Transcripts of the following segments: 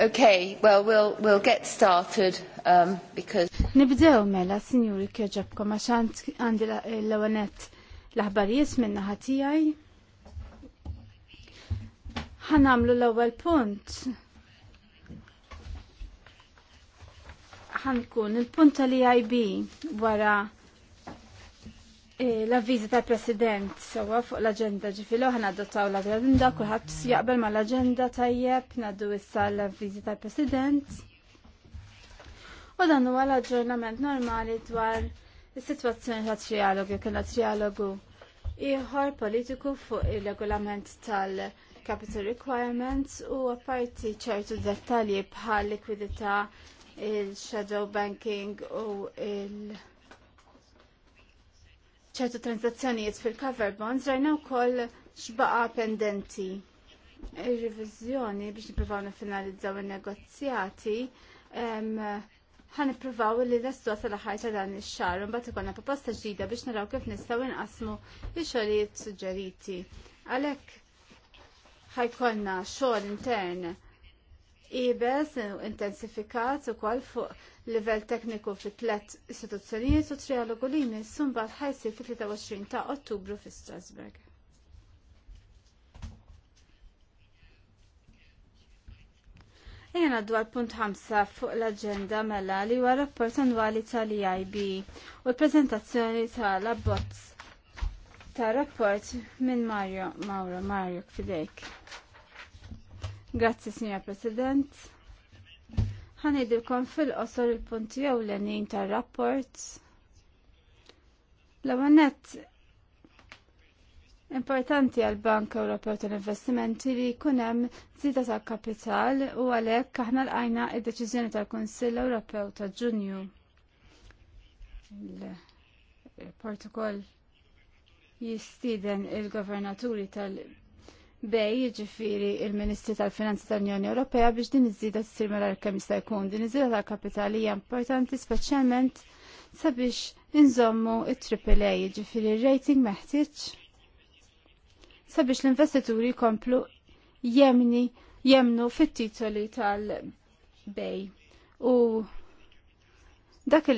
Okay, well, we'll, we'll get started um, because... Nibdew mela, signori, kjoġabkom, għaxant għandi l-għanet l-ħbarijiet minna ħatijaj. ħanamlu l-ewwel punt. ħankun il-punt tal ib wara Eh, l-avvizi tal-President sewa fuq l-agenda ġifilo ħana dottaw l-agenda, kullħat jaqbel ma l-agenda tajjeb, naddu issa l-avvizi tal-President. U dan huwa l-aġġornament normali dwar is-sitwazzjoni ta' trialogu, kienna trialogu ieħor politiku fuq il-regolament tal-Capital Requirements u apparti ċertu dettalji bħal likwidità il-shadow banking u il- ċertu transazzjonijiet fil-cover bonds rajna wkoll xbaqa pendenti. ir revizjoni biex nippruvaw nifinalizzaw in-negozjati ħan nippruvaw li l-estu għasal ħajta dan ix-xar, mbagħad ikonna proposta ġdida biex naraw kif nistgħu inqasmu x-xogħlijiet suġġeriti. Għalhekk ħajkonna xogħol intern ibes intensifikat ukoll fuq livell tekniku fi tlet istituzzjonijiet u trialogu li jmiss mbagħad ħajsir fit-23 ta' Ottubru fi Strasburg. Jena dwar punt 5 fuq l-agenda mela li huwa rapport annwali tal-EIB u l-prezentazzjoni tal-abbozz ta' rapport minn Mario Mauro Mario Fidejk. Grazzi, signor President ħanidilkom fil-qosor il-punti ewlenin tar-rapport. L-għanet importanti għal Bank Ewropew tal-Investimenti li jkun hemm zita ta' kapital u għalhekk aħna lqajna id-deċiżjoni tal-Kunsill Ewropew ta' Ġunju. il protokoll jistiden il-governaturi tal-Bank bej ġifiri il-Ministri tal-Finanzi tal-Unjoni Ewropea biex din iż-żida sir mela kemm jista' jkun din iż-żida tal-kapitali hija importanti speċjalment sabiex inżommu it-AAA ġifiri rating meħtieġ sabiex l-investituri jkomplu jemni jemnu fit-titoli tal-bej u dak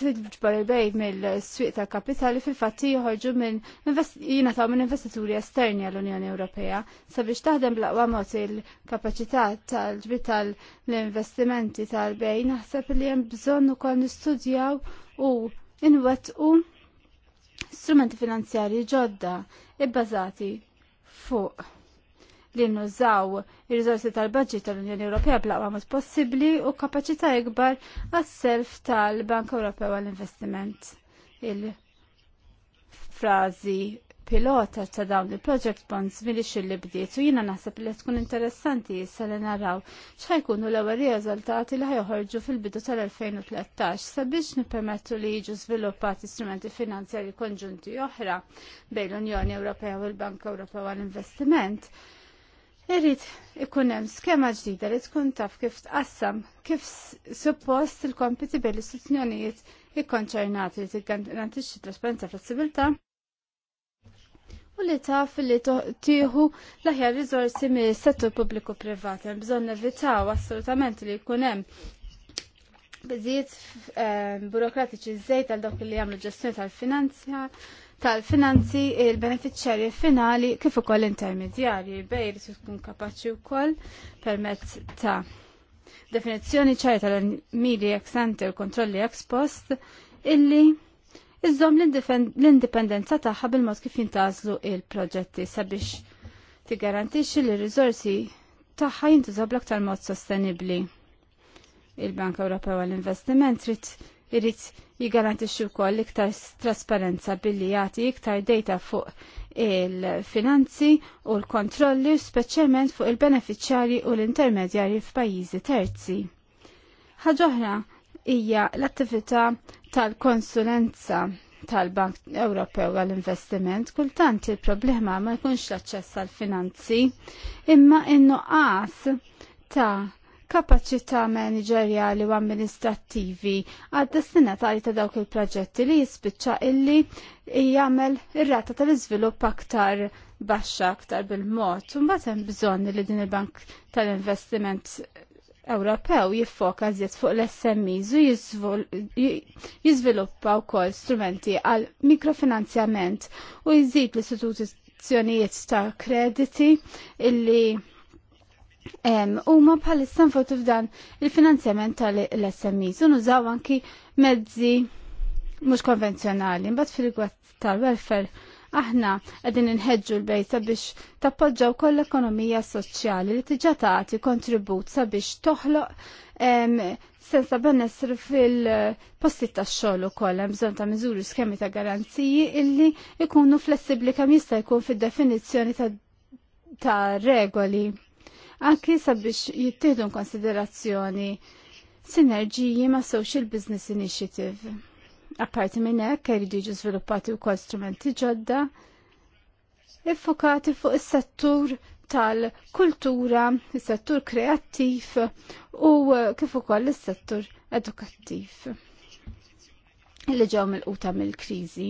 tiġbar il-bej mill swiq tal kapitali fil-fatt joħorġu minn jingħataw minn investituri esterni għall-Unjoni Ewropea sabiex taħdem bl-aqwa mod il-kapaċità tal-ġbit tal-investimenti tal-bej naħseb li hemm bżonn ukoll nistudjaw u inwettqu strumenti finanzjarji ġodda ibbażati fuq li nużaw ir-riżorsi tal-budget tal-Unjoni Ewropea bla aqwa possibli possibbli u kapaċità ikbar għas-self tal-Bank Ewropew għall-Investiment. Il-frażi pilota ta' dawn il-project bonds milix li bdiet u jina naħseb li tkun interessanti issa li naraw x'ħajkunu l-ewwel riżultati li ħajħorġu fil-bidu tal-2013 sabiex nippermettu li jiġu żviluppati strumenti finanzjari konġunti oħra bejn l-Unjoni Ewropea u l-Bank Ewropea għall-Investiment Irrid ikun hemm skema ġdida li tkun taf kif tqassam kif suppost il-kompiti bejn l-istituzzjonijiet ikkonċernati li tiggarantixxi trasparenza flessibilità u li taf li tieħu l-aħjar riżorsi mis-settur pubbliku privat. Hemm bżonn nevitaw assolutament li jkun hemm biżiet eh, burokratiċi żejt għal dawk li jagħmlu ġestjoni tal-finanzja tal-finanzi il-beneficjarji finali kif ukoll intermedjarji bej li tkun kapaċi wkoll permezz ta' definizzjoni ċaj tal mili ex ante u kontrolli ex post illi iżżomm l-indipendenza tagħha bil-mod kif jintażlu il-proġetti sabiex tigarantixxi li r-riżorsi tagħha jintużaw bl-aktar mod sostenibbli. Il-Bank Ewropew għall-Investiment trid irrit jigarantixxi wkoll iktar trasparenza billi jagħti iktar data fuq il-finanzi u l-kontrolli speċjalment fuq il-beneficjari u l-intermedjari f'pajjiżi terzi. Ħaġoħra hija l-attività tal-konsulenza tal-Bank Ewropew għall-investiment, kultant il-problema ma jkunx l-aċċess għal-finanzi, imma innuqas ta' kapaċità manageriali u amministrativi għad destinatari ta' dawk il-proġetti li jispiċċa illi jagħmel ir-rata tal-iżvilupp aktar baxxa aktar bil-mod. u mbagħad hemm bżonn li din il-Bank tal-Investiment Ewropew jiffoka żjed fuq l-SMEs u jiżviluppa wkoll strumenti għal mikrofinanzjament u jżid l-istituzzjonijiet ta' krediti illi U ma bħalissa nfotu f'dan il-finanzjament tal smi sunu nużaw anki mezzi mhux konvenzjonali. Mbagħad fil-rigward tal-welfare aħna qegħdin inħeġġu l bejta sabiex tappoġġaw koll ekonomija soċjali li tiġa tagħti kontribut sabiex toħloq senza benessri fil-postit ta' xogħol ukoll hemm bżonn ta' miżuri skemi ta' garanziji illi ikunu flessibbli kam jista' jkun fid-definizzjoni ta' regoli anki sabiex jittieħdu konsiderazzjoni sinerġiji ma' Social Business Initiative. Apparti minn hekk jridu jiġu żviluppati wkoll strumenti ġodda iffokati fuq is-settur tal-kultura, is-settur kreattiv u kif ukoll is-settur edukattiv li ġew mill-quta mill-kriżi.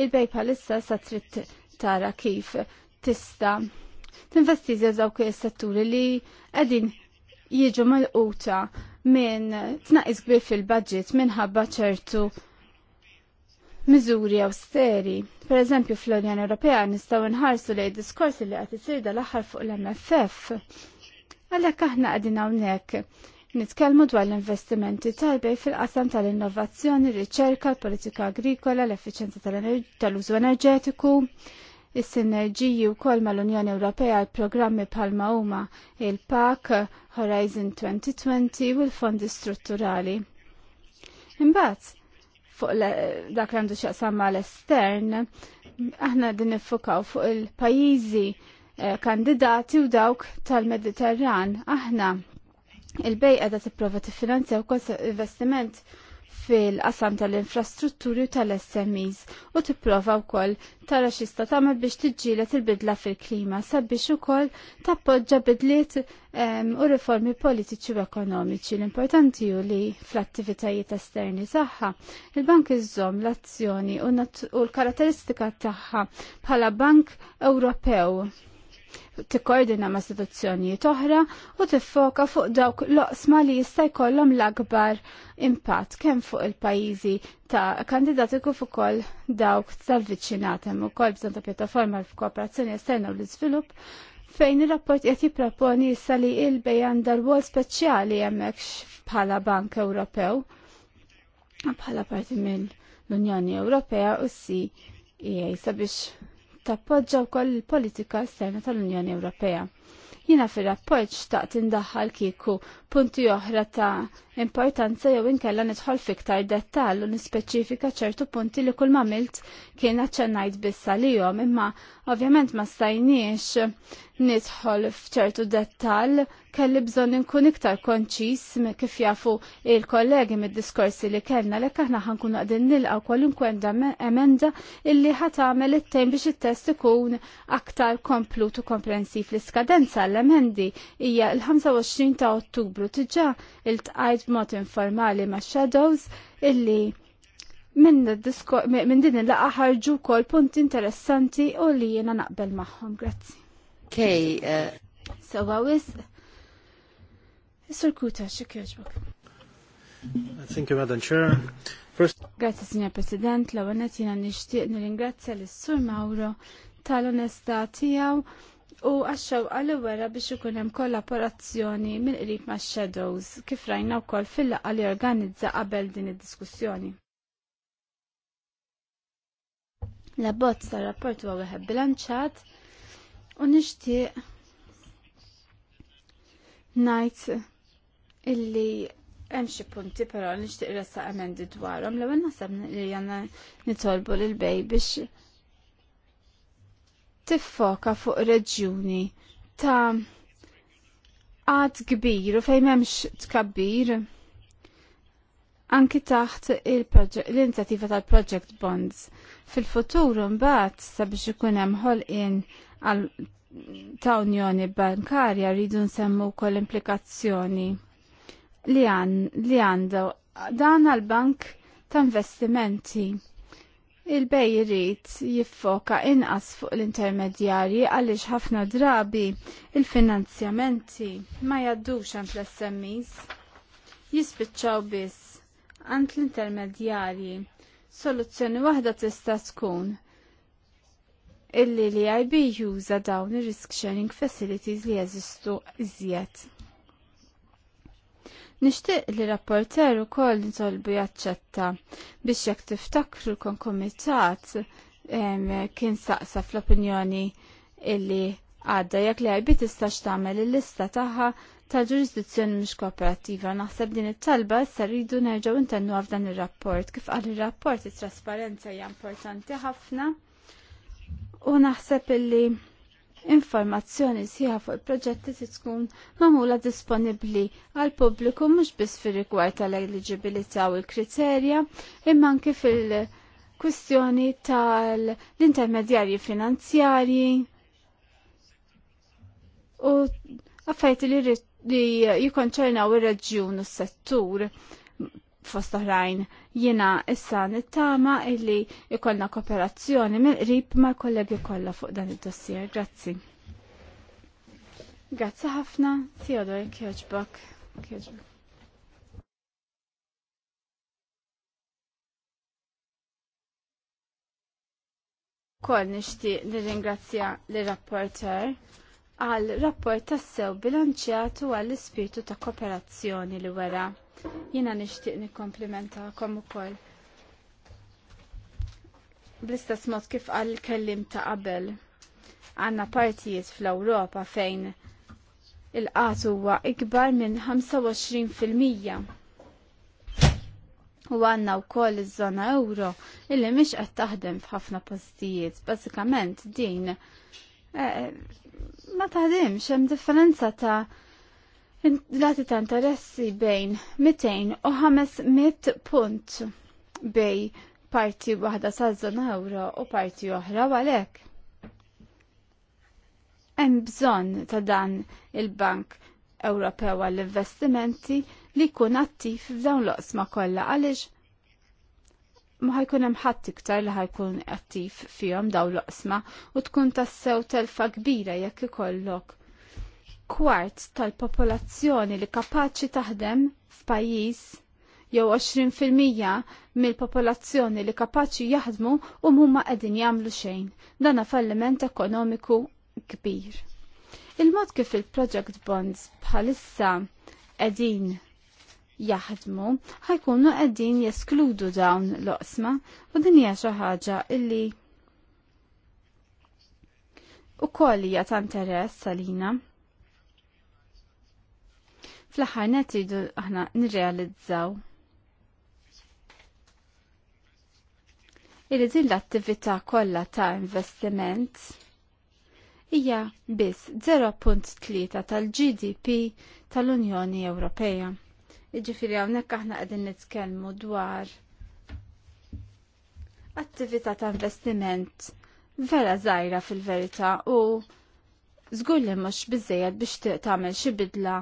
Il-bej bħalissa sa trid tara kif tista' tinvestizja dawk is-setturi li qegħdin jiġu mal-quta minn tnaqis kbir fil-budget minħabba ċertu miżuri austeri. Per eżempju, fl-Unjoni Ewropea nistgħu nħarsu lejn diskorsi li qed isir dal-aħħar fuq l-MFF. Għalhekk aħna qegħdin hawnhekk Nitkellmu dwar l-investimenti tajbej fil-qasam tal-innovazzjoni, riċerka, l-politika agrikola, l efficienza tal-użu enerġetiku, is-sinerġiji wkoll mal-Unjoni Ewropea għal programmi bħalma huma il-PAK, Horizon 2020 u l-fondi strutturali. Imbagħad, fuq dak li għandu xaqsam mal-estern, aħna din nifukaw fuq il-pajjiżi eh, kandidati u dawk tal-Mediterran. Aħna il-bejqa da t-finanzja u wkoll investiment fil-qasam tal-infrastrutturi u tal-SMEs u tipprova wkoll tara xista tagħmel biex tiġġielet il-bidla fil-klima sabiex ukoll tappoġġa bidliet u riformi politiċi u ekonomiċi. L-importanti hu li fl-attivitajiet esterni tagħha il-bank iżżomm l-azzjoni u l-karatteristika tagħha bħala bank Ewropew tikkoordina ma' situazzjoni oħra u tiffoka fuq dawk loqsma li jista' jkollhom l-akbar impatt kemm fuq il-pajjiżi ta' kandidati kif ukoll dawk tal-viċinat hemm ukoll bżonn ta' pjattaforma f'kooperazzjoni esterna u l-iżvilupp fejn ir-rapport qed jipproponi issa li il bej għandha rwol speċjali hemmhekk bħala Bank Ewropew bħala parti mill l-Unjoni Ewropea u si EA sabiex tappoġġa wkoll il-politika esterna tal-Unjoni Ewropea. Jina fir-rapport xtaqt indaħħal kieku punti oħra ta' importanza jew inkella nidħol fiktar dettal u nispeċifika ċertu punti li kull ma milt kien aċċennajt bissa li jom, imma ovvjament ma stajniex nidħol fċertu dettal kelli bżon nkun iktar konċis kif jafu il-kollegi mid-diskorsi li kellna l aħna ħankun għadin nilqaw kwalunkwe emenda illi ħatamel it-tejn biex it-test ikun aktar komplut u komprensiv l-iskadenza l-emendi hija l-25 ta' Ottubru tiġa il-tqajt b'mod informali ma' shadows illi minn min din il-laqa ħarġu kol punti interessanti u li jena naqbel maħħom. Grazzi. Kej. Uh... So, wis. Isur kuta, xekjoġbok. Thank you, Madam Chair. First... Grazie, Signor President. L-għanet jena nishtiq nir-ingrazzja l-Sur Mauro tal onestatijaw u għaxxew għal wera biex ikun hemm kollaborazzjoni mill-qrib ma' shadows kif rajna wkoll fil-laqgħa li organizza qabel din id-diskussjoni. L-abbozz tar-rapport huwa wieħed bilanċat u nixtieq ngħid illi Hemm xi punti però nixtieq ressa emendi dwarhom l ewwel naħseb li għandna nitolbu lil bej biex tiffoka fuq reġjuni ta' għad kbir u fejn memx tkabbir anki taħt l-inizjattiva tal-Project Bonds. Fil-futur mbagħad sabiex ikun hemm ħolqien ta' unjoni bankarja rridu nsemmu kol implikazzjoni li għandu dan għal bank ta' investimenti il-bej jrid jiffoka inqas fuq l-intermedjarji għaliex ħafna drabi il-finanzjamenti ma jaddux għand l-SMEs jispiċċaw biss għand l-intermedjarji. Soluzzjoni waħda tista' tkun illi li IB juża dawn ir-risk sharing facilities li jeżistu iżjed. Nixtieq li rapporter ukoll nitolbu jaċċetta biex jekk tiftakru kon komitat kien saqsa fl-opinjoni illi għadda jek li għajbi tistax tagħmel il-lista tagħha ta' ġurisdizzjoni mhux kooperattiva. Naħseb din it-talba issa rridu nerġgħu intennu f'dan ir-rapport. Kif qal ir-rapport it-trasparenza hija importanti ħafna u naħseb illi Informazzjoni sħiħa fuq il-proġetti se tkun magħmula disponibbli għal pubbliku mhux biss fir-rigward tal eligibilità u l-kriterja, imma anke fil-kwistjoni tal-intermedjarji finanzjarji u affajti li jikonċernaw ir-reġjun u s-settur fost oħrajn. jiena issa nittama illi ikollna kooperazzjoni mill-qrib mal kollegi kollha fuq dan id-dossier. Grazzi. Grazzi ħafna, Theodore Kjoġbok. Kol nishtiq nir-ringrazzja l-rapporter għal rapport tassew bilanċjatu għall-ispirtu ta' kooperazzjoni li wera. Jina nishtiq nikkomplimentakom ukoll. Bl-istess mod kif għal kellim ta' qabel, għanna partijiet fl-Ewropa fejn il qatu huwa ikbar minn 25%. U għanna u koll iż-żona euro illi mhix qed taħdem f'ħafna postijiet. Bażikament din eh, ma taħdimx hemm differenza ta' Lati ta' interessi bejn 200 u 500 punt bej parti waħda sal-żona euro u parti oħra għalhekk. Hemm bżonn ta' dan il-Bank Ewropew għall-investimenti li jkun attiv f'dawn l-oqsma kollha għaliex ma ħajkun hemm ħadd iktar li ħajkun attiv fihom dawn l-oqsma u tkun tassew telfa kbira jekk ikollok kwart tal-popolazzjoni li kapaċi taħdem f'pajjiż jew 20% mill-popolazzjoni li kapaċi jaħdmu u huma qegħdin jagħmlu xejn. Dan falliment ekonomiku kbir. Il-mod kif il-project bonds bħalissa qegħdin jaħdmu ħajkunu qegħdin jeskludu dawn l-oqsma u din hija xi ħaġa illi u koll hija ta' interess għalina fl-aħħar net aħna nirrealizzaw illi din l-attività kollha ta' investiment hija biss 0.3 tal-GDP tal-Unjoni Ewropea. Iġifieri hawnhekk aħna qegħdin nitkellmu dwar attività ta' investiment vera żgħira fil-verità u żgur li mhux biżejjed biex tagħmel xi bidla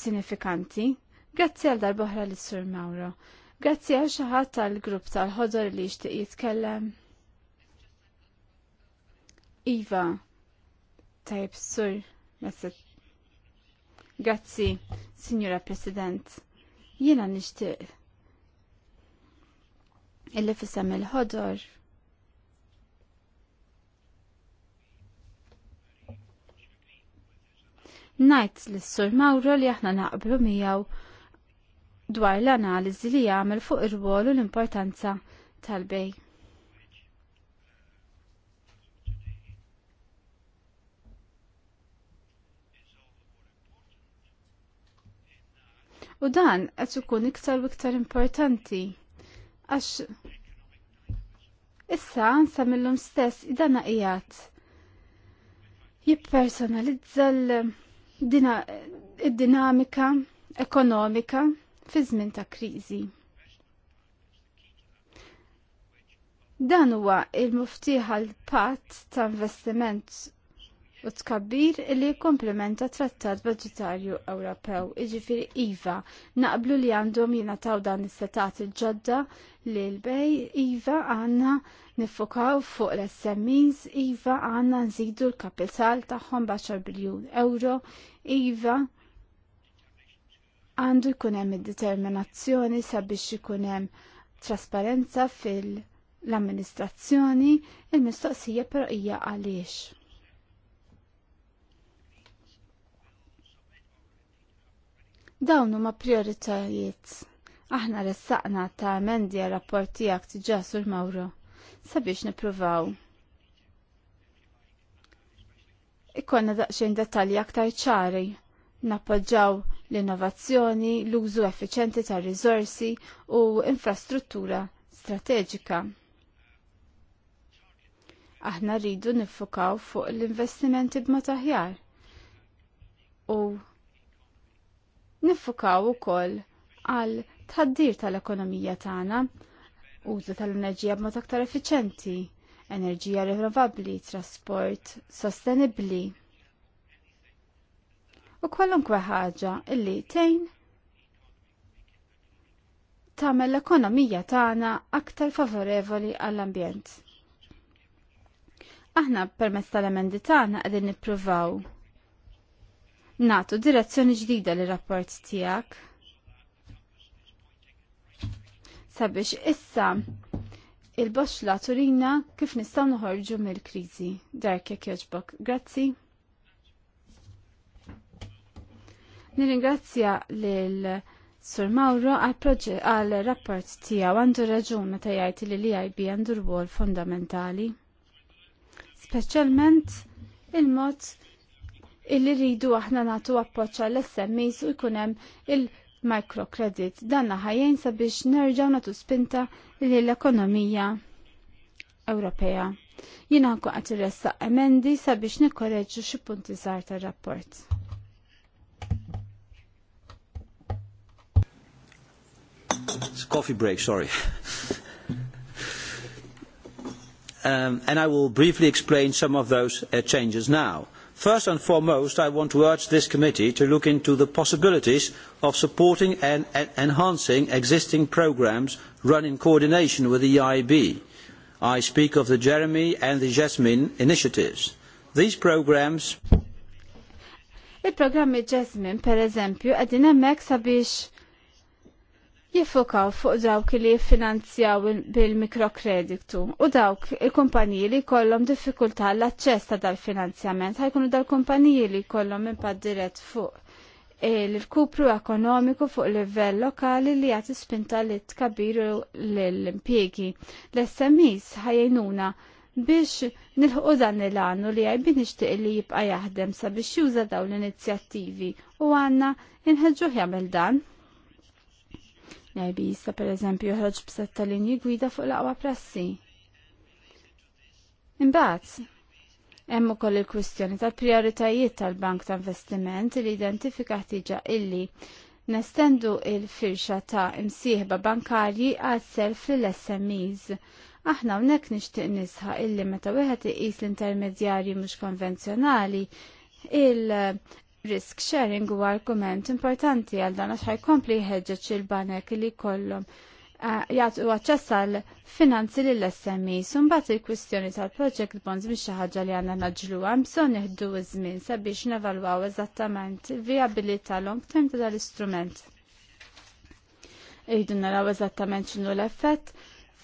sinifikanti. Grazzi għal darbohra l sur Mauro. Grazzi għal xaħat tal-grupp tal-ħodor li jishtiq jitkellem. Iva, tajb sur, messet. Grazzi, Signora President. Jiena nishtiq. Illi fissam il-ħodor. il ħodor Najt l-Sur Mawro li aħna naqblu miegħu dwar l-analiżi li jagħmel fuq ir-rwol u l-importanza tal-bej. U dan qed ikun iktar u iktar importanti għax issa ansa mill-lum stess idana qiegħed jippersonalizza l- id-dinamika ekonomika fi żmien ta' kriżi. Dan huwa il-muftiħ għal patt ta' investiment u tkabbir li komplementa trattat budgetarju Ewropew. Iġifiri IVA naqblu li għandhom jingħataw dan is-setat il-ġodda li l-bej IVA għandna nifokaw fuq l-SMEs IVA għandna nżidu l-kapital tagħhom 10 biljun euro Iva, għandu jkun hemm id-determinazzjoni sabiex ikun hemm trasparenza fil-amministrazzjoni, il-mistoqsija però hija għaliex. Dawn huma prioritajiet. Aħna ressaqna ta' emendi rapporti rapport tiegħek tiġa sur Mauro sabiex nippruvaw ikkonna daqsxejn dettalji aktar ċari. Nappoġġaw l-innovazzjoni, l-użu effiċenti ta' riżorsi u infrastruttura strateġika. Aħna rridu niffukaw fuq l-investimenti b'mod aħjar u niffukaw ukoll għal tħaddir tal-ekonomija tagħna, użu tal-enerġija b'mod aktar effiċenti enerġija rinnovabbli, trasport sostenibbli. U kwalunkwe ħaġa illi tejn tagħmel l-ekonomija tagħna aktar favorevoli għall-ambjent. Aħna permezz tal-emendi tagħna qegħdin nippruvaw nagħtu direzzjoni ġdida li rapport tiegħek sabiex issa il-boxla turina kif nistaw noħorġu mill-krizi. Dark jek joġbok. Grazzi. Nirringrazzja l Sur Mauro għal rapport tijaw għandu raġuna ta' jgħajti li li IB għandu rwol fondamentali. Speċjalment il-mod illi rridu aħna natu appoċ l smes u jkunem il- microcredit. Danna ħajjen sabiex nerġaw natu spinta li l-ekonomija Ewropea. Jina għanku għat ressa emendi sabiex nikkoreġu xi punti żgħar tar-rapport. It's coffee break, sorry. um, and I will briefly explain some of those uh, changes now. First and foremost, I want to urge this committee to look into the possibilities of supporting and enhancing existing programmes run in coordination with the EIB. I speak of the Jeremy and the Jasmine initiatives. These programmes Il-programmi Jasmine, per eżempju, għadin hemmhekk sabiex jiffokaw fuq dawk li jiffinanzjaw bil-mikrokreditu u dawk il-kumpaniji li kollom diffikultà l-aċċess ta' dal-finanzjament ħajkunu dal-kumpaniji li kollom impad dirett fuq l-kupru ekonomiku fuq livell lokali li jagħti spinta li tkabiru l impiegi l smis ħajjnuna biex nilħu dan il-għannu li għajbin ixtiq li jibqa jaħdem sabiex juża dawn l-inizjattivi u għanna inħedġuħ jagħmel dan. Najbi jista per eżempju joħroġ b'setta linji gwida fuq l-aqwa prassi. Imbagħad, hemm ukoll il-kwistjoni tal-prijoritajiet tal-Bank ta' Investiment li identifika ħtiġa illi nestendu il-firxa ta' imsieħba bankarji għal self fil-SMEs. Aħna hawnhekk nixtieq nisħa illi meta wieħed iqis l-intermedjarji mhux konvenzjonali il- risk sharing huwa argument importanti għal dan għax ħajkompli jħeġġeġ il-banek li kollhom eh, jgħatu għacċess għal finanzi li l-SMI. Sumbat il-kwistjoni tal-project bonds biex ħaġa li għanna naġlu għam bżon iħdu iż-żmien sabiex nevalwaw eżattament il-viabilità long term ta' dal-istrument. Ejdu naraw eżattament x'inhu l-effett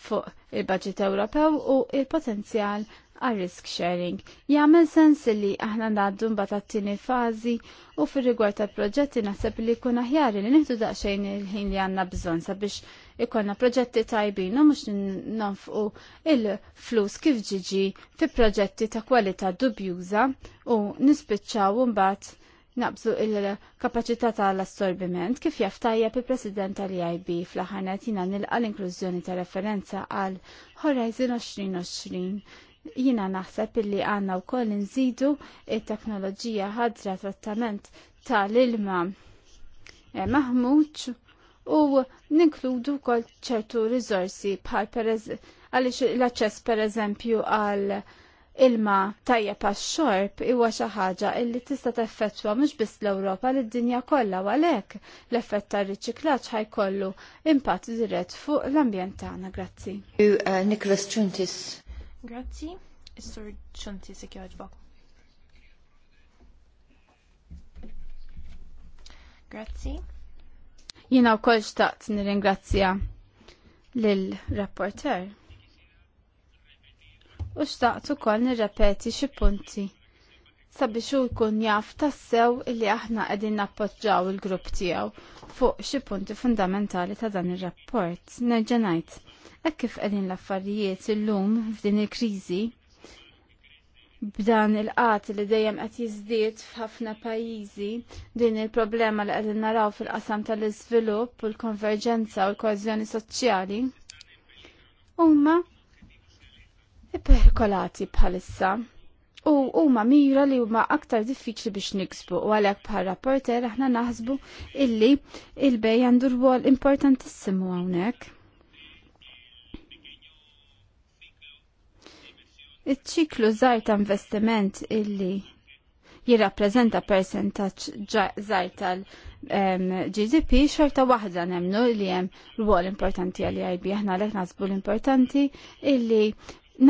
fuq il-budget Ewropew u il-potenzjal għal risk sharing. Jagħmel sens li aħna ngħaddu mbagħad għat-tieni fażi u fir-rigward tal-proġetti naħseb li jkun aħjar li nieħdu daqsxejn il-ħin li għandna bżonn sabiex ikollna proġetti tajbin u mhux nafqu il-flus kif ġiġi fi proġetti ta' kwalità dubjuża u nispiċċaw mbagħad naqbżu il-kapacità tal-assorbiment kif jaf tajjeb il-President tal-EIB fl-ħanet jina nilqa l-inklużjoni ta' referenza għal Horizon 2020 Jina naħseb illi għanna u koll nżidu il-teknoloġija ħadra trattament tal-ilma eh, maħmuċ u ninkludu kol ċertu rizorsi bħal għalix l-aċċess per eżempju għal ilma tajja pas xorb huwa xi ħaġa li tista' teffettwa mhux biss l-Ewropa l dinja kollha u għalhekk l-effett tar-riċiklaġġ ħajkollu impatt dirett fuq l-ambjent tagħna. Grazzi. Uh, Nicholas Grazzi, is-sur ċunti se kjoġbok. Grazzi. Jina u kol xtaqt nir-ingrazzja l-rapporter. U xtaqt u kol nir-repeti xie punti sabiex u jkun jaf tassew illi aħna qegħdin nappoġġaw il-grupp tiegħu fuq xi punti fundamentali ta' dan ir-rapport. Nerġa' ngħid. Hekk kif qegħdin l-affarijiet illum f'din il-kriżi b'dan il-qat li dejjem qed jiżdied f'ħafna pajjiżi din il-problema li qegħdin naraw fil-qasam tal-iżvilupp u l-konverġenza u l kohezjoni soċjali huma iperkolati bħalissa u huma mira li huma aktar diffiċli biex niksbu u għalhekk bħal rapporter aħna naħsbu illi il-bej għandu rwol importantissimu hawnhekk. Iċ-ċiklu żgħar ta' investiment illi jirrappreżenta percentaġġ żgħar tal-GDP xorta waħda nemnu li hemm rwol importanti għal e IB aħna għalhekk naħsbu l-importanti illi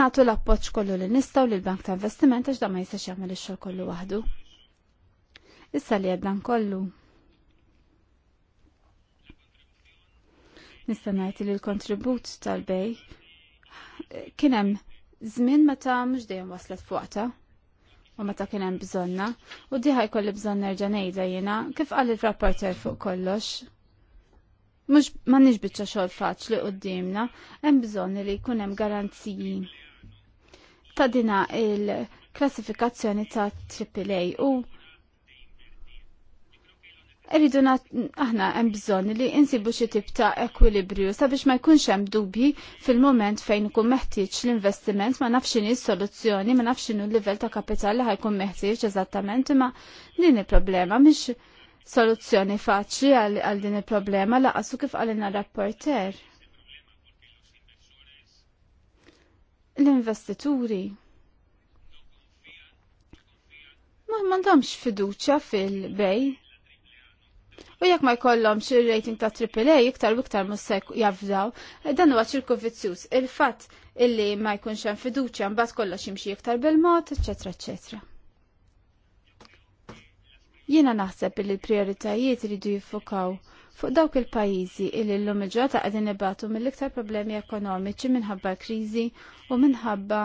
nagħtu l-appoġġ kollu li nistgħu lil bank ta' investiment għax da ma jistax jagħmel ix-xogħol kollu waħdu. Issa li għaddan kollu. Nista' ngħid li l-kontribut tal-bej kien hemm żmien meta mhux dejjem waslet fuqta u meta kien hemm bżonna u di jkolli bżonn nerġa' ngħidha kif qal l rapporter fuq kollox. Mhux m'għandniex biċċa xogħol faċli d-dimna hemm bżonn li jkun hemm garanziji ta' dina il-klassifikazzjoni ta' AAA u Eridu aħna hemm bżonn li insibu xi tip ta' ekwilibrju sabiex ma jkunx hemm dubji fil-moment fejn ikun meħtieġ l-investiment ma nafx inhi soluzzjoni, ma nafx inhu l-livell ta' kapital li ħajkun meħtieġ eżattament imma din il-problema mhix soluzzjoni faċli għal din il-problema laqasu kif għalina rapporter. L-investituri ma mandomx fiduċa fil-bej U jekk ma jkollhomx ir-rating ta' AAA iktar u iktar mhux se jafdaw, dan huwa ċirku vizzjuż. Il-fatt illi ma jkunx hemm fiduċja mbagħad kollox jimxi iktar bil-mod, eċetera, eċetera. Jiena naħseb li l-prioritajiet iridu jiffukaw fuq dawk il-pajjiżi illi llum il-ġrata qegħdin ibatu mill-iktar problemi ekonomiċi minħabba kriżi u minħabba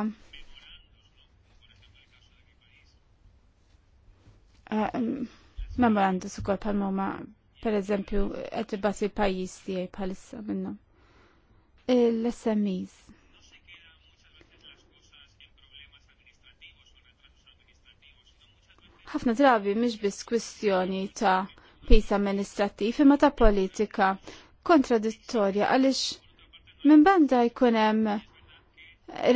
uh, memorandus ukoll bħal moma pereżempju qed ibasi pajjiż tiegħi bħalissa minnhom. L-SMEs. ħafna drabi mhix biss kwistjoni ta' pis amministrativ imma ta' politika kontradittorja għaliex minn banda jkun hemm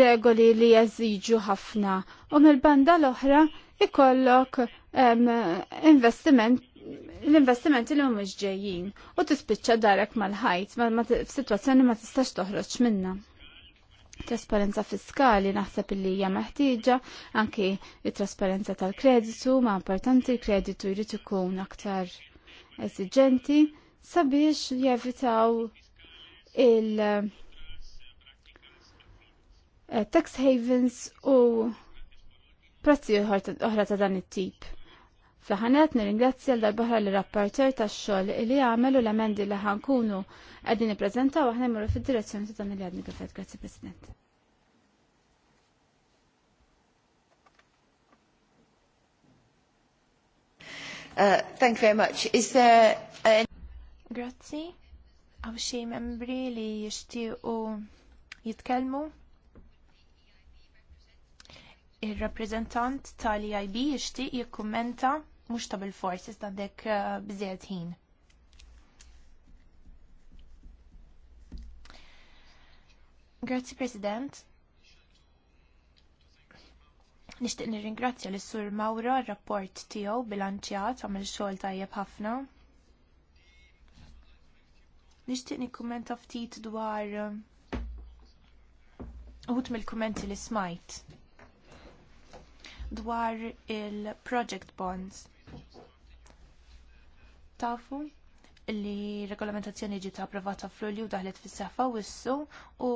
regoli li jeżiġu ħafna u mill-banda l-oħra ikollok investiment l-investimenti li mhumiex ġejjin u tispiċċa darek mal-ħajt f'sitwazzjoni ma tistax toħroġ minna. Trasparenza fiskali naħseb li hija meħtieġa anki it-trasparenza tal-kreditu ma importanti l-kreditu jrid ikun aktar eżiġenti sabiex jevitaw il- eh, tax havens u prezzi oħra ta' dan it-tip. Fl-ħanet nir-ingrazzja l-darbaħra l-rapporter ta' xol li għamelu l-amendi li ħankunu għedin i u għahna jmurru fil-direzzjoni ta' dan li għadni kifet. Grazie, President. Uh, thank you very much. Is there... any... Grazzi. Għaw xie membri li jishtiqu jitkelmu? il-rappresentant tal-IB jishtiq jikkummenta mhux ta' bil forsi iżda dek eh, bżejjed ħin. Grazzi President. Nixtieq nirringrazzja lis sur Mawra r-rapport tiegħu bilanċjat għamel xogħol tajjeb ħafna. Nixtieq nikkumenta ftit dwar eh, uħut mill-kummenti li smajt dwar il-project bonds tafu li regolamentazzjoni ġiet approvata f'Lulju daħlet fis u issu eh, u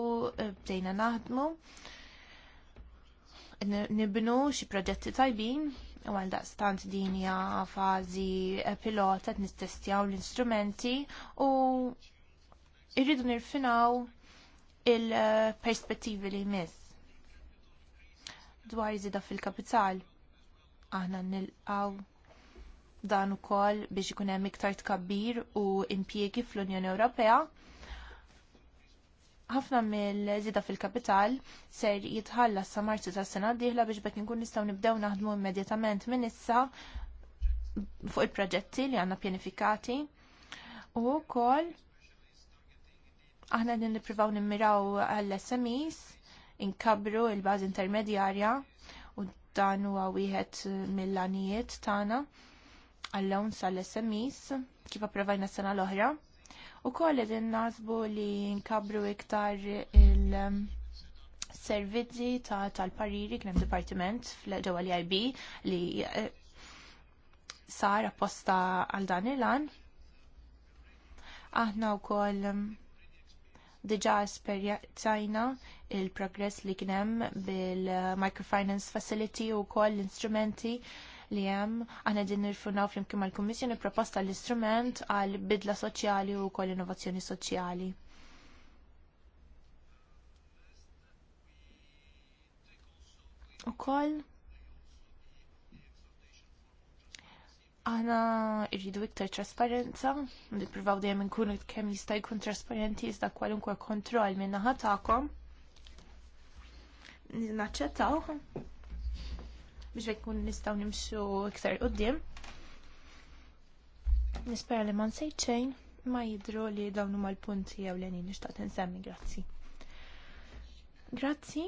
bdejna naħdmu nibnu xi proġetti tajbin u għal daqstant din hija fażi eh, pilota qed nittestjaw l-instrumenti u irridu nirfinaw il-perspettivi li jmiss dwar iżida fil-kapital aħna nilqgħu dan ukoll biex ikun hemm iktar tkabbir u impjiegi fl-Unjoni Ewropea. Ħafna mill-żida fil-kapital ser jitħallas sa marzu tas-sena d-dieħla biex bekk inkun nistgħu nibdew naħdmu immedjatament minn issa fuq il-proġetti li għandna pjanifikati u wkoll aħna din nippruvaw nimmiraw għall-SMEs inkabru l bażi intermedjarja u dan huwa wieħed mill-għanijiet tagħna għallawn lawn sal-SMEs kif approvajna s-sena l-oħra u koll edin nasbu li nkabru iktar il- servizzi tal-pariri kienem kien fl-ġewa li l-IB eh, li sar apposta għal dan il-an. Aħna wkoll diġa esperjazzajna il-progress li kien hemm bil-microfinance facility u koll l-instrumenti li hemm għana din nirfurnaw flimkien mal-Kummissjoni proposta l-istrument għal bidla soċjali u wkoll innovazzjoni soċjali. kol aħna irridu iktar trasparenza, nippruvaw dejjem inkunu kemm jista' jkun trasparenti iżda kwalunkwe kontroll minna naħa tagħkom. Naċċettaw biex bekk kun nistgħu nimxu iktar qoddim. Nispera li ma nsejt xejn ma jidru li dawn huma l-punti ewlenin nixtaqt insemmi grazzi. Grazzi.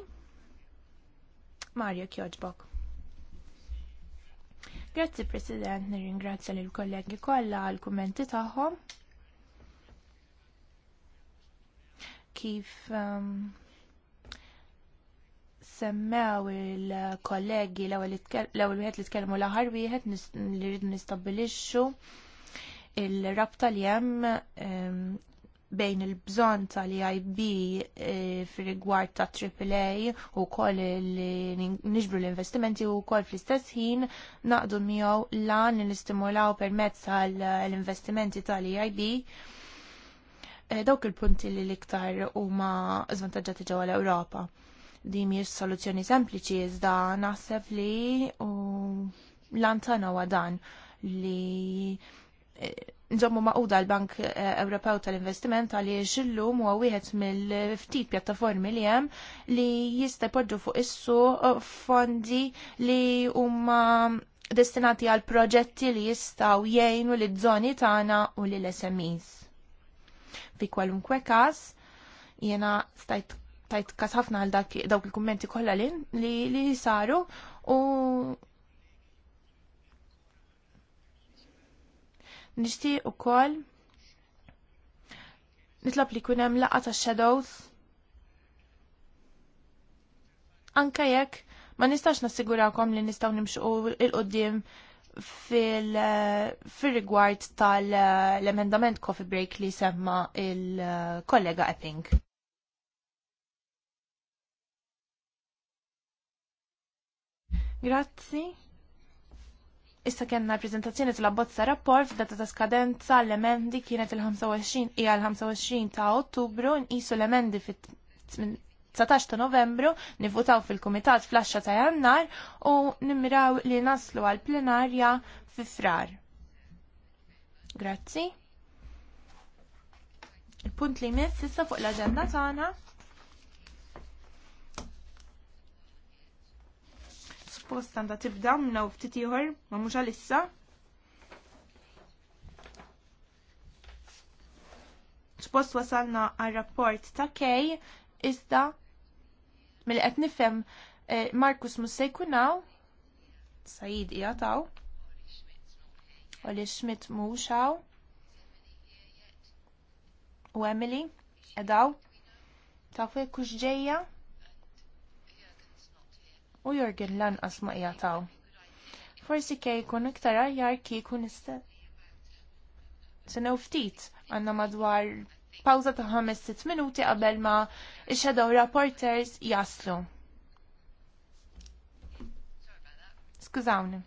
Marja Kjoġbok. Grazzi President, nirringrazzja lill kollegi kollha għall kummenti tagħhom. Kif um, semmew il-kollegi l-ewwel wieħed li tkellmu l-aħħar wieħed li rridu nistabbilixxu il-rabta li hemm ehm, bejn il-bżonn tal-EIB eh, fir-rigward ta' AAA u koll li niġbru l-investimenti u koll fl-istess ħin naqdu miegħu lan li nistimulaw permezz tal-investimenti tal-EIB eh, dawk il-punti li l-iktar huma żvantaġġati ġewwa l-Ewropa. Di mhijiex soluzzjoni sempliċi iżda naħseb li u lantana wa dan li eh, nżommu maquda l-Bank eh, Ewropew tal-Investiment għaliex illum huwa wieħed mill-ftit pjattaformi li hemm li jista' jpoġġu fuq issu eh, fondi li huma destinati għal proġetti li jistgħu jgħinu li żoni tagħna u l SMEs. Fi kwalunkwe każ jiena stajt tajt kasafna ħafna għal dawk il-kummenti kollha li, li saru u nixtieq ukoll nitlob li jkun hemm ta' shadows anke jekk ma nistax nassigurakom li nistgħu nimxu il-qoddim fil-rigward fil tal-emendament coffee break li semma il-kollega Epping. Grazzi. Issa kena l-prezentazzjoni tal-abbozza rapport f'data ta' skadenza l-emendi kienet il-25 hija 25 ta' Ottubru nqisu l-emendi fit-19 ta' Novembru nivvutaw fil-Kumitat fl-10 ta' Jannar u nimraw li naslu għal plenarja fi frar. Grazzi. Il-punt li jmiss issa fuq l-aġenda tagħna risposta għandha tibda minna u ftit ieħor ma mhux għalissa. Suppost wasalna għal rapport ta' Kej iżda mill qed nifhem eh, Markus mhux se jkunaw Sajid jataw u li Schmidt mhux hawn u Emily edaw tafu kux ġejja u Jorgen lanqas ma jataw. Forsi kej kun iktar aħjar kieku nista. Senew ftit għandna madwar pawza ta' 5-6 minuti qabel ma x shadow rapporters jaslu. Skużawni.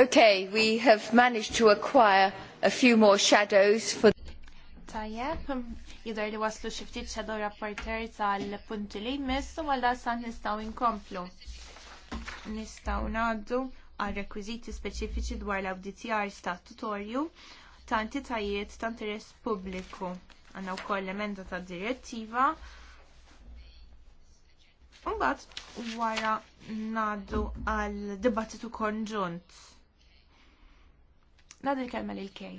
Okay, we have managed to acquire a few more shadows for Tajjeb, jidher li waslu xi ftit shadow rapporter tal-punti li jmiss u għal san nistgħu inkomplu. Nistgħu ngħaddu għal rekwiżiti speċifiċi dwar l-awditjar statutorju ta' entitajiet ta' interess pubbliku. Għandna wkoll emenda ta' direttiva Mbagħad wara ngħaddu għal dibattitu konġunt Nad il-kelma lil kej.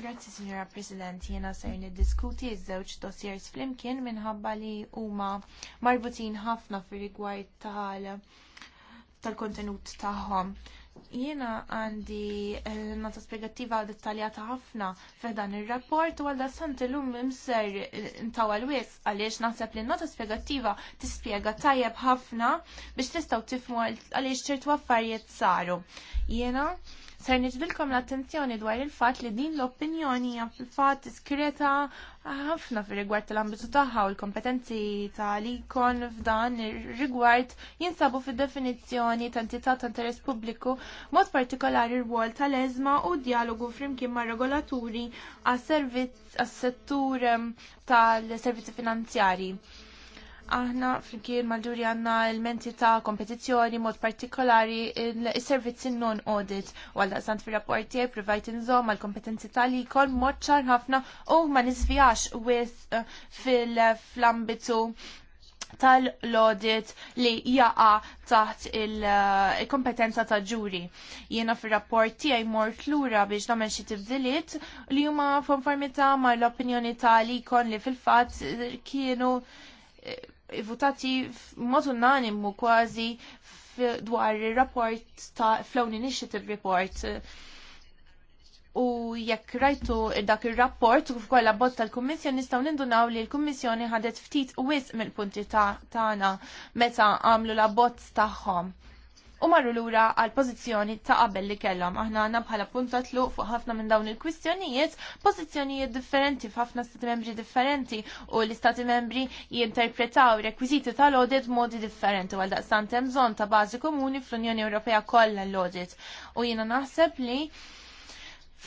Grazzi, Signora President, jena ser niddiskuti iż-żewġ dossiers flimkien minħabba li huma marbutin ħafna fir rigward tal tal-kontenut tagħhom. Jiena għandi eh, nota spiegattiva dettaljata ħafna f'dan ir-rapport u għalda sant illum imser eh, l wis għaliex naħseb li nota spiegattiva tispjega tajjeb ħafna biex tistaw tifmu għaliex ċertu affarijiet saru. Jiena Ser niġbilkom l-attenzjoni dwar il-fatt li din l-opinjoni għaf il-fat diskreta ħafna fir rigward tal-ambitu tagħha u l-kompetenzi tal-ikon f'dan rigward jinsabu fid-definizzjoni ta' entità ta' interess pubbliku, mod partikolari r-wol tal-eżma u dialogu flimkien ma' regolaturi għas-servizz għas-settur um, tal-servizzi finanzjari aħna flimkien mal-ġuri għanna elementi ta' kompetizjoni mod partikolari il-servizzi non audit u għalda sant fil rapporti provajt inżom għal kompetenzi tal ikol kol moċċar ħafna u ma nizvijax with eh, fil-flambitu tal-audit li jaqa taħt eh, il-kompetenza ta' ġuri. Jiena fil-rapport tiegħi mort lura biex nagħmel xi tibdilit li huma konformità mal l-opinjoni tal ikon li fil-fatt kienu eh, votati mod unanimu kważi dwar il-rapport ta' Flown Initiative Report u jekk rajtu dak il-rapport u fkolla bot tal-Kummissjoni nistgħu nindunaw li l-Kummissjoni ħadet ftit wisq mill-punti tagħna meta għamlu la bot tagħhom u marru lura għal pożizzjoni ta' qabel li kellhom. Aħna għandna bħala punta fuq ħafna minn dawn il-kwistjonijiet, pożizzjonijiet differenti f'ħafna stati membri differenti u l-istati membri jinterpretaw rekwiżiti tal-audit modi differenti għal daqstant hemm bżonn ta' bażi komuni fl-Unjoni Ewropea kollha l-audit. U jiena naħseb li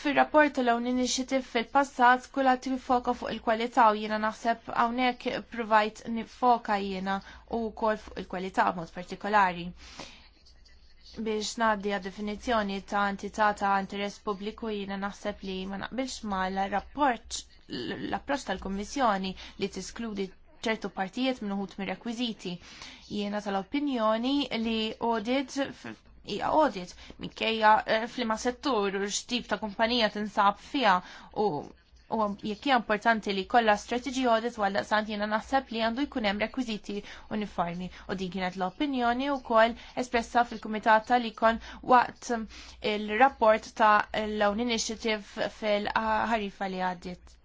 fil-rapport l-own initiative fil-passat kulla tifoka fuq il-kwalità u jiena naħseb hawnhekk provajt nifoka jiena u kol fuq il-kwalità mod partikolari biex naddi għad definizjoni ta' entità ta' interess pubbliku jiena naħseb li ma naqbilx ma l-rapport l-approċ tal-Kommissjoni li tiskludi ċertu partijiet minn uħut mir rekwiziti. Jiena tal-opinjoni li audit hija audit minkejja eh, flima settur u x'tip ta' kumpanija tinsab fija u u jekk hija importanti li kollha strategy audit għal daqsant jiena naħseb li għandu jkun hemm rekwiżiti uniformi u din kienet l-opinjoni wkoll espressa fil-kumitat tal kon waqt il-rapport ta' l-Own Initiative fil-ħarifa li għaddiet.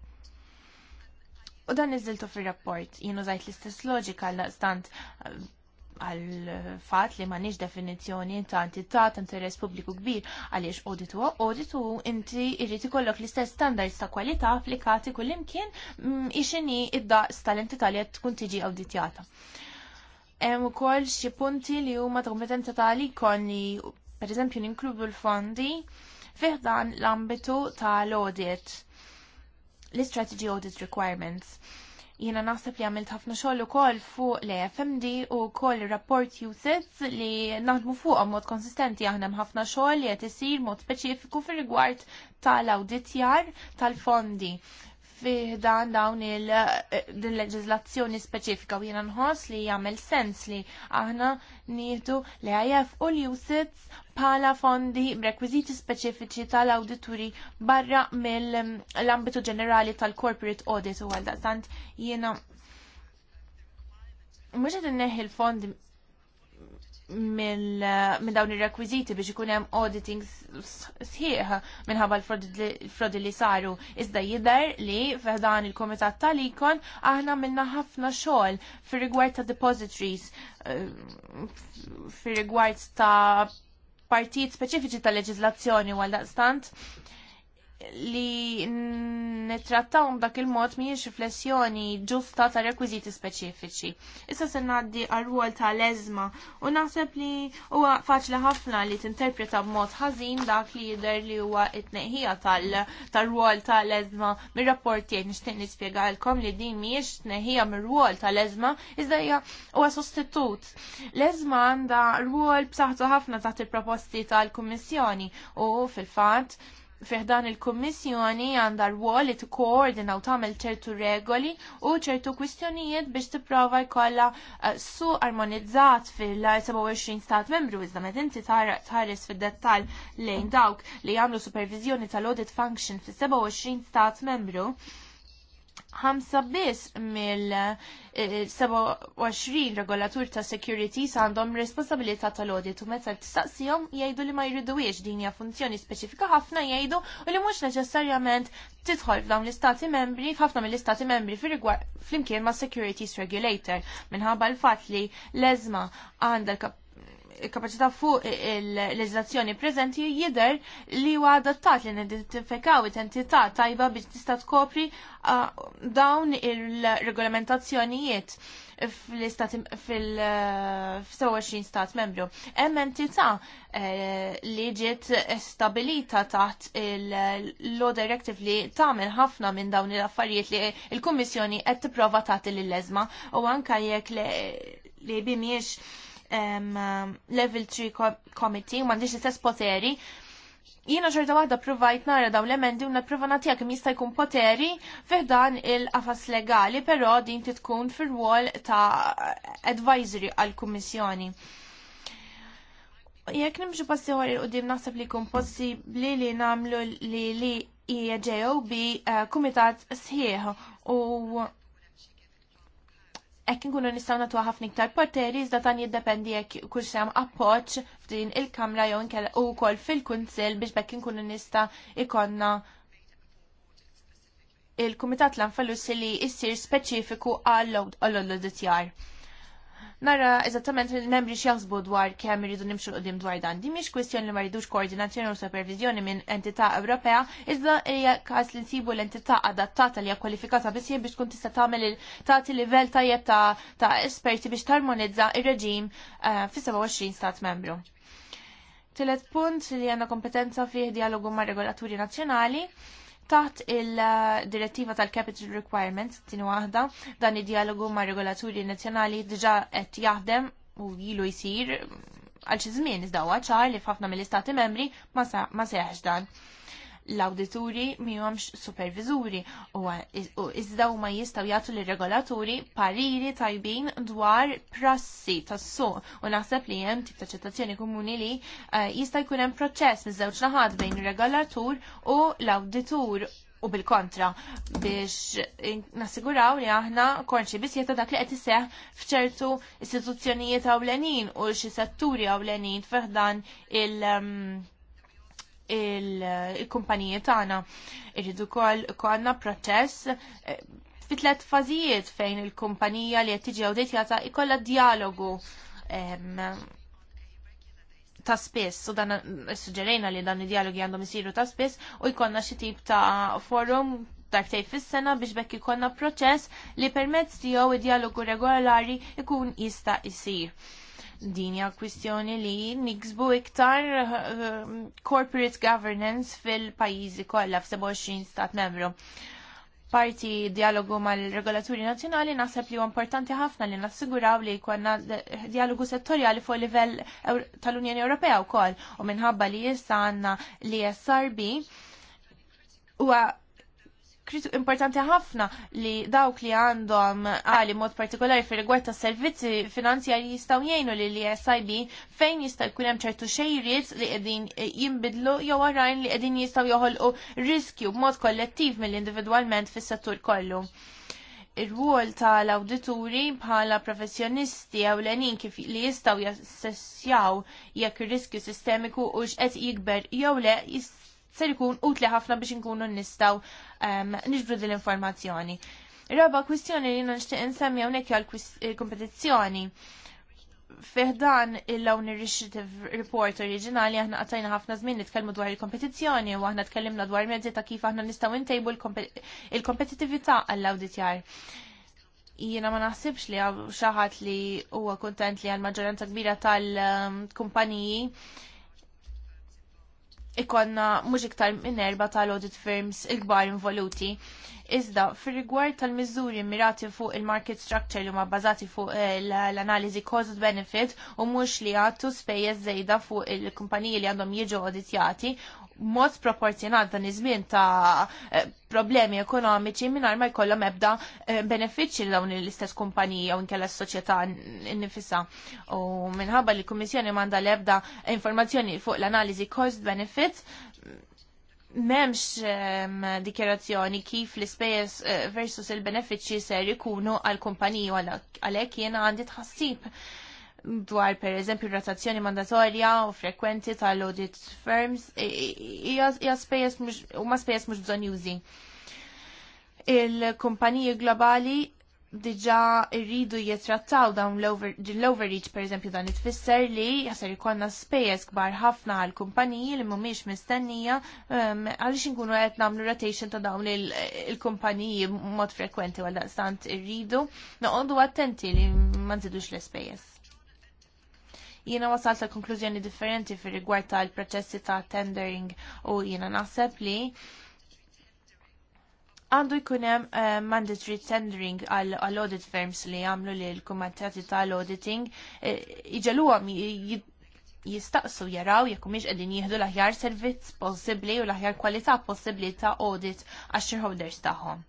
U dan niżiltu fil-rapport, jienu zajt l-istess loġika l naqstant għal fat li ma nix definizjoni ta' entità ta' interess pubbliku kbir għaliex auditu auditu inti irrid ikollok l-istess standards ta' kwalità applikati kullimkien mm, ixini id-daqs tal-entità li qed tkun tiġi awditjata. Hemm ukoll xi punti li huma ta' kompetenza tali konni pereżempju ninkludu l-fondi fih dan l-ambitu tal-audit l-Strategy Audit Requirements Jiena naħseb li għamilt ħafna xogħol ukoll fuq l FMD u wkoll rapport USITS li naħdmu fuq mod konsistenti aħna ħafna xogħol li qed isir mod speċifiku fir rigward tal-awditjar tal-fondi fiħdan dawn il eh, leġizlazzjoni speċifika u jena nħoss li jagħmel sens li aħna nieħdu li IF u l-usits bħala fondi b'rekwiżiti speċifiċi tal-awdituri barra mill-ambitu ġenerali tal-corporate audit u għal daqstant jiena mhux n-neħi l-fondi minn dawn ir-rekwiżiti biex ikun hemm auditing sħiħ minħabba l-frodi li saru. Iżda jidher li f'dan il-Kumitat tal-Ikon aħna minna ħafna xogħol fir-rigward ta' depositories, eh, fir-rigward ta' partijiet speċifiċi tal-leġiżlazzjoni għal daqstant li nitrattawm dak il-mod mhijiex riflessjoni ġusta ta' rekwiżiti speċifiċi. Issa se ngħaddi għar-rwol ta' leżma u naħseb li huwa faċli ħafna li tinterpreta b'mod ħażin dak li jidher li huwa t-tneħħija tal-rwol ta' leżma mir-rapport tiegħek nixtieq nispjegalkom li din mhijiex tneħħija mir-rwol ta' leżma iżda hija huwa sostitut. Leżma għandha rwol b'saħħtu ħafna taħt il-proposti tal-Kummissjoni u fil-fatt fiħdan il-Kommissjoni għandha rwol li t-koordina u tagħmel ċertu regoli u ċertu kwistjonijiet biex tipprova jkollha eh, su armonizzat fil-27 stat membru iżda meta inti tħares fid-dettall lejn dawk li jagħmlu supervizjoni tal-audit function fis-27 stat membru ħamsa biss mill-27 eh, eh, regolatur ta' securities għandhom responsabilità tal-audit u meta tistaqsihom jgħidu li ma jriduwiex din hija funzjoni speċifika ħafna jgħidu u li mhux neċessarjament tidħol f'dawn l-istati membri f'ħafna mill-istati membri flimkien ma' securities regulator minħabba l-fatt li l-eżma għandha l il-kapacità fuq il-leġislazzjoni preżenti jidher li huwa adattat li nidentifikaw it-entità tajba biex tista' tkopri dawn il-regolamentazzjonijiet fil-27 stat membru. Hemm entità eh, li ġiet stabilita taħt il-Law Directive li tagħmel ħafna minn dawn il affarijiet li l-Kummissjoni qed tipprova tagħti lill-leżma u anke jekk li bimiex level 3 committee, mandiġ istess poteri, jiena ġorda waħda provajt nara daw l-emendi u napprova natija kim jista' jkun poteri fiħdan il-qafas legali, però din titkun fir-rwol ta' advisory għal-Kummissjoni. Jekk nimxu passi għar il-qoddim naħseb li kun possibli li namlu li li IJOB e eh, kumitat sħiħ u Ekk nkunu nistgħu nagħtuha ħafna iktar porteri iżda tan jiddependi jekk kull hemm appoġġ f'din il-kamra jew inkella wkoll fil-kunsill biex bekk inkunu nista' ikonna il-Kumitat l-Anfalussi li jissir speċifiku għall-oditjar nara eżattament il-membri x'jaħsbu dwar kemm iridu nimxu qudiem dwar dan. Di miex kwistjoni li ma koordinazzjoni u supervizjoni minn entità Ewropea, iżda hija każ li nsibu l-entità adattata li hija kwalifikata biss biex tkun tista' tagħmel tagħti livell tajjeb ta' esperti biex tarmonizza ir-reġim eh, fi 27 stat membru. Tilet punt li għandna kompetenza fih dialogu ma' regolaturi nazzjonali taħt il-direttiva tal-Capital Requirements, tini waħda, dan id-dialogu ma' regolaturi nazjonali diġa qed jaħdem u jilu jisir għal xi żmien iżda ċar li f'ħafna mill-istati membri ma seħx dan l-awdituri miħomx supervizuri u iżda huma jistgħu jagħtu l regolaturi pariri tajbin dwar prassi tas-suq u naħseb li hemm tip ta' ċittazzjoni komuni li eh, jista' jkun hemm proċess miż-żewġ naħat bejn ir-regolatur u l-awditur u bil-kontra biex eh, nassiguraw li aħna konċi biex jeta dak li qed iseħ f'ċertu istituzzjonijiet għawlenin u xi setturi għawlenin f'dan il- um, il-kumpaniji tagħna. Irridu wkoll konna proċess eh, fit tliet fażijiet fejn il-kumpanija li qed tiġi awditjata ikollha dialogu ehm, ta' spiss u dan suġġerejna li dan id-dialogi għandhom isiru ta' spiss u jkollna xi tip ta' forum darbtej fis-sena biex bekk ikonna proċess li permezz tiegħu id-dialogu regolari jkun jista' jsir. Din hija kwistjoni li niksbu iktar eh, corporate governance fil-pajjiżi kollha f-27 stat membru. Parti dialogu mal-regolaturi nazzjonali naħseb li huwa importanti ħafna li nassiguraw li jkollna dialogu settorjali fuq livell tal-Unjoni Ewropea wkoll u minħabba li issa għandna li SRB huwa importanti ħafna li dawk li għandhom għali mod partikolari fi rigward ta' servizzi finanzjari jistaw jgħinu li li SIB fejn jista' jkun hemm ċertu xejriet li qegħdin eh, jinbidlu jew għarajn li qegħdin jistaw joħolqu riskju b'mod kollettiv mill-individwalment fis-settur kollu ir wol tal-awdituri bħala professjonisti ewlenin kif li jistgħu jassessjaw jekk ir-riskju sistemiku u x'qed jikber jew le jis ser ikun utli ħafna biex nkunu nistaw um, niġbru dil-informazzjoni. Raba kwistjoni li nxtieq insemmi hawnhekk għal eh, kompetizzjoni. Fiħdan il-Lawn Initiative Report oriġinali aħna qatajna ħafna żmien nitkellmu dwar il-kompetizzjoni u aħna tkellimna dwar mezzi ta' kif aħna nistgħu intejbu il-kompetitività għall-awditjar. Jiena ma naħsibx li xi ħadd li huwa kuntent li għall maġġoranza kbira tal-kumpaniji ikonna mhux iktar minn erba tal-audit firms il-kbar involuti. Iżda, fir rigward tal-miżuri mirati fuq il-market structure li huma bbażati fuq eh, l-analiżi cost benefit u mhux li għattu spejjeż żejda fuq il-kumpaniji li għandhom jiġu auditjati mod sproporzjonat dan iż-żmien ta' eh, problemi ekonomiċi mingħajr ma jkollhom ebda eh, benefiċċji dawn l-istess kumpaniji jew inkella s-soċjetà nifisha. U minħabba li l-Kummissjoni m'għandha l-ebda informazzjoni fuq l-analiżi cost benefit memx ehm, dikjerazzjoni kif l-ispejjeż eh, versus il-benefiċċji ser ikunu għall kumpaniji għalhekk jiena għandi tħassib dwar per eżempju rotazzjoni mandatorja u frekwenti tal-audit firms u ma spejjeż mhux bżonn jużi. Il-kumpaniji globali diġa rridu jitrattaw dawn l-overreach per eżempju dan it-fisser li jasar ikonna spejjeż kbar ħafna għal kumpaniji li mhumiex mistennija um, għaliex inkunu qed nagħmlu rotation ta' dawn il-kumpaniji mod frekwenti għal daqstant irridu noqogħdu attenti li ma nżidux l-ispejjeż. Jiena wasalt għal konklużjoni differenti fir rigward tal-proċessi ta' tendering u jiena naħseb li għandu jkunem uh, eh, mandatory tendering għall audit firms li għamlu li l-kummantati tal-auditing eh, iġalu għam jistaqsu jaraw jekk miex qegħdin jieħdu l-aħjar servizz possibbli u l-aħjar kwalità possibbli ta' audit għax shareholders tagħhom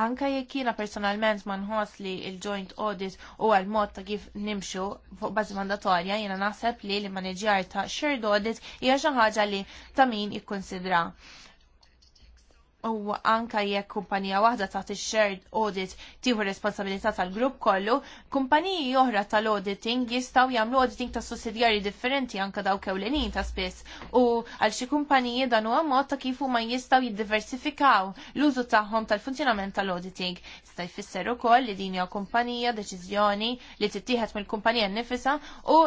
anka jekk jiena personalment ma nħoss li l joint audit u għal mod ta' kif nimxu fuq bażi mandatorja jiena naħseb li l-maneġjar ta' shared audit hija xi ħaġa li ta' min ikkonsidra u anka jekk kumpanija waħda ta' il-shared audit tieħu responsabilità tal-grupp kollu, kumpaniji oħra tal-auditing jistgħu jagħmlu auditing ta' sussidjarji differenti anka dawk kewlenin ta' spiss u għal xi kumpaniji dan huwa mod ta' kif huma jistgħu jiddiversifikaw l-użu tagħhom tal-funzjonament tal-auditing. Sta' jfisser ukoll li din hija kumpanija deċiżjoni li tittieħed mill-kumpanija nnifisha u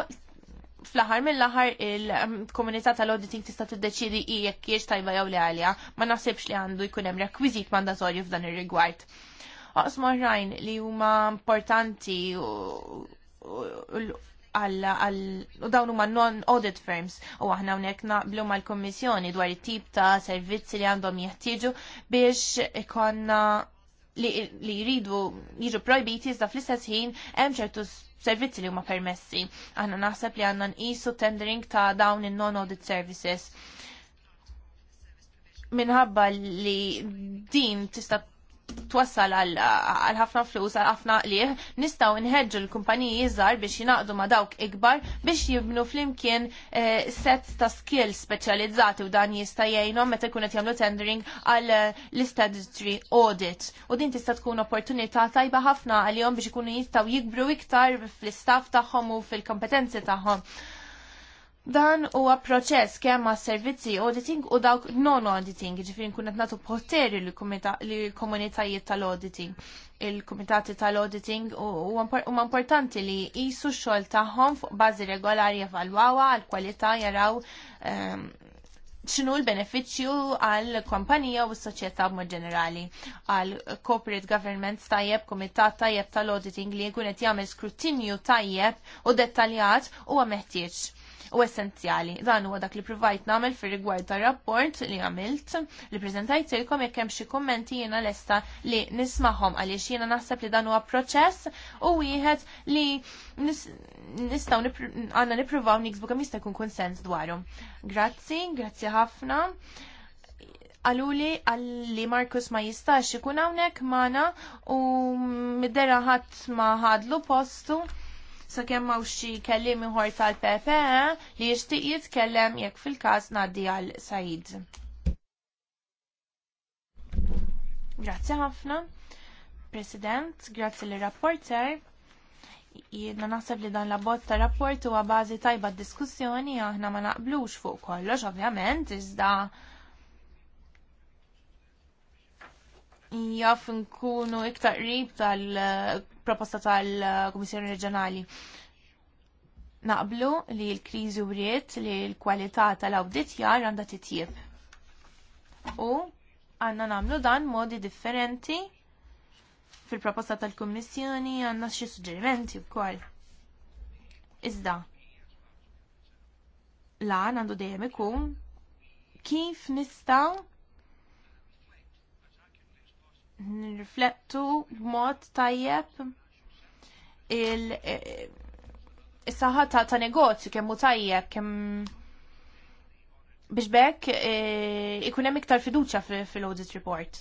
fl-aħħar mill-aħħar il-komunità tal-auditing tista' tiddeċidi i jekk jiex tajba jew li għalja, ma naħsibx li għandu jkun hemm rekwiżit mandatorju f'dan ir-rigward. Oqsma marrajn li huma importanti għal u dawn huma non-audit firms u aħna hawnhekk naqblu mal-Kummissjoni dwar it-tip ta' servizzi li għandhom jeħtieġu biex ikonna li jridu jiġu projbiti iżda fl-istess ħin hemm ċertu servizzi li huma permessi. Aħna naħseb li għandna nqisu tendering ta' dawn in non audit services. Minħabba li din tista' twassal għal ħafna flus għal ħafna liħ, nistaw nħedġu l-kumpaniji żgħar biex jinaqdu ma dawk ikbar biex jibnu flimkien eh, sets ta' skill speċjalizzati u dan jista' jgħinhom meta jkun qed jagħmlu tendering għal eh, l-istatutory audit. U din tista' tkun opportunità tajba ħafna jom biex ikunu jistgħu jikbru iktar fl-istaff tagħhom u fil-kompetenzi tagħhom. Dan huwa proċess kemm ma' servizzi auditing u dawk non auditing, ġifieri nkun qed nagħtu poteri li komunitajiet tal-auditing. Il-kumitati tal-auditing huma importanti li jisu x-xogħol tagħhom fuq bazi regolari evalwawa għal kwalità jaraw ehm, xinu l-beneficju għal kompanija u s-soċieta b'mod ġenerali, għal corporate government tajjeb, komitat tajjeb tal-auditing li jkun qed jagħmel skrutinju tajjeb u dettaljat u meħtieġ u essenzjali. Dan huwa dak li provajt nagħmel fir-rigward tar-rapport li għamilt li preżentajtilkom jekk hemm xi kummenti jiena lesta li nisma'hom għaliex jiena naħseb li dan huwa proċess u wieħed li nistgħu għandna nippruvaw niksbu kemm jista' jkun konsens dwaru. Grazzi, grazzi ħafna għaluli għalli Markus ma jistax ikun hawnhekk magħna u middera ħadd ma ħadlu postu sakemm hawn xi kelliem ieħor tal-PPE eh, li jixtieq jitkellem jekk fil-każ ngħaddi għal Said. Grazzi ħafna, President, grazzi l rapporter Jiena naħseb li dan l-abbozz ta' rapport huwa bażi tajba d-diskussjoni aħna ma naqblux fuq kollox ovvjament iżda jaf nkunu iktar qrib tal proposta tal-Komissjoni Reġjonali. Naqblu li l-kriżi wriet li l-kwalità tal-awdit jar għandha titjieb. U għandna nagħmlu dan modi differenti fil-proposta tal-Kummissjoni għandna xi suġġerimenti wkoll. Iżda, lan għandu dejjem ikun kif nistgħu nirriflettu b'mod tajjeb il saħħa ta', ta negozju kemm hu tajjeb kemm biex bekk e, ikun hemm iktar fiduċja fil-audit report.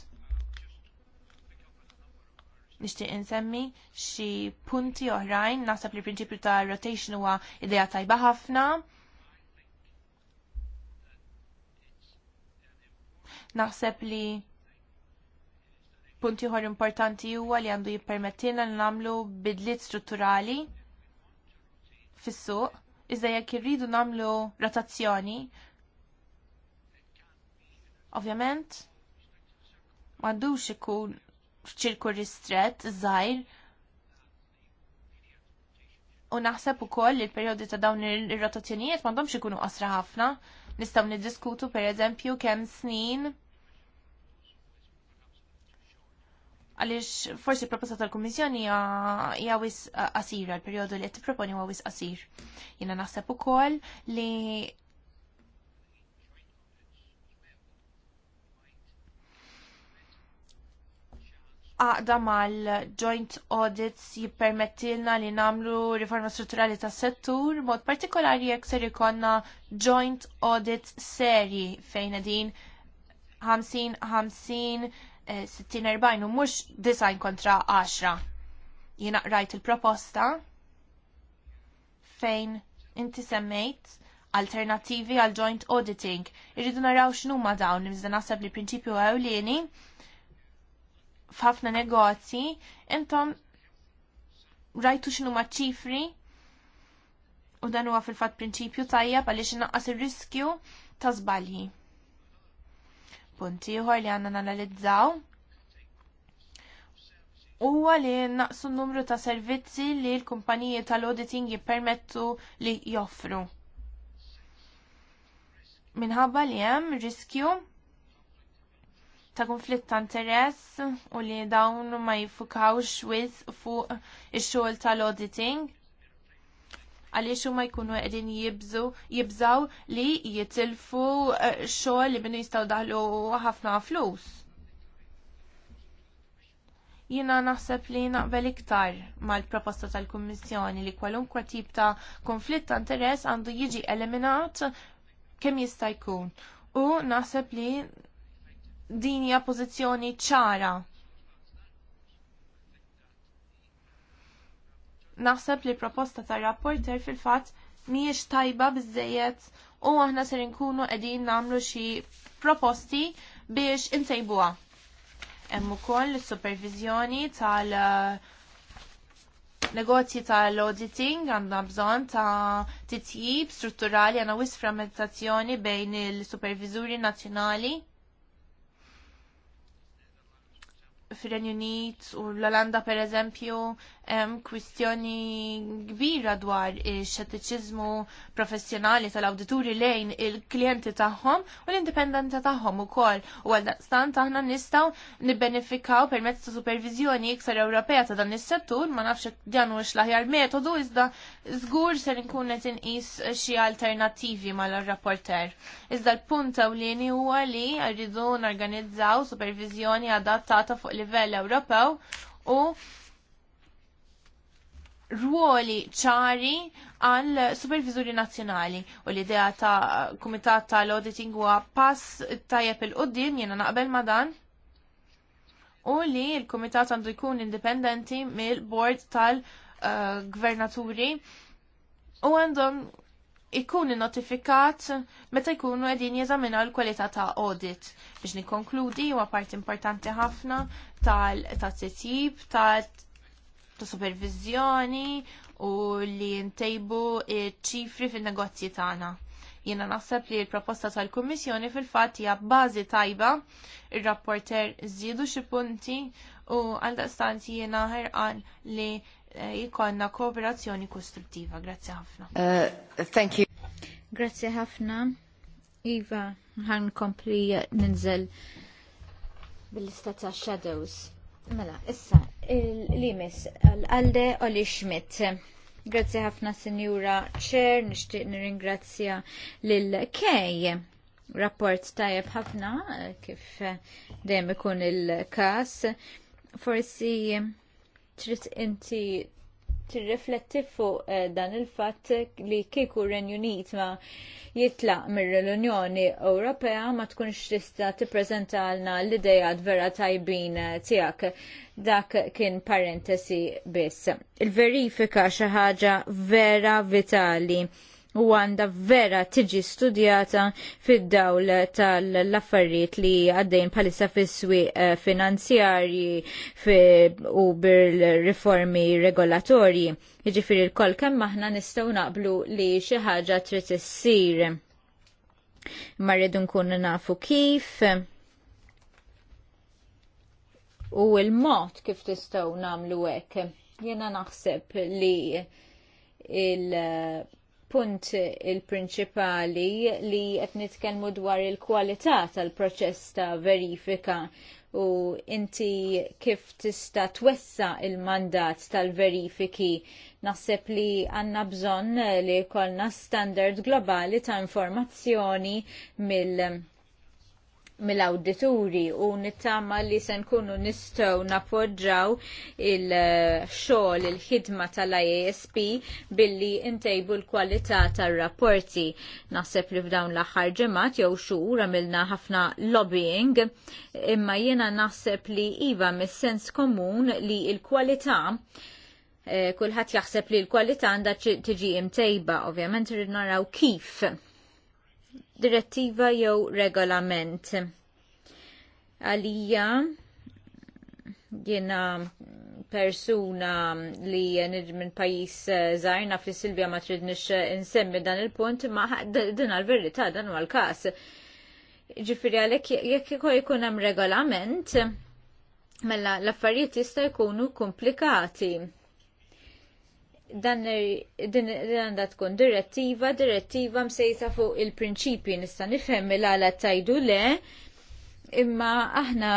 Nixtieq insemmi xi punti oħrajn naħseb li prinċipju ta' rotation huwa idea tajba ħafna. Naħseb li Punti ħor importanti huwa li għandu jippermettilna li nagħmlu bidliet strutturali fis-suq, iżda jekk irridu nagħmlu rotazzjoni, ovvjament m'għandux ikun f'ċirku ristret żgħir u naħseb ukoll li l-perjodi ta' dawn ir-rotazzjonijiet m'għandhomx ikunu qasra ħafna. Nistgħu niddiskutu pereżempju kemm snin għaliex forsi proposta tal-Kummissjoni hija wis għal-periodu perjodu li qed tipproponi għawis wis qasir. Jiena naħseb ukoll li għaqda mal-joint audits jippermettilna li namlu riforma strutturali tas settur, mod partikolari jekk ser ikonna joint audit seri fejn din 50-50 60-40 u mux design kontra 10. Jina rajt il-proposta fejn inti semmejt alternativi għal joint auditing. Irridu naraw x'nu ma dawn, iżda naħseb li prinċipju ewlieni f'ħafna negozji intom rajtu x'nu ma ċifri u dan huwa fil-fatt prinċipju tajjeb għaliex inaqqas ir-riskju ta' żbalji. Punti ieħor li għandna nanalizzaw huwa li naqsu n-numru ta' servizzi li l-kumpaniji tal-auditing jippermettu li joffru. Minħabba li hemm riskju ta' konflitt ta' interess u li dawn ma jifukawx with fuq ix-xogħol tal-auditing għaliex huma jkunu qegħdin jibżu jibżaw li jitilfu eh, xogħol li binu jistgħu daħlu ħafna flus. Jiena naħseb li naqbel iktar mal-proposta tal-Kummissjoni li kwalunkwe tip ta' konflitt ta' interess għandu jiġi eliminat kemm jista' jkun. U naħseb li din hija pożizzjoni ċara naħseb li proposta tar rapporter fil-fatt mhijiex tajba biżejjed u aħna ser nkunu qegħdin nagħmlu xi proposti biex intejbuha. Hemm ukoll is-supervizjoni tal- eh, negozji tal-auditing għandna bżon ta' titjib strutturali għandna wisframmentazzjoni bejn il-supervizuri nazzjonali fir-Renju Unit u l-Olanda pereżempju hemm kwistjoni kbira dwar ix-xettiċiżmu professjonali tal-awdituri lejn il-klijenti tagħhom u l-indipendenza tagħhom ukoll u għal daqstant aħna nistgħu nibbenefikaw permezz ta' supervizjoni iktar Ewropea ta' dan is-settur ma nafx dan hux l-aħjar metodu iżda żgur se nkun qed inqis xi alternattivi mal-rapporter. Iżda l-punt ewlieni huwa li rridu norganizzaw supervizjoni adattata fuq livell Ewropew u ruoli ċari għal supervizuri nazzjonali u l-idea ta' kumitat tal-auditing huwa pass tajjeb il-qoddim jiena naqbel ma' dan u li l-kumitat għandu jkun indipendenti mill-board tal-gvernaturi u għandhom ikun notifikat meta jkunu qegħdin jeżaminaw l-kwalità ta' audit. Biex nikkonkludi huwa part importanti ħafna tal-titjib, tal ta' supervizjoni u li ntejbu ċifri fin-negozji tagħna. Jiena naħseb li l-proposta tal-Kummissjoni fil-fatt hija bażi tajba, ir-rapporter żiedu xi punti u għal jiena ħerqan li Eh, jikonna kooperazzjoni kostruttiva. Grazzi ħafna. Uh, thank you. Grazzi ħafna. Iva, ħan kompli ninżel bil istazza Shadows. Mela, issa, l-imis, l-alde u li xmit. Grazzi ħafna Sinjura Cher, nixtieq nirringrazzja l Kej. Rapport tajjeb ħafna eh, kif eh, dejjem ikun il-każ. Forsi trid inti tirrifletti fuq eh, dan il-fatt li kieku Renju Unit ma jitlaq mir-Unjoni Ewropea ma tkunx tista' tippreżentalna l-idejat vera tajbin eh, tiegħek. Dak kien parentesi biss. Il-verifika xi ħaġa vera vitali u għanda vera tiġi studjata fid-dawl tal-affarijiet li għaddejn palissa fis-swi eh, finanzjarji fi u bil-riformi regolatorji. Jiġifieri l-koll kemm aħna nistgħu naqblu li xi ħaġa trid issir. Ma rridu nkunu nafu kif u l-mod kif tistgħu nagħmlu hekk. Jiena naħseb li il- punt il-prinċipali li qed nitkellmu dwar il-kwalità tal-proċess ta' verifika u inti kif tista' twessa il-mandat tal-verifiki naħseb li għandna bżonn li jkollna standard globali ta' informazzjoni mill- mill-awdituri u nittama li se nkunu nistgħu nappoġġaw il-xogħol il-ħidma tal-IASP billi ntejbu l-kwalità tar-rapporti. Naħseb li f'dawn l-aħħar ġimgħat jew xhur għamilna ħafna lobbying, imma jiena naħseb li iva mis-sens komun li l-kwalità eh, kulħadd jaħseb li l-kwalità għandha tiġi imtejba, ovvjament irid naraw kif direttiva jew regolament. Għalija jiena persuna li minn pajis eh, zaħir naf li Silvia ma tridnix eh, insemmi dan il-punt ma din għal-verità dan huwa l-każ. Ġifieri għalhekk jekk ikun hemm regolament, mela l-affarijiet jista' jkunu komplikati dan għandha tkun direttiva, direttiva msejsa fuq il-prinċipji nista' nifhem il-għala tajdu le, imma aħna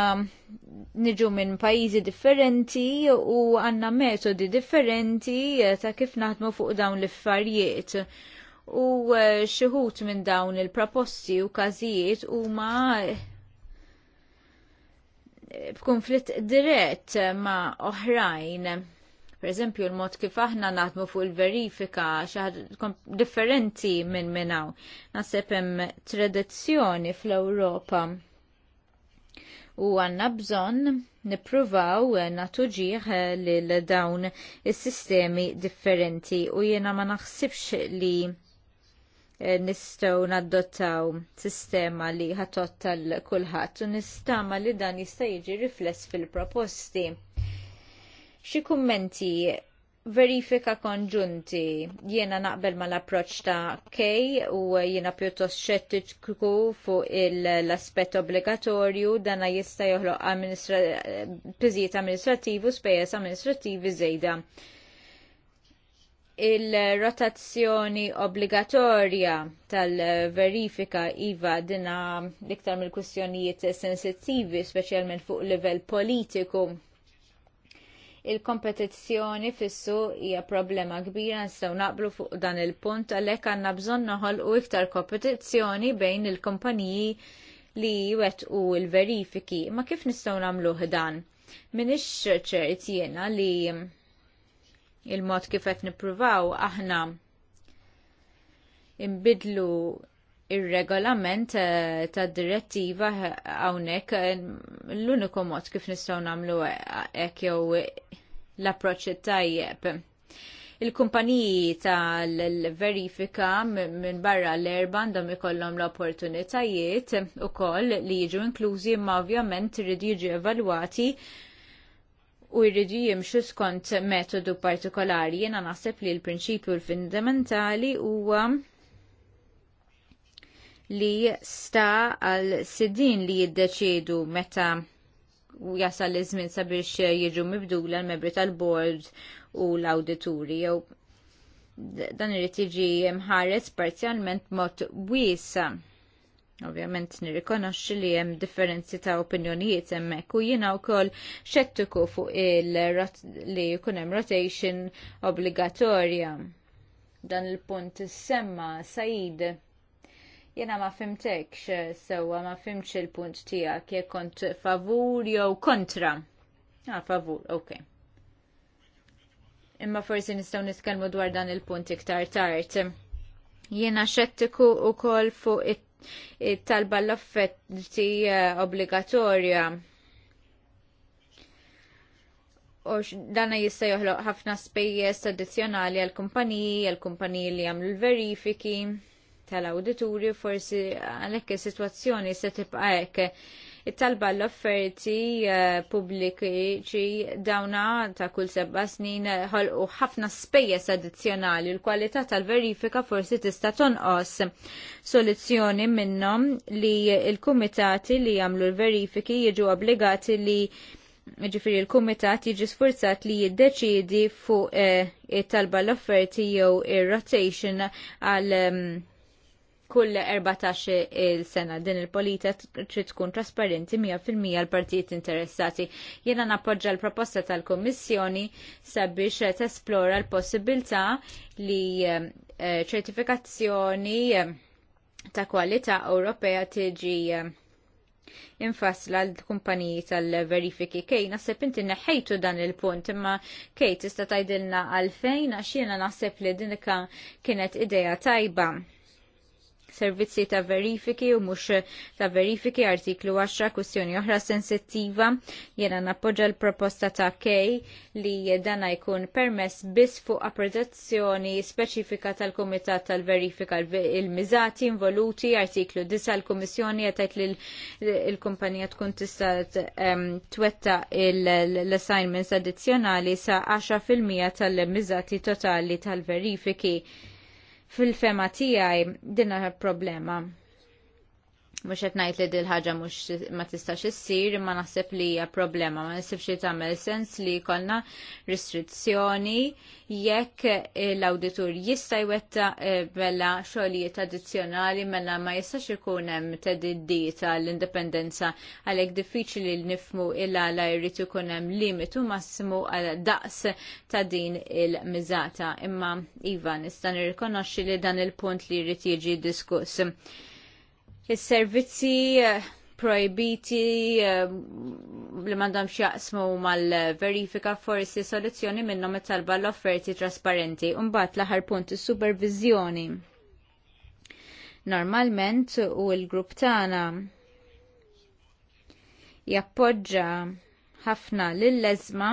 niġu minn pajjiżi differenti u għandna metodi differenti eh, ta' kif naħdmu fuq dawn l-affarijiet. U eh, xiħut minn dawn il-proposti u każijiet huma eh, b'kunflitt dirett ma' oħrajn Per eżempju, l-mod kif aħna naħdmu fuq il-verifika xaħad differenti minn minnaw. Naseb hemm tradizzjoni fl-Ewropa. U għanna bżon nipruvaw eh, natuġiħ eh, lil dawn is-sistemi differenti u jiena ma naħsibx li eh, nistaw naddottaw sistema li ħatot tal-kulħadd u nistama li dan jista' jiġi rifless fil-proposti Xi kummenti verifika konġunti jiena naqbel mal approċċ ta' Kej u jiena pjuttost xettiku fuq l-aspett obbligatorju dana jista' joħloq pizijiet amministrativu spejjeż amministrativi żejda. Il-rotazzjoni obbligatorja tal-verifika iva dina iktar mill-kwistjonijiet sensittivi, speċjalment fuq livell politiku il-kompetizzjoni fissu hija problema kbira nistgħu naqblu fuq dan il-punt għalhekk għandna bżonn noħolqu iktar kompetizzjoni bejn il-kumpaniji li jwettqu l-verifiki. Ma kif nistgħu nagħmluh dan? Minix ċert jiena li il-mod kif qed nippruvaw aħna imbidlu ir-regolament eh, tad direttiva hawnhekk eh, l-uniku mod kif nistgħu nagħmlu eh, hekk jew l-approċċ tajjeb. Il-kumpaniji tal-verifika minn barra l-erba għandhom ikollhom l-opportunitajiet ukoll li jiġu inklużi imma ovvjament iridu jiġu evalwati u jridu jimxu skont metodu partikolari. Jiena naħseb li l-prinċipju l-fundamentali huwa li sta għal sidin li jiddeċidu meta u jasal li żmien sabiex jiġu mibdula l-membri tal-bord u l-awdituri jew dan irid jiġi mħares parzjalment mod wiesa. Ovvjament nirrikonoxxi li hemm differenzi ta' opinjonijiet hemmhekk u jiena wkoll xettiku fuq il li jkun hemm rotation obbligatorja. Dan il-punt semma Said Jena ma fimtekx eh, sewa ma fimx il-punt tijak jek kont favur jew kontra. Ah, favur, ok. Imma forsi nistaw niskelmu dwar dan il-punt iktar tard. Jena xettiku u kol fuq it-talba l offetti eh, obbligatorja u dana jista joħloq ħafna spejjeż addizzjonali għall kumpaniji għal kumpaniji li jagħmlu l-verifiki tal-awdituri forsi għalhekk is-sitwazzjoni se tibqa' hekk. It-talba l-offerti eh, pubbliċi dawna ta' kull seba' snin eh, ħolqu ħafna spejjeż addizzjonali l-kwalità tal-verifika forsi tista' tonqos. Soluzzjoni minnhom li l-kumitati li jagħmlu l-verifiki jiġu obbligati li ġifiri l kumitat jiġi sforzat li jiddeċidi fuq eh, it-talba l-offerti jew ir-rotation għal mm, kull 14 il-sena din il-polita trid tkun trasparenti 100% l-partijiet interessati. Jiena nappoġġa l-proposta tal-Kommissjoni sabiex tesplora l-possibilità li eh, ċertifikazzjoni eh, ta' kwalità Ewropea tiġi eh, infassla l-kumpaniji tal-verifiki kej naħseb inti neħħejtu dan il-punt imma kej tista' tgħidilna għalfejn għax jiena naħseb li dinika kienet idea tajba servizzi ta' verifiki u mhux ta' verifiki artiklu 10 kwistjoni oħra sensittiva jiena nappoġġa l-proposta ta' Kej li dana jkun permess biss fuq approdazzjoni speċifika tal-Kumitat tal-Verifika il-miżati involuti artiklu 10 l-Kummissjoni qed li l-kumpanija tkun tista' twetta l-assignments addizzjonali sa' 10% tal-miżati totali tal-verifiki fil-fema tiegħi din problema. problema Mhux qed ngħid li dil ħaġa mhux ma tistax issir, imma naħseb li hija problema, ma nisibx xie tagħmel sens li jkollna restrizzjoni jekk l-awditur jista' jwetta bella eh, mela xogħlijiet addizzjonali mela ma jistax ikun hemm tediddita l-indipendenza għalhekk diffiċli li nifmu illa la jrid ikun hemm limitu massimu għal daqs ta' din il-miżata. Imma iva nista' nirrikonoxxi li dan il-punt li jrid jiġi diskuss Is-servizzi eh, projbiti eh, li mandam xjaqsmu mal-verifika forsi soluzzjoni minnom it-talba l-offerti trasparenti. Umbat laħar punt supervizjoni. Normalment u l-grupp tagħna jappoġġa ħafna l-lezma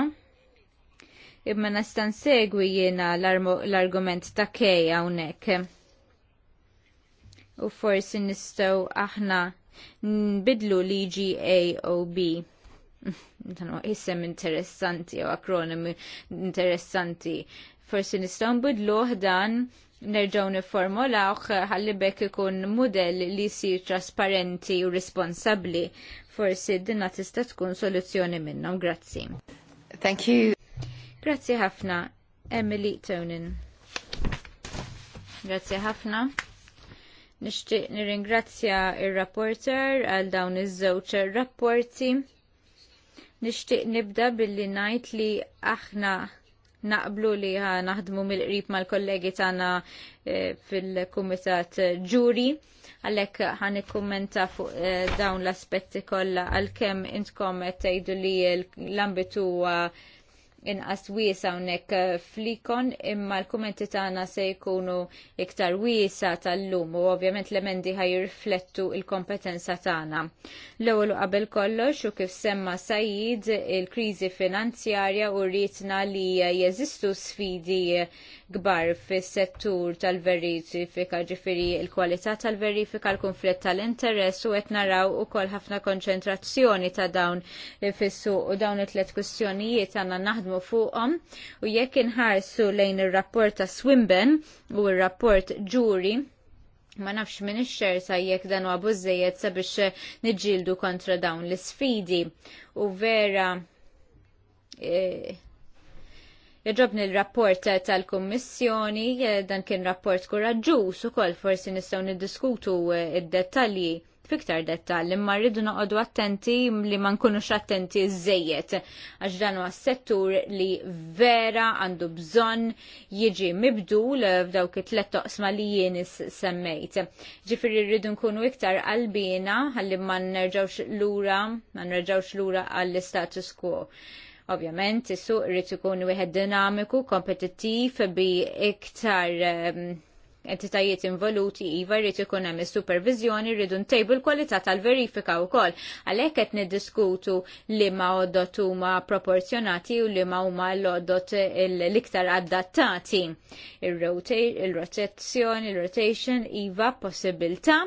imma nista' segwi jiena l-argument ta' kej hawnhekk u forsi nistgħu aħna nbidlu li GAOB. Tanu isem interessanti jew akronimi interessanti. Forsi nistgħu nbidlu dan nerġaw niformolawh ħalli bekk ikun mudell li jsir trasparenti u responsabbli. Forsi dinna tista' tkun soluzzjoni minnhom. Grazzi. Thank you. Grazzi ħafna, Emily Tonin. Grazzi ħafna. Nixtieq nirringrazzja il rapporter għal dawn iż-żewġ rapporti. Nixtieq nibda billi ngħid li aħna naqblu li naħdmu mill-qrib mal-kollegi tagħna eh, fil-kumitat ġuri għalek ħan ikkummenta fuq eh, dawn l-aspetti kollha għalkemm intkom qed tgħidu li l-ambitu inqas wiesa hawnhekk eh, flikon imma l-kumenti tagħna se jkunu iktar wiesa tal-lum u ovvjament l-emendi ħajriflettu il-kompetenza tagħna. L-ewwel qabel kollox u kif semma Sajid il-kriżi finanzjarja u rritna li jeżistu sfidi gbar fis settur tal-verifika ġifiri il-kwalità tal-verifika, l-konflitt tal-interess u qed naraw ukoll ħafna konċentrazzjoni ta' dawn fissu u dawn it-tlet kwistjonijiet għandna naħdmu fuqhom u jekk inħarsu lejn ir-rapport ta' Swimben u r-rapport Ġuri ma nafx minn ix-xerta jekk dan huwa bużejjed sabiex niġġieldu kontra dawn l-isfidi u vera eh, Jġobni l-rapport tal-Kommissjoni, eh, dan kien rapport kuraġġuż ukoll forsi nistgħu niddiskutu eh, id-dettalji fiktar dettal imma rridu noqogħdu attenti li ma nkunux attenti żejjed għax dan huwa settur li vera għandu bżonn jiġi mibdul f'dawk it-tlet toqsma li jien semmejt. Ġifieri rridu nkunu iktar qalbina ħalli ma nerġgħux lura, ma nerġgħux lura għall-status quo. Ovvjament, is-suq rrid ikun wieħed dinamiku, kompetittiv bi iktar ehm, entitajiet involuti iva rrid ikun hemm is-supervizjoni rridu ntejbu l-kwalità tal-verifika wkoll. Għalhekk qed niddiskutu li ma għodot huma proporzjonati u li ma huma l-għodot l-iktar adattati. Il-rotazzjoni, il-rotation iva possibilità.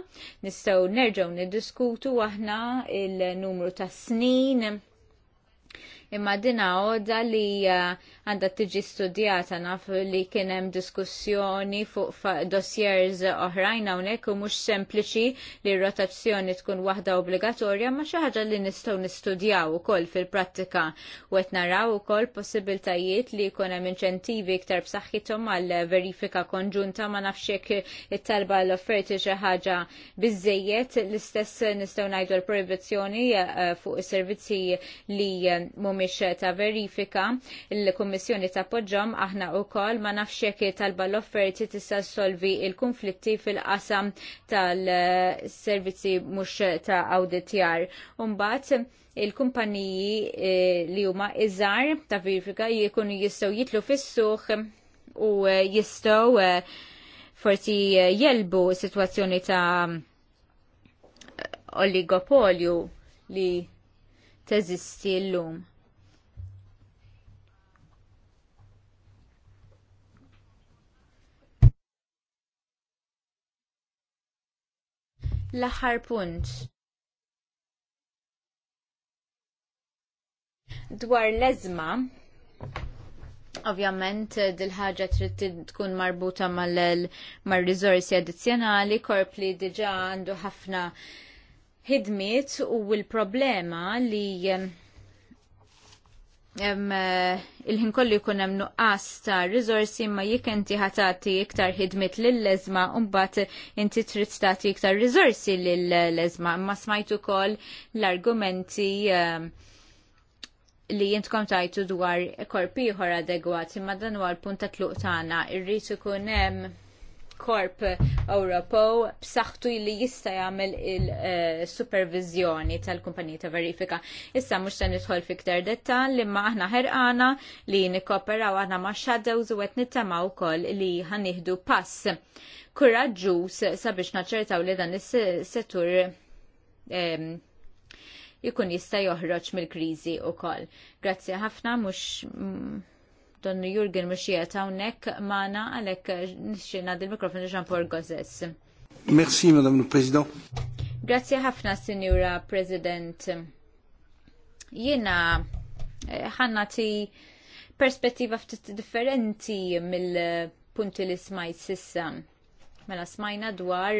Nistgħu nerġgħu niddiskutu aħna il-numru ta' snin imma dina għoda li uh, għandha tiġi studjata naf li kien hemm diskussjoni fuq dossiers oħrajn hawnhekk u mhux sempliċi li r-rotazzjoni tkun waħda obbligatorja ma xi ħaġa li nistgħu nistudjaw ukoll fil-prattika u qed naraw ukoll possibiltajiet li jkun hemm inċentivi iktar b'saħħithom għal verifika konġunta ma nafx jekk it-talba l-offerti xi ħaġa biżejjed l-istess nistgħu ngħidu l-proibizzjoni uh, fuq is-servizzi li mhum uh, mhumiex ta' verifika il-Kummissjoni tappoġġhom aħna wkoll ma nafx hekk talba l-offerti tista' solvi il-konflitti fil-qasam tal-servizzi mhux ta' awditjar. Umbagħad il-kumpaniji eh, li huma iżgħar ta' verifika jkunu jistgħu jitlu fis-suq u eh, jistgħu eh, forsi jelbu situazzjoni ta' oligopolju li teżisti l-lum. L-aħħar punt. Dwar l-eżma, ovvjament dil-ħaġa trid tkun marbuta mal-riżorsi addizzjonali, korp li diġà għandu ħafna ħidmiet u l-problema li Eh, il-ħin kollu jkun hemm nuqqas ta' riżorsi ma jekk inti ħatati iktar ħidmit lill-leżma u mbagħad inti trid tagħti iktar riżorsi lill-leżma. Imma smajt ukoll l-argumenti li jintkom tajtu dwar korpi ieħor adegwat imma dan huwa l-punt ta' tluq tagħna. Irrid ikun hemm korp Ewropew b'saħħtu li jista' jagħmel il-supervizjoni tal-kumpaniji ta' verifika. Issa mhux se nidħol fiktar dettall, imma aħna ħerqana li nikkooperaw aħna ma' shadows u qed nittema' wkoll li ħanieħdu pass kuraġġuż sabiex naċċertaw li dan is-settur jkun jista' joħroġ mill-kriżi wkoll. Grazzi ħafna mhux Don Jurgen Mishija tawnek maħna għalek nixxina dil-mikrofon Jean-Paul Gozes. Merci, Madame le Président. Grazie ħafna, Signora President. Jena eh, ħanna ti perspettiva ftit differenti mill-punti li smajt sissa. Mela smajna dwar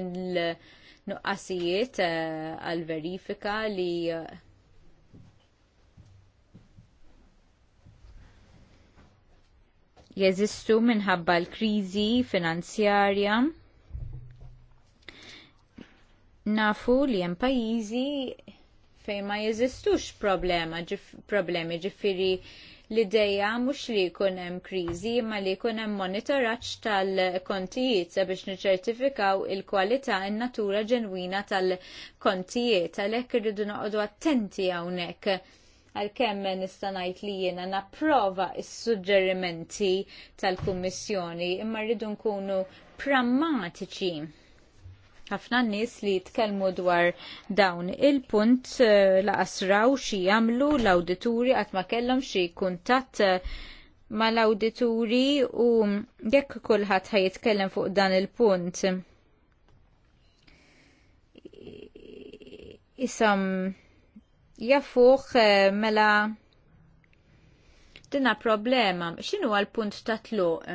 il-nuqqasijiet eh, għal-verifika li eh, jeżistu minħabba l-kriżi finanzjarja. Nafu li hemm pajjiżi fejn ma jeżistux problema, ġif, problemi ġifiri l-ideja mhux li jkun hemm kriżi imma li jkun hemm monitoraġġ tal-kontijiet sabiex niċċertifikaw il-kwalità in-natura ġenwina tal-kontijiet għalhekk irridu noqogħdu attenti hawnhekk għalkemm nista' ngħid li jiena napprova s-suġġerimenti tal-Kummissjoni imma rridu nkunu prammatiċi. Ħafna nies li jitkellmu dwar dawn il-punt eh, laqasraw xi jagħmlu l-awdituri qatt ma kellhom xi kuntatt eh, mal-awdituri u jekk kulħadd ħajitkellem fuq dan il-punt. Isam jafuħ eh, mela dina problema. X'inhu l-punt ta' tluq?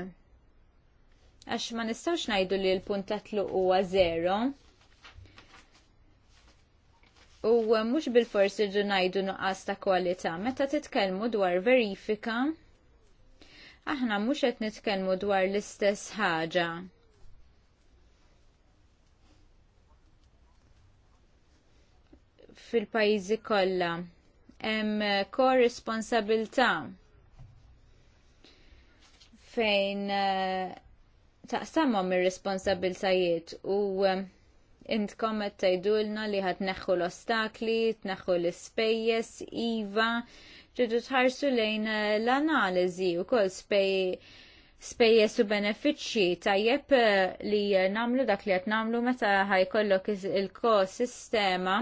Għax ma nistgħux ngħidu li l-punt ta' tluq huwa zero. U mhux bil-forsi ġu ngħidu nuqqas ta' kwalità. Meta titkellmu dwar verifika, aħna mhux qed nitkellmu dwar l-istess ħaġa. fil pajizi kollha. Hemm korresponsabilità fejn eh, taqsamhom ir-responsabiltajiet u eh, intkom qed tgħidulna li ħad neħħu l-ostakli, tneħħu l-ispejjeż, iva, ġidu tħarsu lejn eh, l-analiżi wkoll spejjeż u benefiċċji tajjeb li nagħmlu dak li qed nagħmlu meta ħajkollok il-kosistema. il il kosistema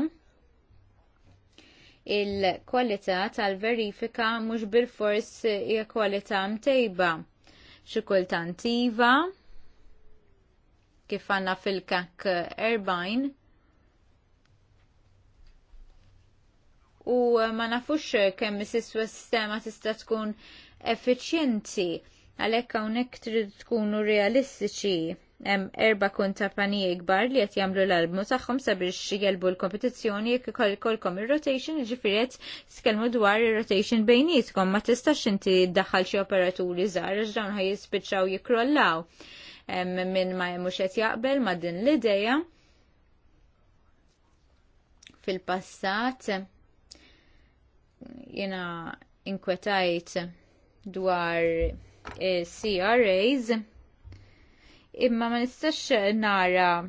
il-kwalità tal-verifika mhux bilfors hija kwalità mtejba. Xi kultant iva kif għandna fil-kak erbajn. u ma nafux kemm is-sistema tista' tkun effiċjenti għalhekk hawnhekk trid tkunu realistiċi hemm erba' kuntampaniji kbar li qed jagħmlu l albmu tagħhom sabiex jelbu l-kompetizzjoni jekk ikollkom ir-rotation, ġifieri qed tkellmu dwar ir-rotation bejnietkom ma tistax inti ddaħħal xi operaturi żgħar għax dawn ħajjispiċċaw jispiċċaw jikrollaw minn ma mhux qed jaqbel ma' din l-idea fil-passat jiena inkwetajt dwar CRAs imma ma nistax nara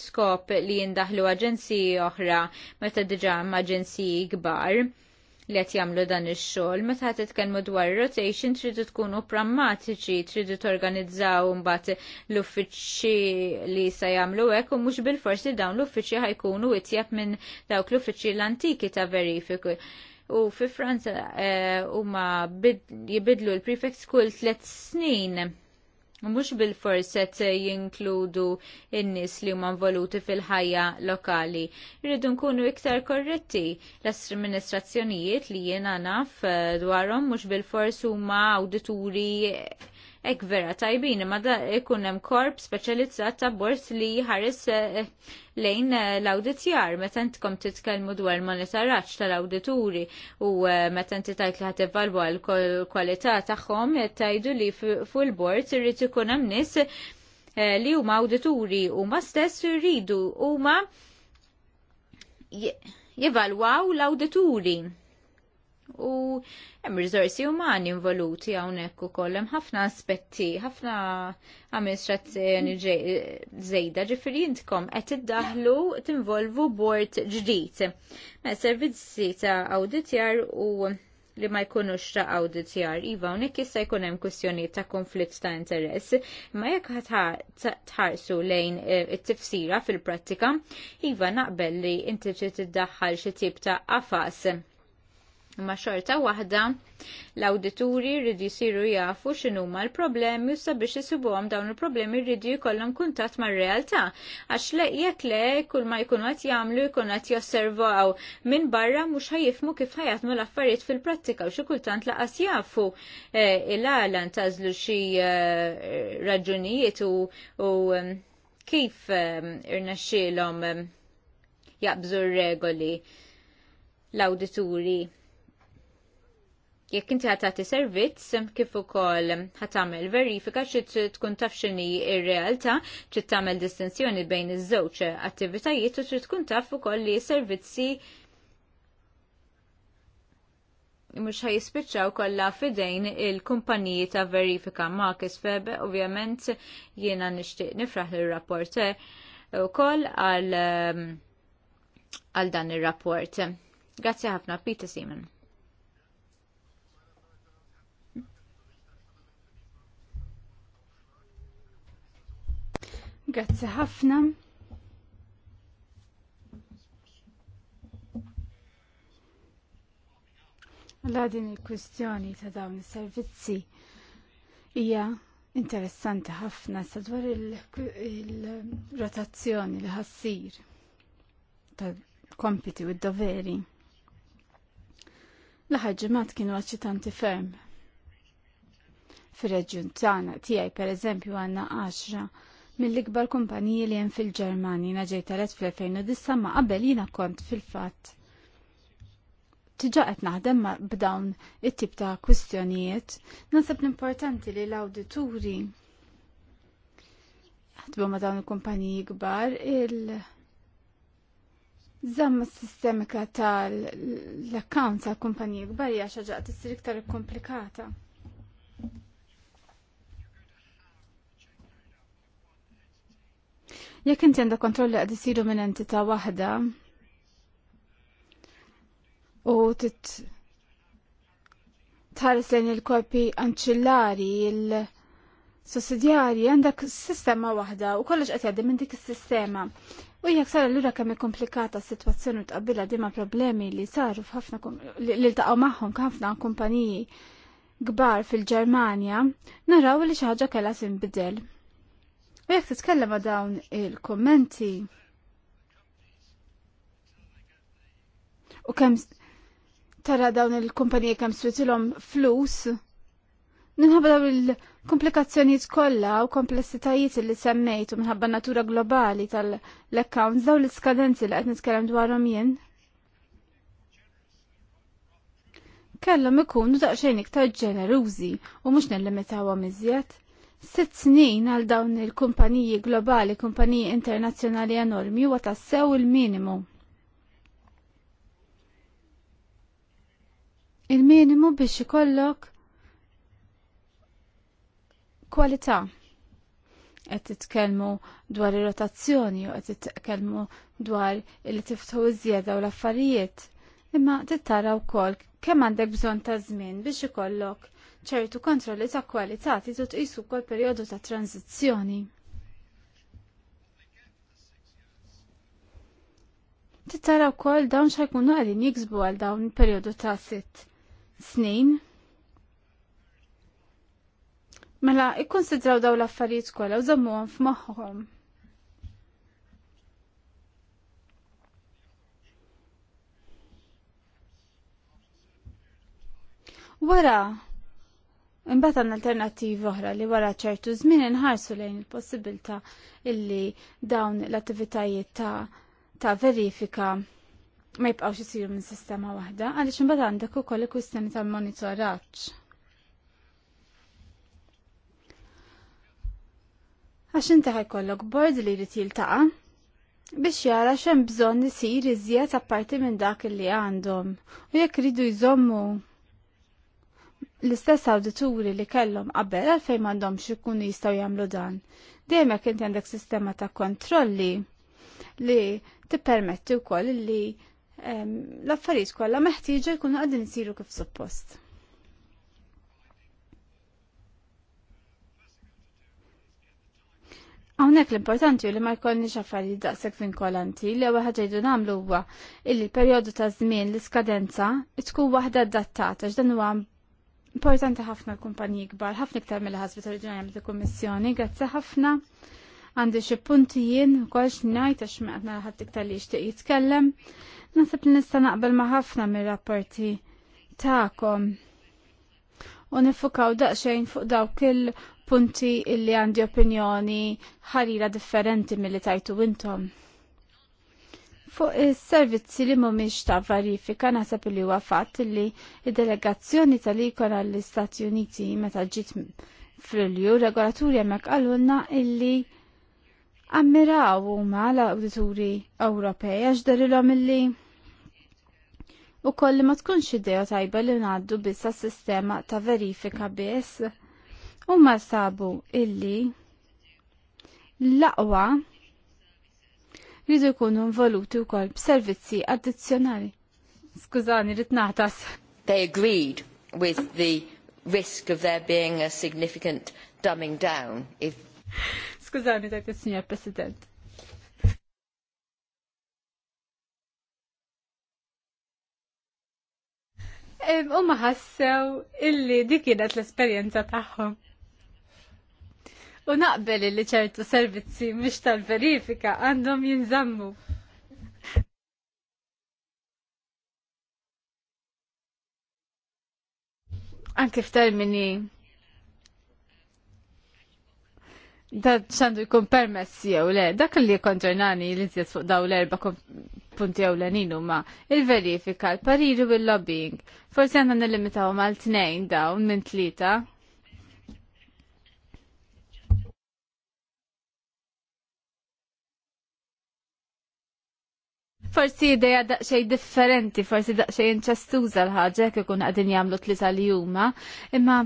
skop li jindaħlu aġenziji oħra meta diġa hemm aġenziji kbar li qed jagħmlu dan ix-xogħol. Meta qed titkellmu dwar rotation tridu tkunu prammatiċi, tridu torganizzaw mbagħad l-uffiċċji li se jagħmlu hekk u mhux bil-forsi dawn l-uffiċċji ħajkunu it-jab minn dawk l-uffiċċji l-antiki ta' verifiku. U fi Franza eh, huma jibidlu l-prefix kull tliet snin mhux bil qed jinkludu n-nies li huma involuti fil-ħajja lokali. Irridu nkunu iktar korretti l-amministrazzjonijiet li jiena naf eh, dwarhom mhux bil-fors huma awdituri ek vera tajbin, ma da ikunem korp specializzat ta' bors li ħares eh, lejn eh, l-auditjar, meta intkom titkellmu dwar monitoraċ tal-awdituri u eh, meta inti tajt li ħatevalwa l-kwalità tagħhom tajdu li fuq il-bord irid ikun hemm nies li huma awdituri huma stess u huma jivalwaw l-awdituri. U Hemm riżorsi umani involuti hawnhekk ukoll hemm ħafna aspetti, ħafna amministrazzjoni mm. żejda ġifieri intkom qed iddaħlu tinvolvu bord ġdid. Ma' servizzi ta' awditjar u li ma jkunux ta' awditjar. Iva, hawnhekk jista' jkun hemm kwistjonijiet ta' konflitt ta' interess, ma jekk tħarsu lejn eh, it-tifsira fil-prattika, iva naqbel li inti trid tiddaħħal xi tip ta' afas. Imma xorta waħda l-awdituri rridu jisiru jafu x'inhuma l-problemi u sabiex isibuhom dawn il-problemi rridu jkollhom kuntatt mar-realtà għax le jekk le kull ma jkunu qed jagħmlu jkun qed josservaw minn barra mhux ħajifmu kif ħajatmu l-affarijiet fil-prattika u xi kultant laqas jafu e, l għalan tażlu xi e, raġunijiet u kif irnexxielhom jaqbżu r-regoli l-awdituri Jekk inti ħatati servizz kif ukoll tagħmel verifika xi tkun taf x'inhi r-realtà, trid tagħmel distinzjoni bejn iż-żewġ attivitajiet u trid tkun taf ukoll li servizzi mux ħajispiċċaw kollha fidejn il-kumpaniji ta' verifika Marcus Febe, ovvjament jiena nixtieq nifraħ lir rapport ukoll għal um, għal dan ir-rapport. Grazzi ħafna Peter Simon. Grazzi ħafna. La din il-kwistjoni ta' dawn is-servizzi hija interessanti ħafna sadwar il-rotazzjoni il l-ħassir tal-kompiti u d-doveri. L-aħħar kienu eċitanti ferm. Fir-reġjun tagħna tiegħi pereżempju għandna 10 mill-ikbar kumpaniji li hemm fil-Ġermani naġej telet fl-2009 ma qabel jiena kont fil-fatt. Tiġa qed naħdem b'dawn it-tip ta' kwistjonijiet, nasab l-importanti li l-awdituri ħatbu ma dawn il-kumpaniji kbar il- Zamma sistemika tal-accounts tal-kumpaniji kbar hija xi ġaqt issir iktar komplikata. Jekk inti għandha kontrolli qed isiru minn entità waħda u tit tħares lejn il-korpi anċillari il-sussidjarji għandek sistema waħda u kollox qed jgħaddi minn dik is-sistema. U jekk sar allura kemm il-komplikata s-sitwazzjoni tqabbilha dima problemi li saru f'ħafna li ltaqgħu magħhom ħafna kumpaniji kbar fil-Ġermanja, naraw li xi ħaġa kellha tinbidel. U jekk titkellem ma' dawn il-kommenti u kemm tara dawn il-kumpanija kemm switilhom flus, minħabba dawn il-komplikazzjonijiet kollha u komplessitajiet li semmejt u minħabba natura globali tal-accounts dawn l-iskadenzi li qed nitkellem dwarhom jien. Kellhom ikunu daqsxejn iktar ġenerużi u mhux nellimitawhom iżjed. Sitt snin għal dawn il-kumpaniji globali, kumpaniji internazzjonali enormi huwa tassew il-minimu. Il-minimu biex ikollok kwalità. Qed titkellmu dwar ir-rotazzjoni u qed titkellmu dwar il tiftħu iż-żieda u l-affarijiet. Imma tittara wkoll kemm għandek bżonn ta' żmien biex ikollok ċertu kontrolli ta' kwalità titu tqisu wkoll perjodu ta' tranzizjoni. Tittara wkoll dawn xajkunu għalin jiksbu għal dawn il-perjodu ta' sitt snin. Mela, ikkonsidraw daw l-affarijiet kollha u żammuhom f'moħħhom. Wara Imbagħad għandna alternattivi oħra li wara ċertu żmien inħarsu lejn il possibilta illi dawn l-attivitajiet ta', ta verifika ma jibqgħux isiru minn sistema waħda għaliex imbagħad għandek ukoll il-kwistjoni tal-monitoraġġ. Għax inti ħajkollok bord li jrid jiltaqa' biex jara xem bżonn isir iżjed apparti minn dak li għandhom u jekk ridu jżommu l-istess awdituri li kellhom qabel għalfejn m'għandhomx ikunu jistgħu jagħmlu dan. Dejjem kien għandek sistema ta' kontrolli li tippermetti wkoll li ehm, l-affarijiet kollha meħtieġa jkunu qegħdin isiru kif suppost. Hawnhekk l-importanti li ma jkollniex affarijiet daqshekk vinkolanti li ewwel ħaġa jdu nagħmlu huwa l-perjodu ta' żmien l-iskadenza tkun waħda adattata x'dan huwa Importanti ħafna l-kumpaniji kbar, ħafna iktar mill-ħasbit oriġinarjament il-Kummissjoni, grazzi ħafna għandi xi punti jien ukoll x'ngħid għax ma qed ħadd iktar li jixtieq jitkellem. Nasib li nista' naqbel ma' ħafna mir-rapporti tagħkom. U nifukaw daqsxejn fuq dawk il-punti illi għandi opinjoni ħarira differenti milli tajtu intom fuq is-servizzi li mhumiex ta' verifika naħseb li huwa fatt li id-delegazzjoni tal-ikon għall-Istati Uniti meta ġiet fl-Ulju regolaturi hemmhekk għallunna illi ammiraw huma l-awdituri Ewropej għax darilhom illi u koll ma tkunx idea tajba li ngħaddu bissa sistema ta' verifika biss u ma sabu illi l-aqwa jridu jkunu involuti wkoll b'servizzi addizzjonali. Skużani, rrid naħtas. They agreed with the risk of there being a significant dumbing down if Skużani dak is-Sinjor President. U maħassew illi dik l-esperjenza tagħhom u naqbel li ċertu servizzi mhux tal-verifika għandhom jinżammu. Anke f'termini da xandu jkun permess jew le, dak li konġernani li zjed fuq daw l-erba punti jew l ma il-verifika, l pariru u l-lobbying. Forsi għandna nillimitaw mal-tnejn dawn minn tlita. Forsi ideja daqxej differenti, forsi daqxej inċestuża l-ħagġa jekk ikun jamlu jagħmlu tlita li huma, imma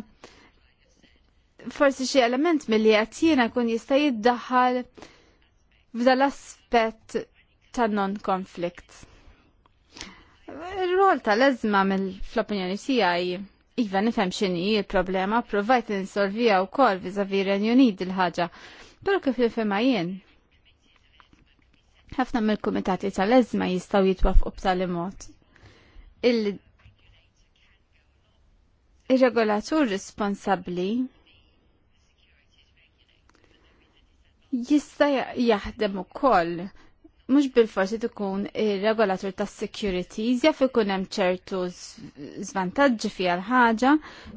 forsi xi element milli qed jiena kun jista' jiddaħħal f'dal aspett ta' non-conflict. Ir-rol tal-eżma mill-opinjoni tiegħi Iva nifhem x'inhi il-problema, provajt insolvija wkoll viżavi Renju Unid il-ħaġa. Però kif nifhimha jien, ħafna mill-kumitati tal-ezma jistaw jitwafqu b'tali mod. Il-regolatur il responsabli jista' jaħdem ukoll mhux bil-forsi tkun ir-regolatur tas-securities jaf ikun hemm ċertu zvantagġi fiha l-ħaġa,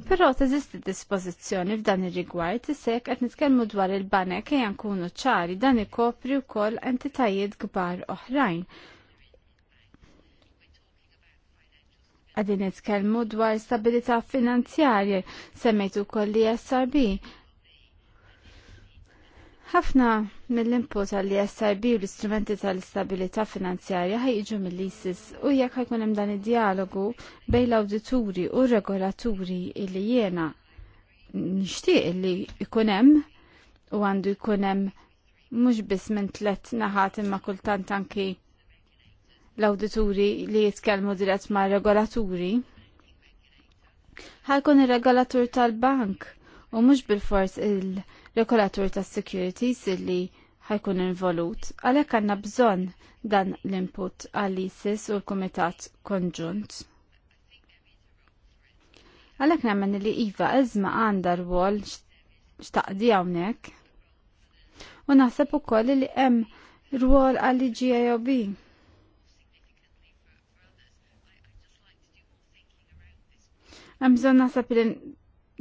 però teżisti dispożizzjoni f'dan ir-rigward isek qed nitkellmu dwar il-banek ejja nkunu ċari dan ikopri wkoll entitajiet kbar oħrajn. Għadin nitkellmu dwar stabilità finanzjarja, semmejtu kolli SRB, Ħafna mill-input għalli SRB u l-istrumenti tal-istabilità finanzjarja ħajġu mill-ISIS u jekk ħajkun hemm dan id-dialogu bejn l-awdituri u regolaturi illi jiena nixtieq li jkun hemm u għandu jkun hemm mhux biss minn tliet naħat imma kultant anki l-awdituri li jitkellmu dirett ma' regolaturi. Ħajkun ir-regolatur tal-bank u mhux bil-fors il- -regolatur tal bank u mhux bil fors il l regolatur tas securities illi ħajkun involut. Għalhekk għandna bżonn dan l-input għall-ISIS u l-Kumitat Konġunt. Għalhekk namen li Iva iżma għandha rwol xtaqdi hawnhekk. U naħseb ukoll li hemm rwol għall-GIOB. Għamżon nasab li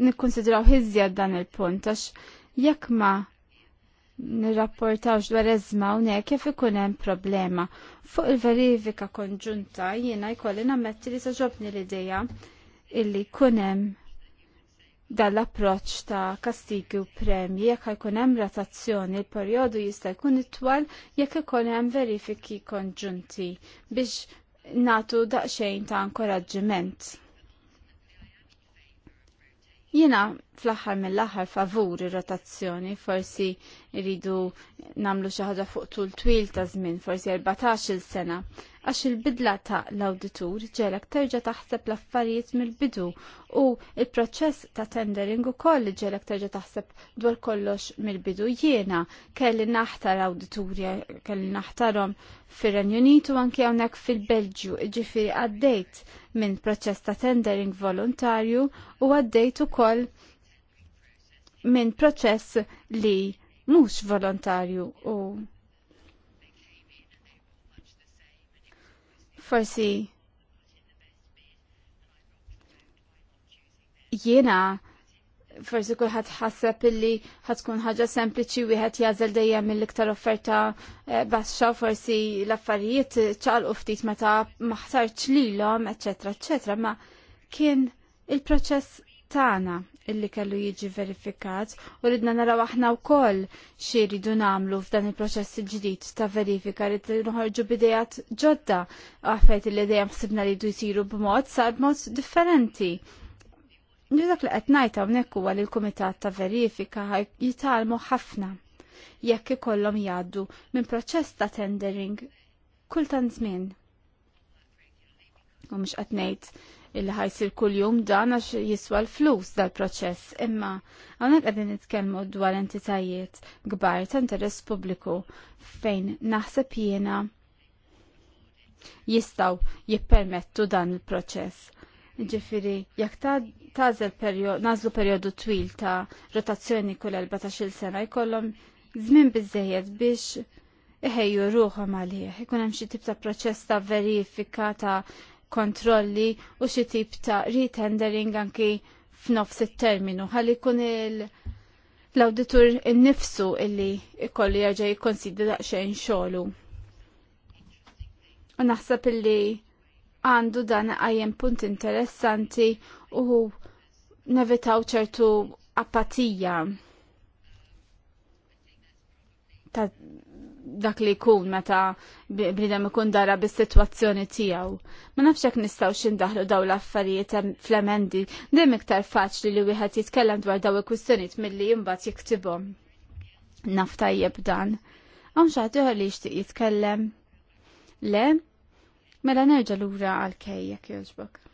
nikkonsidraw hizzja dan il-punt, għax jekk ma nirrapportawx dwar eżma hawnhekk kif ikun hemm problema. Fuq il-verifika konġunta jiena jkolli nammetti li saġobni l-idea illi jkun hemm dan l-approċċ ta' kastigi u premji jekk jkun hemm rotazzjoni il-perjodu jista' jkun itwal jekk ikun hemm verifiki konġunti biex natu daqsxejn ta' inkoraġġiment. Jiena fl-aħħar mill-aħħar favur ir-rotazzjoni, forsi ridu namlu xi ħaġa fuq tul twil ta' żmien, forsi 14-il sena, għax il-bidla ta' l-awditur ġelek terġa' taħseb l-affarijiet mill-bidu u il-proċess ta' tendering ukoll ġelek terġa' taħseb dwar kollox mill-bidu jiena kelli naħtar awditurja kelli naħtarhom fir-Renju Unitu anke hawnhekk fil-Belġju, ġifieri għaddejt minn proċess ta' tendering volontarju u għaddejt ukoll koll minn proċess li mhux volontarju u forsi jiena forsi kulħadd ħasseb illi ħatkun ħaġa sempliċi wieħed jażel dejjem mill-iktar offerta eh, baxxa forsi l-affarijiet ċalqu ftit meta maħtarx lilhom, eċetera, eċetera, ma kien il-proċess Tana illi kellu jiġi verifikat u ridna naraw aħna wkoll xi jridu nagħmlu f'dan il-proċess il-ġdid ta' verifika li nħorġu bidejat ġodda għaffet li dejjem ħsibna li jdu jsiru b'mod sar b'mod differenti. Nġu dak li qed ngħid hawnhekk huwa li l-kumitat ta' verifika jitalmu ħafna jekk ikollhom jgħaddu minn proċess ta' tendering kultant żmien. U mhux qed ngħid illi ħajsir kull-jum dan għax jiswa l-flus dal-proċess. Imma għonek għadin nitkelmu dwar entitajiet gbar ta' interess pubbliku fejn naħseb jiena jistaw jippermettu dan il-proċess. Ġifiri, jekk tażel period, nażlu periodu twil ta' rotazzjoni kull 14 sena jkollhom żmien biżejjed biex iħejju ruħhom għalih, ikun hemm xi tip ta' proċess ta' verifika ta' kontrolli u xi tip ta' retendering anki f'nofs it-terminu ħalli jkun il- l-auditur innifsu illi ikollu jaġa jikkonsidra daqsxejn xogħlu. U naħseb illi għandu dan għajjem punt interessanti u nevitaw ċertu apatija ta' dak li jkun meta bnidem ikun dara bis-sitwazzjoni tiegħu. Ma nafx hekk nistgħu xindaħlu daw l-affarijiet fl-emendi, dejjem iktar faċli li wieħed jitkellem dwar daw il-kwistjonijiet milli imbagħad jiktibhom. Naf tajjeb dan. Hawn xi li jixtieq jitkellem. Le, mela nerġa' lura għal kejjek jogħġbok.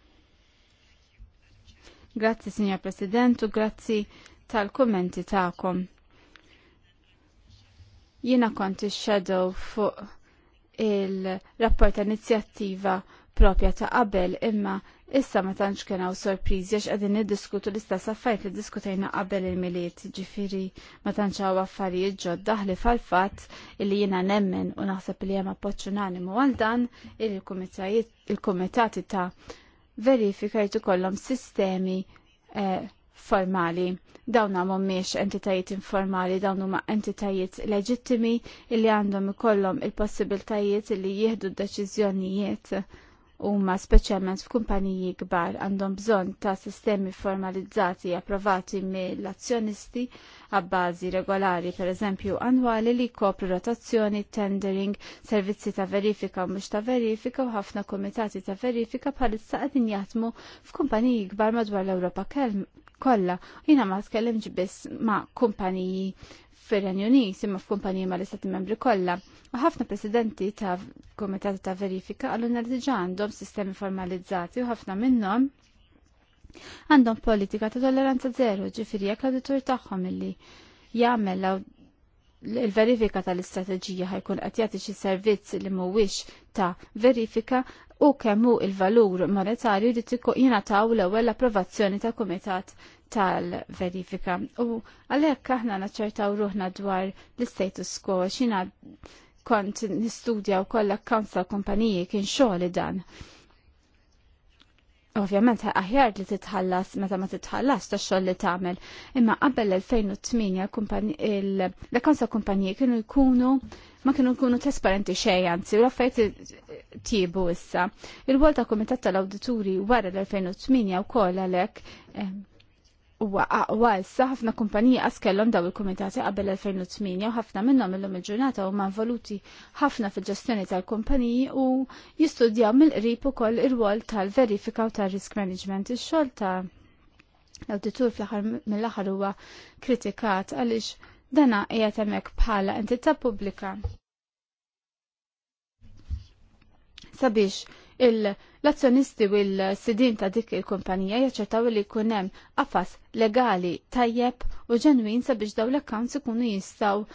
Grazzi, Signor President, u grazzi tal-kommenti ta'kom. Jiena il shadow fuq il-rapport inizjattiva propja ta' qabel imma issa ma tantx kien hawn sorpriżi għax qegħdin niddiskutu l-istess affarijiet li diskutejna qabel il-miliet, ġifieri ma tantx hawn affarijiet ġodda daħli fal-fatt li jiena nemmen u naħseb li hemm appoġġ mu għal dan il-kumitati ta' verifika jtu kollhom sistemi eh, formali Dawn miex entitajiet informali, dawn huma entitajiet leġittimi illi għandhom ikollhom il-possibiltajiet illi jieħdu d-deċiżjonijiet huma speċjalment f'kumpaniji kbar għandhom bżonn ta' sistemi formalizzati approvati mill-azzjonisti għabbażi regolari pereżempju annwali li kopru rotazzjoni, tendering, servizzi ta' verifika u mhux ta' verifika u ħafna kumitati ta' verifika bħalissa qegħdin jaħdmu f'kumpaniji kbar madwar l-Ewropa kollha. Jiena ma tkellimġ biss ma' kumpaniji fir-Renju Unit imma f'kumpaniji mal istati membri kollha. U ħafna presidenti ta' kumitati ta' verifika għallu li diġà għandhom sistemi formalizzati u ħafna minnhom għandhom politika ta' tolleranza zero, ġifiri jek l auditor tagħhom illi jagħmel il-verifika tal-istrateġija ħajkun qed jagħti xi servizz li mhuwiex ta' verifika u kemm hu il-valur monetarju li jingħataw l-ewwel approvazzjoni ta' kumitat tal-verifika. U għalhekk aħna naċċertaw ruħna dwar l-status quo xina kont nistudja wkoll l-accounts tal-kumpaniji kien xogħli dan Ovvjament aħjar li titħallas meta ma titħallas ta' xogħol li tagħmel. Imma qabel 2008 l konsa kumpanji kienu jkunu ma kienu jkunu trasparenti xej, anzi u l-affarijiet tiebu issa. Il-wol ta' kumitat tal-awdituri wara l-2008 wkoll għalhekk ehm, Uwa aqwa issa ħafna kumpaniji qas kellhom daw il-kumitati qabel 2008 u ħafna minnhom lum il-ġurnata huma voluti ħafna fil-ġestjoni tal-kumpaniji u jistudjaw mill-qrib ukoll ir wol tal-verifika u tal-risk management ix-xogħol ta' l auditur fl-aħħar mill-aħħar huwa kritikat għaliex dana qiegħed hemmhekk bħala entità pubblika. Sabiex l-azzjonisti u l-sidin ta' dik il-kumpanija jaċċertaw li jkun hemm qafas legali tajjeb u ġenwin sabiex daw l-accounts ikunu jistgħu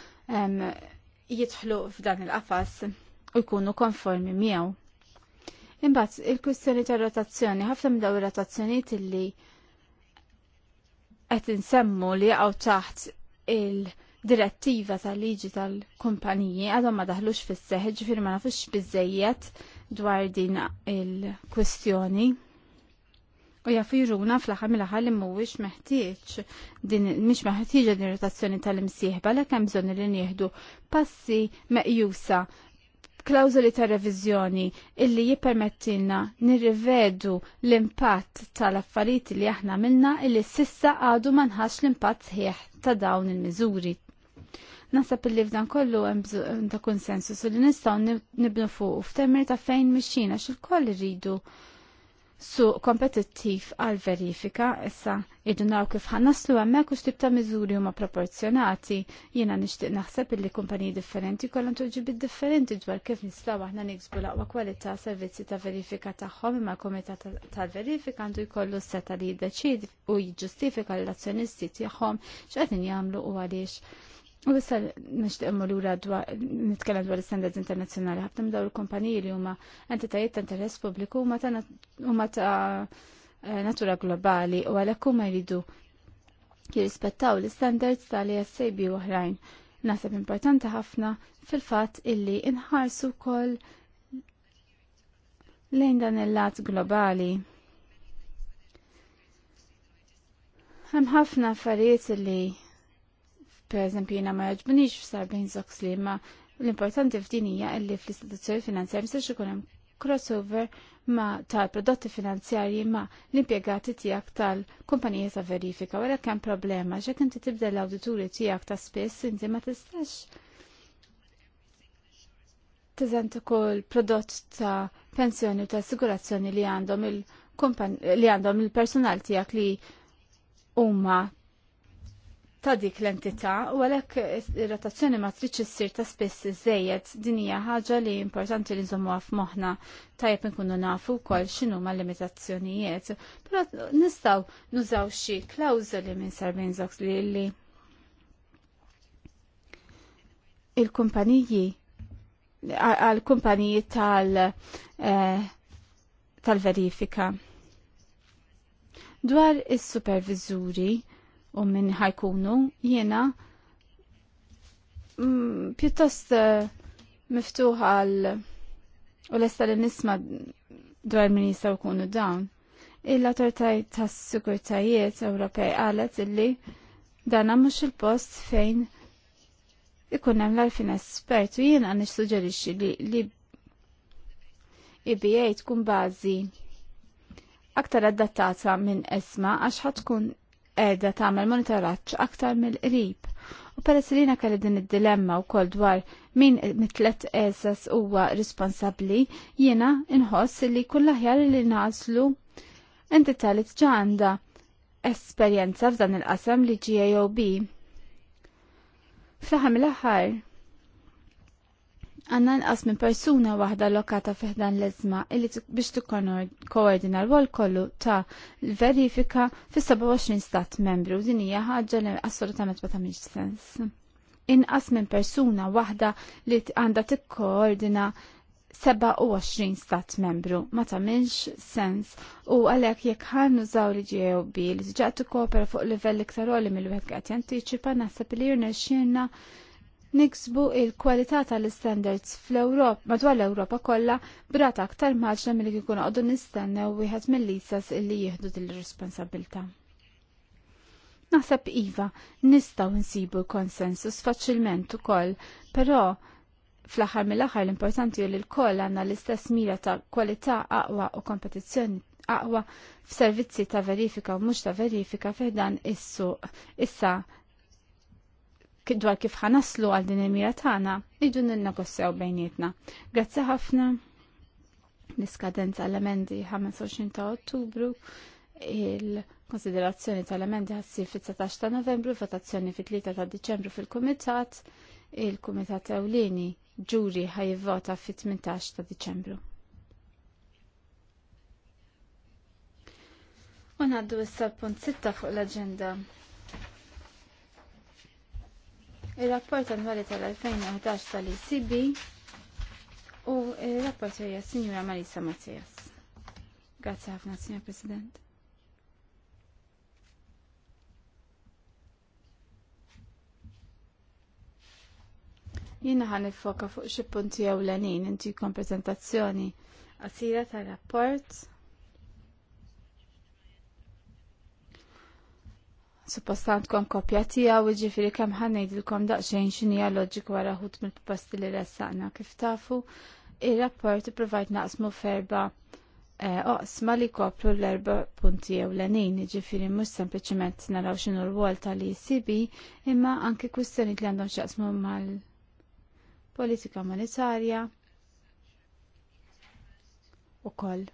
jidħlu f'dan il-qafas u jkunu konformi miegħu. Imbagħad il-kwistjoni tar-rotazzjoni, ħafna minn daw ir-rotazzjonijiet illi qed insemmu li jaqgħu taħt il- direttiva tal-liġi tal-kumpaniji għadhom ma daħlux fis seħħ ġifir ma nafux biżejjed dwar din il-kwestjoni. U jafu jiruna fl-ħar mill-ħar li mhuwiex meħtieġ din mhix meħtieġa din rotazzjoni tal-imsieħba bala hemm bżon li nieħdu passi meqjusa klawzoli ta' reviżjoni illi jippermettilna nirrivedu l-impatt tal-affarijiet li aħna minna illi sissa għadu ma nħax l-impatt sħiħ ta' dawn il-miżuri Nasab li f'dan kollu hemm ta' konsensus li nistgħu nibnu fuq f'temmer ta' fejn mixxina x'il-koll rridu su kompetittiv għal verifika issa id naw kif naslu għemmek u stib ta' miżuri huma proporzjonati jiena nixtieq naħseb illi kumpaniji differenti kollha tuġibid differenti dwar kif nislaw aħna niksbu l-aqwa kwalità servizzi ta' verifika tagħhom imma l tal-verifika għandu jkollu seta' li jiddeċidi u jiġġustifika l-azzjonisti tagħhom x'qegħdin jagħmlu u għaliex U issa nixtieq lura dwar nitkellem dwar l-standards internazzjonali ħafna daw il-kumpaniji li huma entitajiet ta' interess pubbliku huma ta' huma ta' natura globali u għalhekk huma jridu jirrispettaw l-standards tal-ESAB u oħrajn. Naħseb importanti ħafna fil-fatt illi inħarsu wkoll lejn dan il-lat globali. Hemm ħafna affarijiet li Per eżempju, jina ma jaġbunix f zoks li ma l-importanti f'din hija illi fl-istituzzjoni finanzjarja mistax ikun hemm crossover ma tal-prodotti finanzjarji ma l-impjegati tiegħek tal-kumpanija ta' verifika wara kemm problema x'hekk inti tibda l-awdituri tiegħek ta' spiss inti ma tistax teżenti kol prodott ta' pensjoni u ta' assigurazzjoni li għandhom il-personal tiegħek li huma ta' dik l-entità u għalhekk ir-rotazzjoni matriċi ssir ta' spiss iżejjed din hija ħaġa li importanti li nżommuha f'moħħna tajjeb inkunu nafu wkoll x'inhuma ma' limitazzjonijiet, però nistgħu nużaw xi klawżoli minn Sarbin Zox li li il-kumpaniji għal-kumpaniji tal- eh, tal-verifika. Dwar is-supervizuri, u minn ħajkunu jiena mm, pjuttost eh, miftuħa għal u lesta li nisma dwar min jistaw kunu dawn. Il-autoritajt tas sukurtajiet Ewropej għalet illi dana mux il-post fejn ikun hemm l-arfin espert u jiena nissuġġerixxi li, li IBA tkun bażi aktar adattata minn esma għax tkun edha tagħmel monitoraċ aktar mill-qrib. U peress kelli din id-dilemma wkoll dwar min mitlet eżas huwa responsabbli, jiena inħoss li kull aħjar li naslu inti talit ġanda esperienza esperjenza f'dan il-qasam li jow bi. Fraħam l-ħar għanna nqas minn persuna waħda lokata fiħdan l ezma illi biex tikkoordina l-wol kollu ta' verifika fi 27 stat membru u din hija ħaġa li assolutament ma tagħmilx sens. Inqas minn persuna waħda li għandha tikkoordina 27 stat membru ma tagħmilx sens u għalhekk jekk ħannu nużaw li GOB li ġaqtu tikkopera fuq livell iktar għoli mill-wieħed qed jantiċipa naħseb li jirnexxielna niksbu il-kwalità tal-standards fl-Ewropa madwar l-Ewropa kollha brata aktar maġna milli kikun qogħdu nistennew wieħed mill lisas illi jieħdu din ir-responsabilità. Naħseb iva, nistgħu nsibu konsensus faċilment ukoll, però fl-aħħar mill-aħħar l-importanti li l-koll għandna l-istess mira ta' kwalità aqwa u kompetizzjoni aqwa f'servizzi ta' verifika u mhux ta' verifika f'dan is-suq issa dwar kif ħanaslu għal din il-mira tagħna, idu ninnegozjaw bejnietna. Grazzi ħafna. L-iskadenza l-emendi 25 ta' Ottubru il-konsiderazzjoni tal-emendi ħassi fit 17 ta' novembru, votazzjoni fit-3 ta' Diċembru fil-Kumitat, il-Kumitat Ewlieni ġuri ħajvota fit-18 ta' Diċembru. U ngħaddu issa punt 6 fuq l-aġenda il-rapport annwali tal-2011 tal-ECB u il-rapporterja Signora Marisa Mattias. Grazie ħafna, Signor President. Jina ħan il-foka fuq xie punti għawlanin, inti kom prezentazzjoni għasira tal-rapport Suppostant kom kopja u ġifiri kem ħanejdilkom daqxejn xinija loġik wara ħut mill posti li ressaqna kif tafu il-rapport provajt naqsmu ferba eh, oqsma li koplu l-erba punti jew l-enin ġifiri mux sempliciment naraw xinu l-wol tal-ECB imma anki kustenit li għandhom xaqsmu mal-politika monetarja u koll.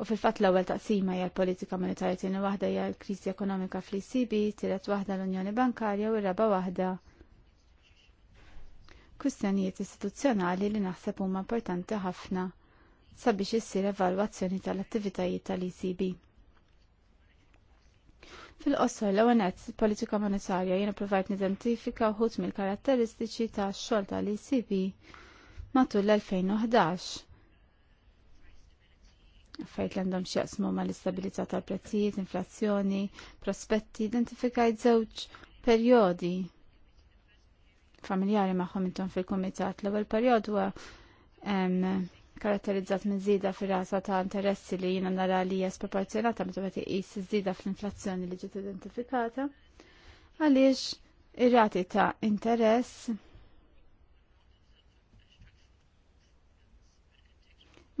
U fil-fat l-ewwel taqsima hija l-politika monetarja tieni waħda hija l-kriżi ekonomika fl-ECB, tielet waħda l-Unjoni Bankarja u r-raba waħda kustjonijiet istituzzjonali li naħseb huma importanti ħafna sabiex issir evalwazzjoni tal-attivitajiet tal-ECB. Fil-qosor l-għonet, politika monetarja jena provajt nidentifika uħut mill karatteristiċi ta' xol tal-ECB matul l-2011. Fajt li għandhom x'jaqsmu mal-istabilità tal-prezzijiet, inflazzjoni, prospetti, identifikajt żewġ perjodi familjari magħhom intom fil-kumitat. L-ewwel perjodu huwa karatterizzat minn zida fir-rasa ta' interessi li jiena nara li hija sproporzjonata meta qed iqis iż-żieda fl-inflazzjoni li ġiet identifikata. Għaliex ir-rati ta' interess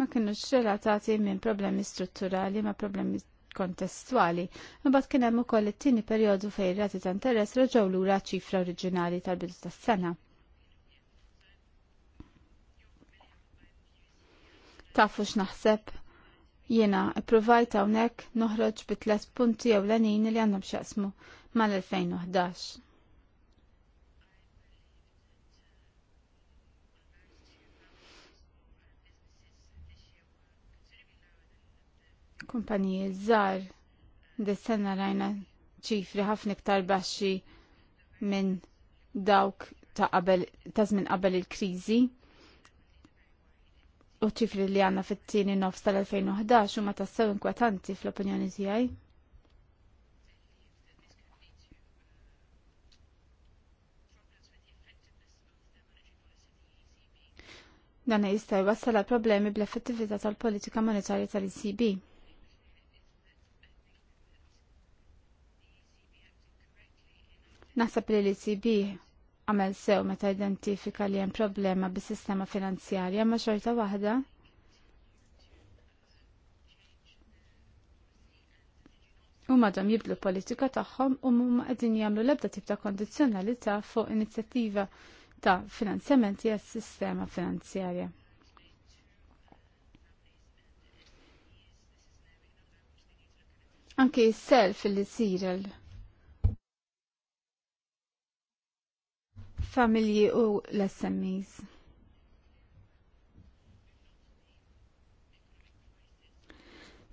ma kienux relatati minn problemi strutturali ma' problemi kontestwali. Mbagħad kien hemm ukoll it-tieni perjodu fejn rati ta' interess reġgħu lura ċifra oriġinali tal-bidu tas-sena. Tafu x'naħseb jiena ipprovajt hawnhekk noħroġ bi tliet punti ewlenin li għandhom x'jaqsmu mal-2011. kumpaniji żgħar dis-sena rajna ċifri ħafna iktar baxxi minn dawk ta' qabel ta' żmien qabel il-kriżi. U ċifri li għanna fit-tieni nofs tal-2011 huma tassew inkwetanti fl-opinjoni tiegħi. Dan jista' jwassal għal problemi bl-effettività tal-politika monetarja tal-ECB. Naħseb li li ecb għamel sew meta identifika li hemm problema bis-sistema finanzjarja ma xorta waħda u madam jibdlu politika tagħhom u huma qegħdin jagħmlu l-ebda tip ta' kondizzjonalità fuq inizjattiva ta' finanzjamenti għas sistema finanzjarja. Anki s-self li sir familji u l-SMEs.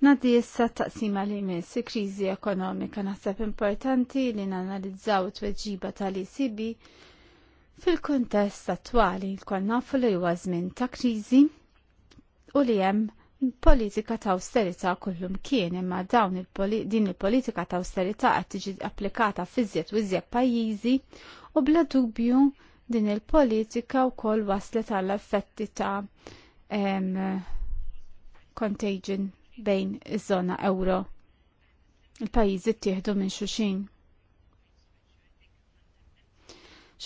Nadi issa taqsima li jmiss kriżi ekonomika naħseb importanti li nanalizzaw it weġiba tal-ECB fil-kuntest attwali l-kol nafu li huwa żmien ta' kriżi u li hemm politika ta' austerita kullum kien imma dawn il din il-politika ta' austerita qed tiġi applikata fiżjed u iżjed pajjiżi u bla dubju din il-politika wkoll waslet għall effetti ta' em, contagion bejn iż-żona euro. Il-pajjiżi ttieħdu minn xuxin.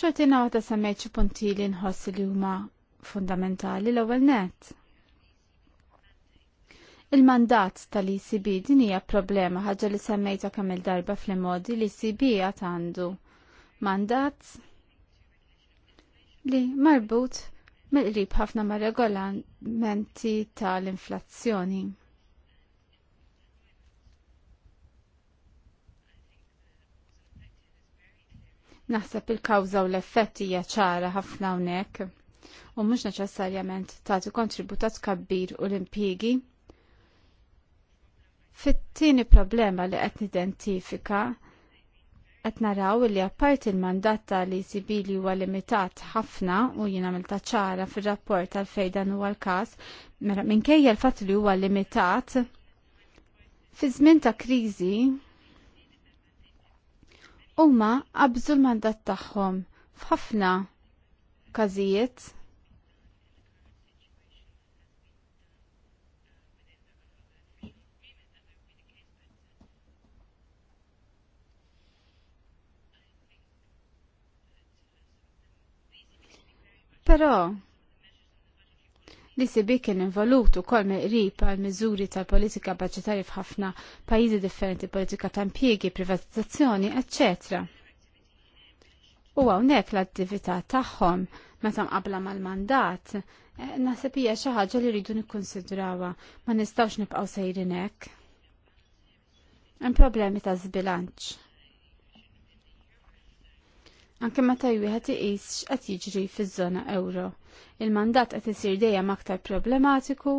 Xortina għata xi punti li nħoss li huma fundamentali l-ewwel net Il-mandat tal-ECB din hija problema ħaġa li semmejta kemm il-darba fl-modi li ECB għat għandu mandat li marbut mill-qrib ħafna ma' regolamenti tal-inflazzjoni. Naħseb il-kawża u l-effett hija ċara ħafna hawnhekk u mhux neċessarjament tagħti kontributat kabbir u l-impjiegi Fit-tieni problema li qed nidentifika qed naraw li apparti l-mandat tal-ECB li huwa limitat ħafna u jien għamilta ċara fir-rapport tal dan huwa l-każ, mela minkejja l-fatt li huwa limitat fi żmien ta' kriżi huma qabżu l-mandat tagħhom f'ħafna każijiet Però li sibi kien involut ukoll meqrib għal miżuri tal-politika budġetarja f'ħafna pajjiżi differenti, politika ta' impjiegi, privatizzazzjoni, ecc. U hawnhekk l-attività tagħhom meta mqabla mal-mandat eh, naħseb hija xi ħaġa li rridu nikkonsidrawha ma nistgħux nibqgħu sejrin hekk. Hemm problemi ta' żbilanċ. Anke meta wieħed iqis x'qed jiġri fiż-żona euro. Il-mandat qed isir dejjem aktar problematiku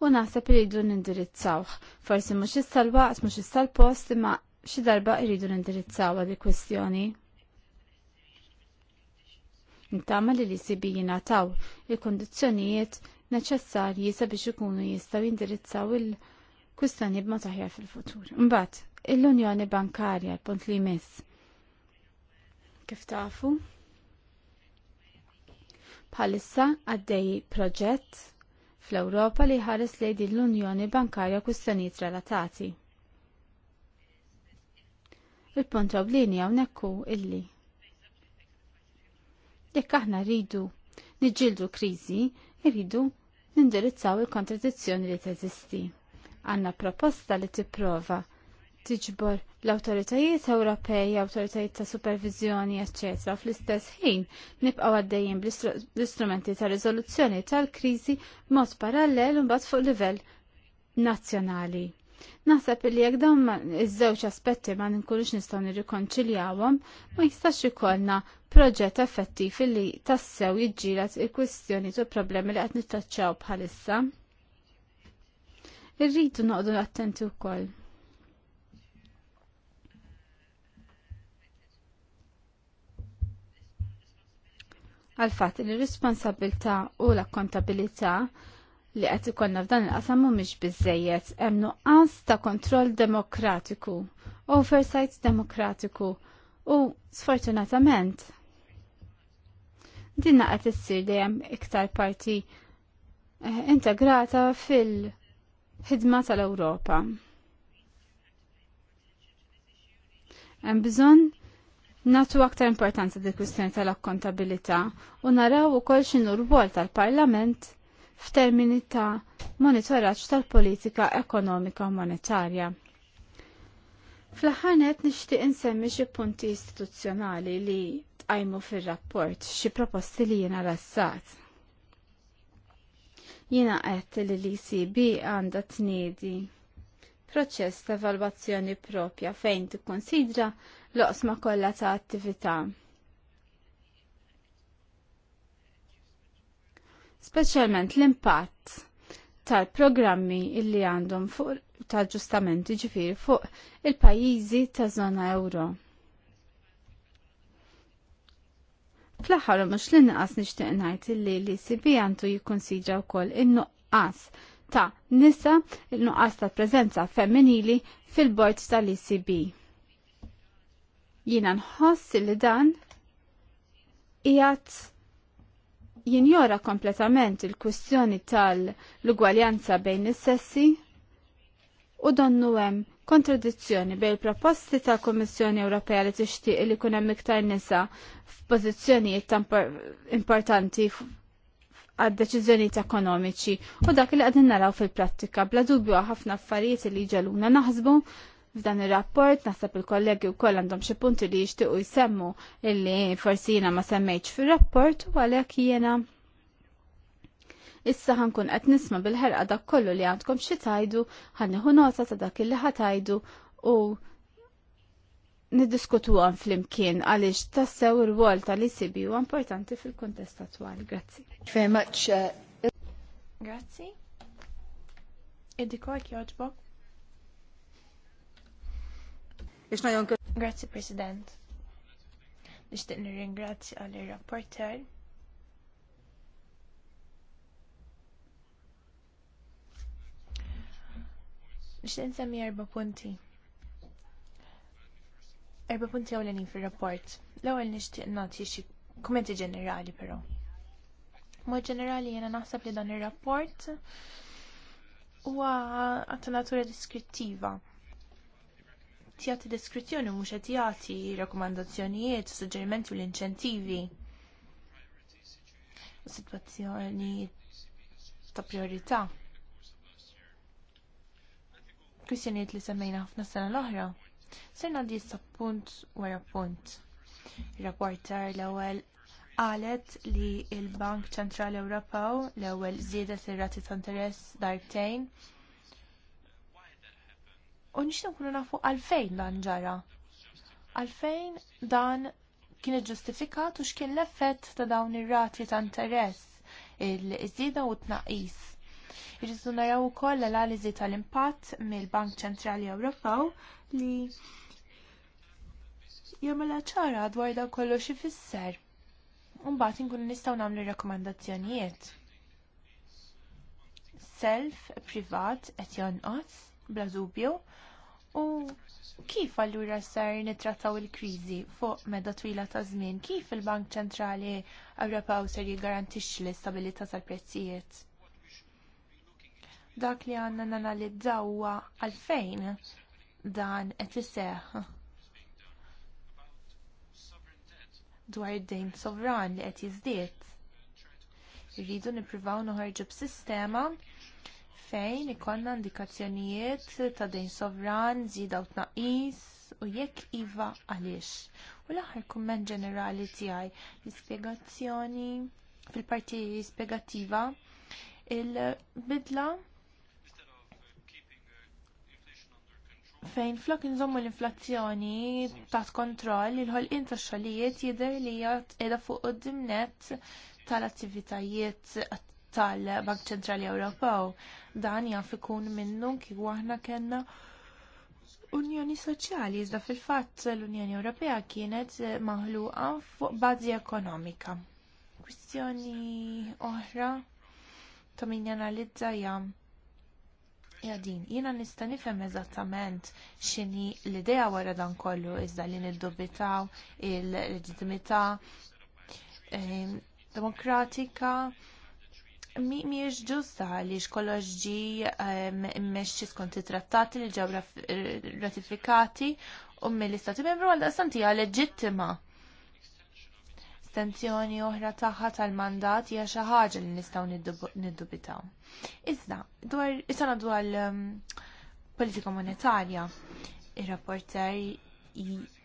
u naħseb iridu nindirizzawh. Forsi mhux issa waqt mhux issa post imma xi darba jridu nindirizzaw għal kwistjoni. Nittama li li sibi jingħataw il-kondizzjonijiet neċessarji sabiex ikunu jistgħu jindirizzaw il-kwistjoni b'ma taħjar fil-futur. Imbagħad, l-Unjoni Bankarja l-punt li jmiss kif tafu. Bħalissa għaddej proġett fl-Ewropa li ħares lejn din l-Unjoni Bankarja kwistjonijiet relatati. Il-punt oblini hawnhekk hu illi. Jekk aħna rridu niġġieldu kriżi, rridu nindirizzaw il-kontradizzjoni li teżisti. Għanna proposta li tipprova tiġbor l-autoritajiet Ewropej, autoritajiet ta' supervizjoni, ecc. Fl-istess ħin nibqgħu għaddejjin bl-istrumenti ta' riżoluzzjoni tal-kriżi mod parallel mbagħad fuq livell nazzjonali. Naħseb li jekk dawn iż-żewġ aspetti ma nkunux nistgħu nirrikonċiljawhom, ma jistax ikollna proġett effettiv li tassew jiġġielet il-kwistjoni u problemi li qed nittaċċaw bħalissa. Irridu noqdu attenti wkoll għal fatt li responsabilta u l-akkontabilità li qed ikollna f'dan il-qasam mhumiex biżejjed hemm nuqqas ta' kontroll demokratiku, oversight demokratiku u sfortunatament dinna qed issir hemm iktar parti eh, integrata fil-ħidma tal-Ewropa. Hemm bżonn natu aktar importanza di kwistjoni tal-akkontabilità u naraw ukoll x'inhu rwol tal-Parlament f'termini ta' monitoraġġ tal-politika ekonomika u monetarja. Fl-aħħar net nixtieq insemmi xi punti istituzzjonali li tqajmu fir-rapport xi proposti li jiena rassat. Jina qed li l-ECB għandha tniedi proċess ta' evalwazzjoni propja fejn tikkonsidra l-oqsma kollha ta' attività. Speċjalment l-impatt tal-programmi illi għandhom fuq tal ġustament ġifiri fuq il-pajjiżi ta' zona euro. Fl-aħħar mhux l-inqas nixtieq ngħid illi l-ECB għandu jikkonsidra wkoll in-nuqqas ta' nisa il-nuqqas ta' preżenza femminili fil-bord tal-ECB. Jiena nħoss li dan qiegħed jinjora kompletament il-kwistjoni tal-ugwaljanza bejn is-sessi u donnu hemm kontradizzjoni bejn proposti tal Kommissjoni Ewropea li tixtieq li jkun hemm iktar nisa f'pożizzjonijiet importanti għad deċiżjonijiet ekonomiċi u dak li qegħdin naraw fil-prattika bla dubju ħafna affarijiet li ġaluna naħsbu f'dan ir-rapport naħseb il-kollegi wkoll għandhom xi punti li jixtiequ jsemmu illi forsi jiena ma semmejtx fir-rapport u għalhekk jiena Issa ħankun qed nisma' bil-ħerqa dak kollu li għandkom xi tajdu, ħanniħu nota ta' dak illi ħatajdu u niddiskutuhom flimkien għaliex tassew ir-wol tal-ICB huwa importanti fil-kuntest attwali. Grazzi. Very much. Uh, Grazzi. Id-dikor kjoġbok. És nagyon Grazie, President. Nishtiq nirringrazzja għal rapporter Nishtiq nsemmi erba punti. Erba punti għawlenin fil-rapport. l ewwel nixtieq nati xie kommenti ġenerali, pero. Mod ġenerali jena naħseb li dan il-rapport huwa għatta natura diskrittiva jagħti deskrizzjoni mhux qed jagħti rakkomandazzjonijiet, suġġerimenti u l-inċentivi. U sitwazzjoni ta' priorità. Kwistjonijiet li semmejna ħafna sena l-oħra. Serna di issa punt wara punt. Rapportar l-ewwel qalet li l bank Ċentrali Ewropew l-ewwel żiedet ir-rati ta' interess darbtejn U nixtieq nkunu nafu għalfejn dan ġara. Għalfejn dan kien iġġustifikat u x'kien l-effett ta' dawn ir-rati ta' interess il-żieda u t-naqis. Irridu naraw ukoll l-analiżi tal-impatt mill-Bank Ċentrali Ewropew li jagħmel ċara dwar dan kollox U Mbagħad inkunu nistgħu nagħmlu rakkomandazzjonijiet. Self privat qed jonqos blażubju. U kif allura sar nitrattaw il-kriżi fuq medda twila ta' żmien? Kif il-Bank Ċentrali Ewropew ser jiggarantixxi l-istabilità tal-prezzijiet? Dak li għandna nanalizzaw huwa għalfejn dan qed iseħħ dwar id-dejn sovran li qed jiżdied. Irridu nippruvaw noħorġu b'sistema fejn ikollna indikazzjonijiet ta' dejn sovran, żieda u tnaqqis u jekk iva għaliex. U l-aħħar kumment ġenerali tiegħi l-ispjegazzjoni fil-parti spjegattiva il-bidla fejn flok nżommu l-inflazzjoni taħt kontroll il-ħolqien tax xogħlijiet jidher li hija qiegħda fuq qudiem net tal-attivitajiet tal-Bank Ċentrali Ewropew. Dan jaf ikun minnu kif aħna kellna Unjoni Soċjali iżda fil-fatt l-Unjoni Ewropea kienet maħluqa fuq bażi ekonomika. Kwistjoni oħra ta' min janalizza jam Ja din, jina nista nifhem eżattament x'inhi l-idea wara dan kollu iżda li niddubitaw il-leġitimità ehm, demokratika miex ġusta li xkollox ġi meċċi skont trattati li ġew ratifikati u mill-istati membru għal daqstanti hija leġittima. Stenzjoni oħra tagħha tal-mandat hija xi ħaġa li nistgħu niddubitaw. Iżda, dwar isana dwar politika monetarja, ir-rapporter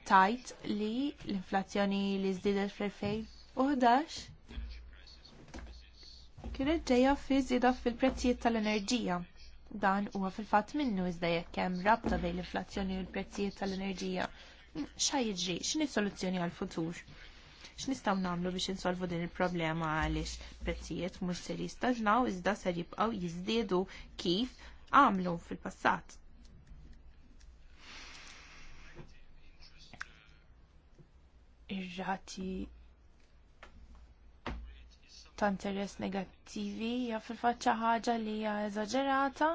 tajt li l-inflazzjoni li żdiedet fl-2011 kienet iġġejja fi żieda fil-prezzijiet tal-enerġija. Dan huwa fil-fatt minnu iżda jekk hemm rabta bejn l-inflazzjoni u l-prezzijiet tal-enerġija. Xa jiġri, x'inhi soluzzjoni għall-futur? X'nistgħu nagħmlu biex insolvu din il-problema għaliex prezzijiet mhux ser jistaġnaw iżda ser jibqgħu jiżdiedu kif għamlu fil-passat. Ir-rati ta' interess negattivi hija fil-fatt xi ħaġa li hija eżaġerata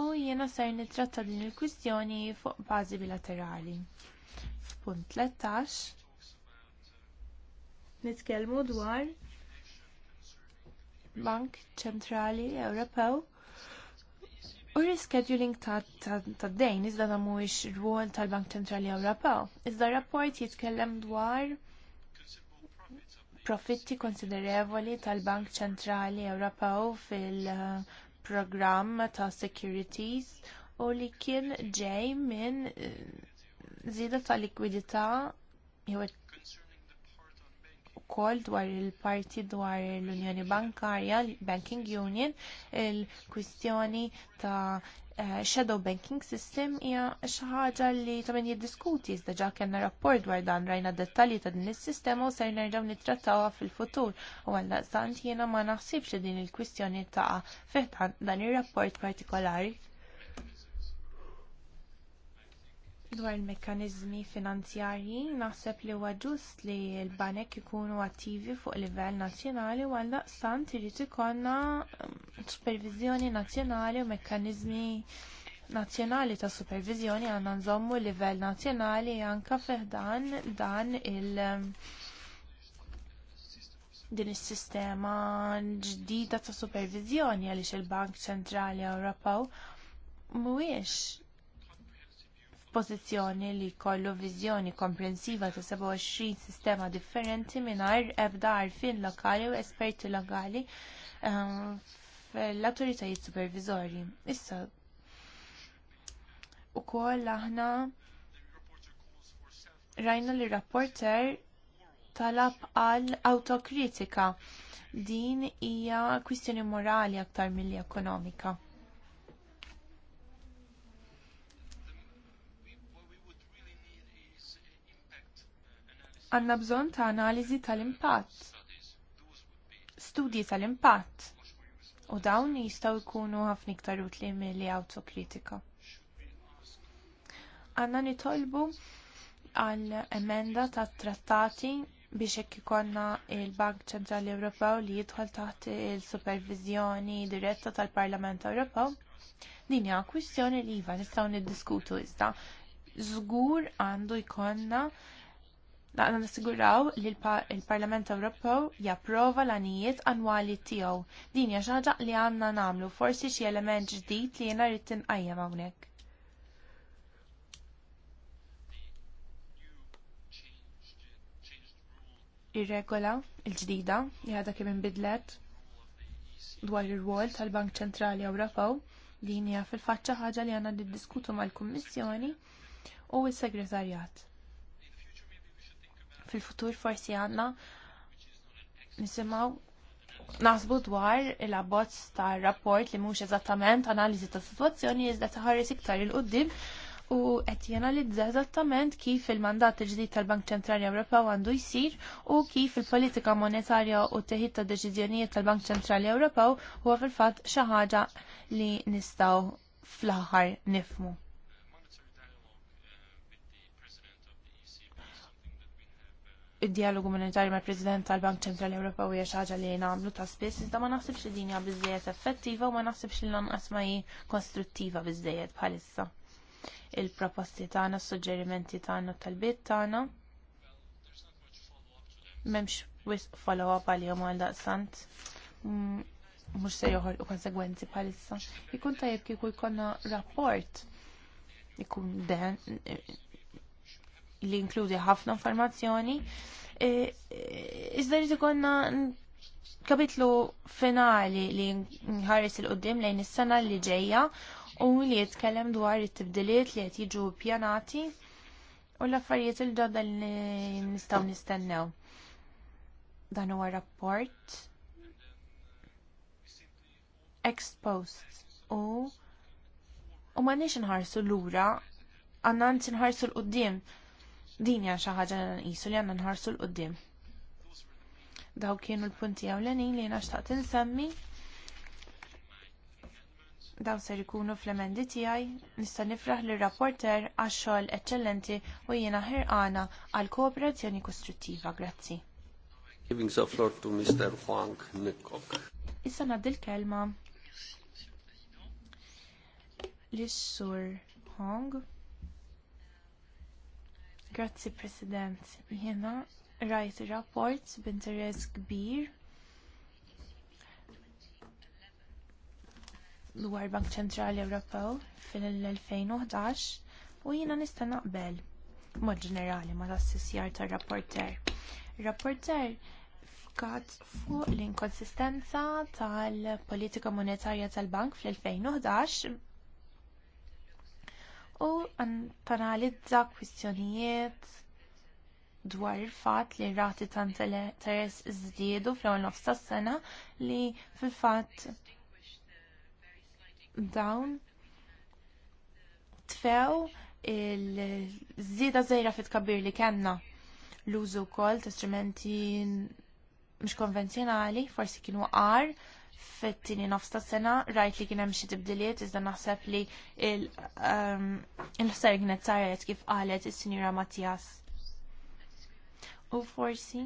u jiena ser nittratta din il-kwistjoni fuq bażi bilaterali. F'punt 13 nitkellmu dwar Bank Ċentrali Ewropew U rescheduling ta', tad dejn iżda da mhuwiex rwol tal-Bank Ċentrali Ewropew. Iżda rapport jitkellem dwar profitti konsiderevoli tal-Bank Ċentrali Ewropew fil-programm ta' securities u li kien ġej minn żieda eh, tal likwidità jew ukoll dwar il-parti dwar l-Unjoni Bankarja, Banking Union, il-kwistjoni ta' eh, Shadow Banking System hija xi ħaġa li ta' min jiddiskuti diġà kellna rapport dwar dan rajna dettalji ta' din is-sistema u ser nerġgħu nittrattawha fil-futur. U għal daqstant jiena ma naħsibx li din il-kwistjoni ta' fiħtan dan ir-rapport partikolari. Dwar il-mekkanizmi finanzjarji, naħseb li huwa ġust li l-banek ikunu attivi fuq livell nazzjonali u għaldaqstant irid ikollna um, supervizjoni nazzjonali u mekkaniżmi nazzjonali ta' supervizjoni għandna nżommu livell nazzjonali anke fih dan il- um, din is-sistema ġdida ta' supervizjoni għaliex il-Bank Ċentrali Ewropew mhuwiex pożizzjoni li jkollu viżjoni komprensiva ta' 27 sistema differenti mingħajr ebda għarfien lokali u esperti lokali um, ehm, fl awtoritajiet supervizorji. Issa, ukoll aħna rajna li rapporter talab għal autokritika. Din hija kwistjoni morali aktar milli ekonomika. għandna bżonn ta' analiżi tal-impatt. Studji tal-impatt. U dawn jistgħu jkunu ħafna iktar utli li autokritika. Għandna nitolbu għal emenda tat trattati biex ekki konna l bank Ċentrali Ewropew li jidħol taħt il-supervizjoni diretta tal-Parlament Ewropew. Din hija kwistjoni li iva nistgħu niddiskutu iżda. Żgur għandu jkollna Naqna nassiguraw li l-Parlament Ewropew japprova l-anijiet annwali tiegħu. Din hija xi ħaġa li għandna nagħmlu forsi xi element ġdid li jiena rrid tinqajjem hawnhekk. Ir-regola l-ġdida li għadha kemm inbidlet dwar ir-rwol tal-Bank Ċentrali Ewropew din hija fil-faċċa ħaġa li għandna niddiskutu mal-Kummissjoni u s-Segretarjat fil-futur forsi għandna nisimgħu naħsbu dwar il-abbozz ta' rapport li mhux eżattament analiżi ta' situazzjoni iżda taħares iktar il-qudiem u qed janalizza eżattament kif il-mandat il-ġdid tal-Bank Ċentrali Ewropew għandu jsir u kif il-politika monetarja u teħid ta' deċiżjonijiet tal-Bank Ċentrali Ewropew huwa fil-fatt xi ħaġa li nistgħu fl-aħħar nifmu. id-dialogu monetarju mal president tal-Bank Ċentrali Ewropew hija xi ħaġa li nagħmlu ta' spiss, iżda ma naħsibx li din hija biżejjed effettiva u ma naħsibx li lanqas ma hi kostruttiva biżejjed bħalissa. Il-proposti tagħna, s-suġġerimenti tagħna tal-bit tagħna. M'hemmx wisq follow-up għalihom għal daqsant mm, mhux se joħolqu konsegwenzi bħalissa. Ikun tajjeb kieku jkollna rapport ikun li inkludi ħafna informazzjoni. E, e, iżda li ikonna kapitlu finali li nħares il-qoddim lejn is-sena li ġejja u li jitkellem dwar it-tibdiliet li qed jiġu pjanati u l-affarijiet il-ġodda li nistgħu nistennew. Dan huwa rapport ex u u ma nix nħarsu lura għanna nħarsu l-qoddim Din hija xi ħaġa li nqisu li għandna nħarsu l qudiem Daw kienu l-punti għawleni li naxtaqt insemmi. Daw ser ikunu fl-emendi tiegħi, nista' nifraħ lir rapporter għax-xogħol eċċellenti u jiena ħirqana għal kooperazzjoni kostruttiva. Grazzi. Giving the floor to Mr. Huang Nikok. Issa ngħaddi l-kelma lis sur Hong. Grazzi President. Jena rajt rapport b'interess kbir dwar Bank Ċentrali Ewropew fil-2011 u jiena nista' naqbel mod ġenerali ma' tassissjar tar-rapporter. Rapporter fkat fuq l-inkonsistenza tal-politika monetarja tal-bank fl-2011 u analizza kwistjonijiet dwar il fatt li rati ta' interess żdiedu fl-ewwel tas-sena li fil-fatt dawn tfew il-żieda żejra fit tkabbir li kellna l-użu wkoll ta' strumenti mhux konvenzjonali, forsi kienu qar fit-tieni nofs ta' sena rajt li kien hemm xi tibdiliet iżda naħseb li il um, ħsar kienet saret kif qalet is-Sinjura Mattias. U forsi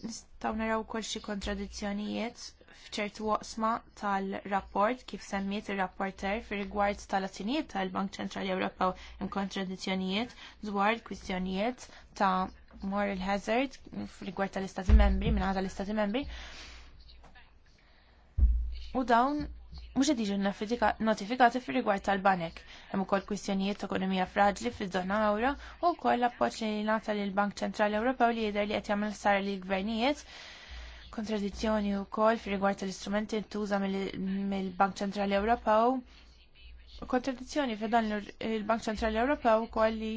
nistgħu naraw ukoll xi kontradizzjonijiet f'ċertu waqsma tal-rapport kif semmiet ir-rapporter fir rigward tal-azzjonijiet tal-Bank Ċentrali Ewropew hemm kontradizzjonijiet dwar kwistjonijiet ta' moral hazard rigward tal-istati membri, minn għada l-istati membri. U dawn mhux qed jiġu notifikati fir rigward tal-banek. Hemm ukoll kwistjonijiet ekonomija fraġli fiż-żona euro u wkoll appoġġ li jingħata lill Bank Ċentrali Ewropew li jidher li qed jagħmel sar li gvernijiet kontradizzjoni wkoll fir rigward tal-istrumenti ttuża mill-Bank Ċentrali Ewropew. Kontradizzjoni f'dan il-Bank Ċentrali Ewropew ukoll li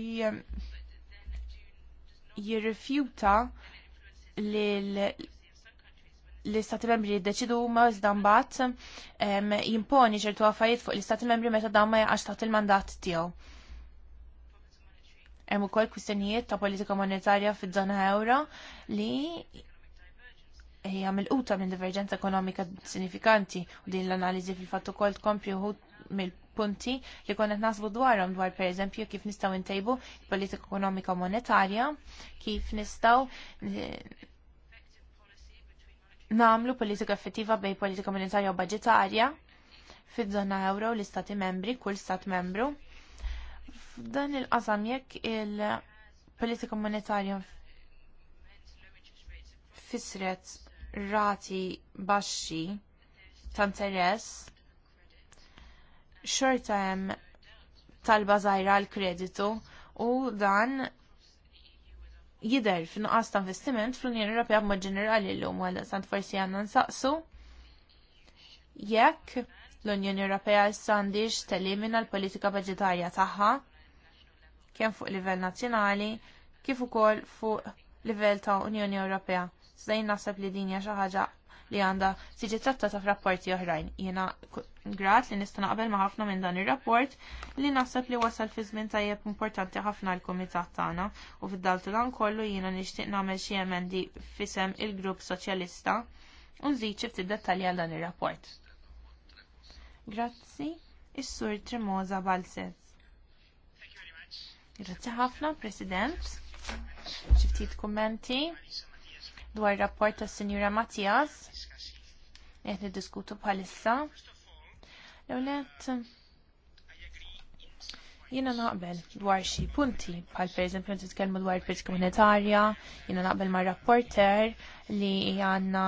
jirrifjuta li l-istati membri jiddeċidu ma zdambat jimponi ċertu għafajiet fuq l-istati membri meta dan ma jaqax taħt il-mandat tiegħu. Hemm ukoll kwistjonijiet ta' politika monetarja fiż-żona euro li hija mill-quta minn divergenza ekonomika sinifikanti u din l-analiżi fil-fatt ukoll tkompli uħud mill punti li konna nasbu dwarhom dwar pereżempju kif nistgħu ntejbu politika ekonomika monetarja, kif nistgħu eh, namlu politika effettiva bej politika monetarja u budgetarja fid-żona euro l-istati membri, kull stat membru. F'dan il-qasam jekk il-politika monetarja fisret rati baxxi ta' interess xorta hemm talba żgħira għall kreditu u dan jidher f'nuqqas ta' investiment fl-Unjoni Ewropea b'mod ġenerali llum għal sant forsi għandna nsaqsu jekk l-Unjoni Ewropea issa għandix telimina l-politika budgetarja tagħha kemm fuq livell nazzjonali kif ukoll fuq livell ta' Unjoni Ewropea. Zdejn naħseb li din hija xi ħaġa li għandha tiġi trattata f'rapporti oħrajn. Jiena grat li nista' naqbel ma' ħafna minn dan ir-rapport li naħseb li wasal fi żmien tajjeb importanti ħafna l-kumitat tagħna u fid-daltu dan kollu jiena nixtieq nagħmel xi emendi f'isem il-Grupp Soċjalista u nżid xi ftit dettalji għal dan ir-rapport. Grazzi, is-Sur Tremosa Balsez. Grazzi ħafna, President. Xi ftit kummenti dwar rapport tas-Sinjura Mattias qed niddiskutu bħalissa Ewnet, jina naqbel dwar xi punti, bħal per eżempju nitkellmu dwar il-kritika komunitarja, jina naqbel ma' rapporter li għandna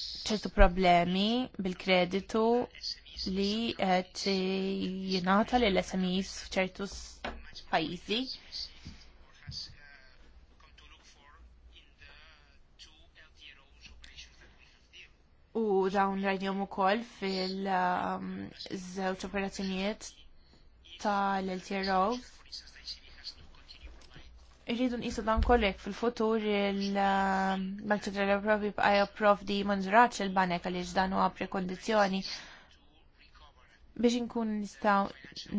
ċertu problemi bil-kreditu li qed jingħata lill SMEs f'ċertu pajjiżi u dawn rajdjom u koll fil-żewċ um, operazzjonijiet tal-LTRO. Irridu nqisu dan kollek fil-futur il-Bank Ċentrali Ewropi bqajja prof di manżurax il-banek għaliex dan huwa prekondizzjoni biex nkun nistaw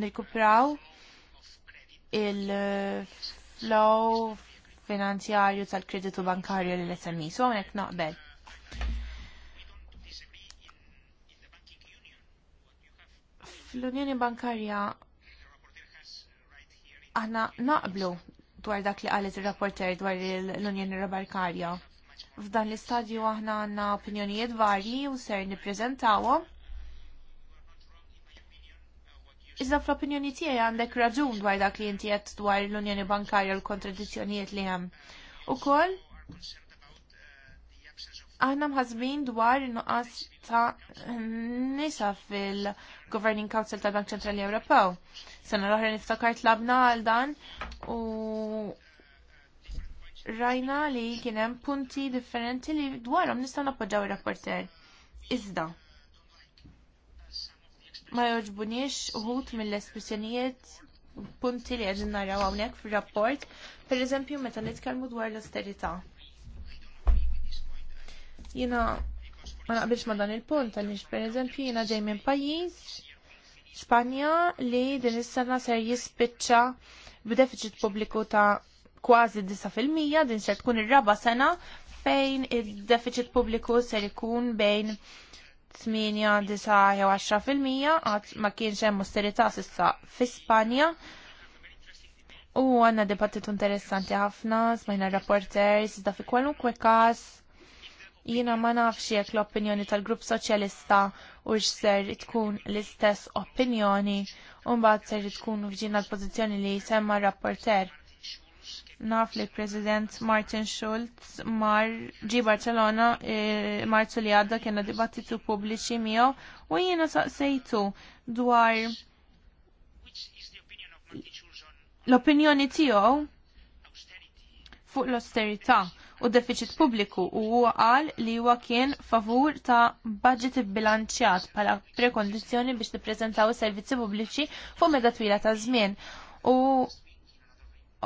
nirkupraw il-flow finanzjarju tal-kreditu bankarju l-SMI. So, għonek naqbel. fil unjoni Bankarja aħna naqblu dwar dak li qalet ir-rapporter dwar l-Unjoni Bankarja. F'dan l-istadju aħna għandna opinjonijiet varji u ser nippreżentawhom. Iżda fl-opinjoni tiegħi għandek raġun dwar dak li inti dwar l-Unjoni Bankarja u l-kontradizzjonijiet li hemm. Ukoll Aħna mħazbin dwar nuqqas ta' nisa fil-Governing Council tal-Bank Ċentrali Ewropew. Sena l-oħra niftakar tlabna għal dan u rajna li kienem punti differenti li dwarhom nistan nappoġġaw ir-rapporter. Iżda. Ma joġbuniex uħut mill-espressjonijiet punti li għedin naraw għawnek fil-rapport, per eżempju, meta nitkellmu dwar l-austerità. Jina ma naqbilx ma dan il-punt għaliex pereżempju jiena ġej minn pajjiż Spanja li din is-sena ser jispiċċa b'deficit pubbliku ta' kważi 9% din se tkun ir-raba sena fejn id-deficit pubbliku ser ikun bejn 8, 9 jew 10% għad ma kienx hemm austerità s'issa fi Spanja. U għanna dibattitu interessanti ħafna, smajna rapporters, da fi kwalunkwe każ Jiena ma nafx jekk l-opinjoni tal-Grupp Soċjalista u ser tkun l-istess opinjoni u mbagħad ser tkun fġina l-pożizzjoni li semma rapporter. Naf li President Martin Schulz mar ġi Barcelona eh, marzu li għadda kienu dibattitu pubbliċi miegħu u jiena saqsejtu dwar l-opinjoni tiegħu fuq l-austerità u deficit pubbliku u huwa qal li huwa kien favur ta' budget bilanċjat bħala prekondizzjoni biex tippreżentaw is-servizzi pubbliċi fuq meta twila ta' żmien. U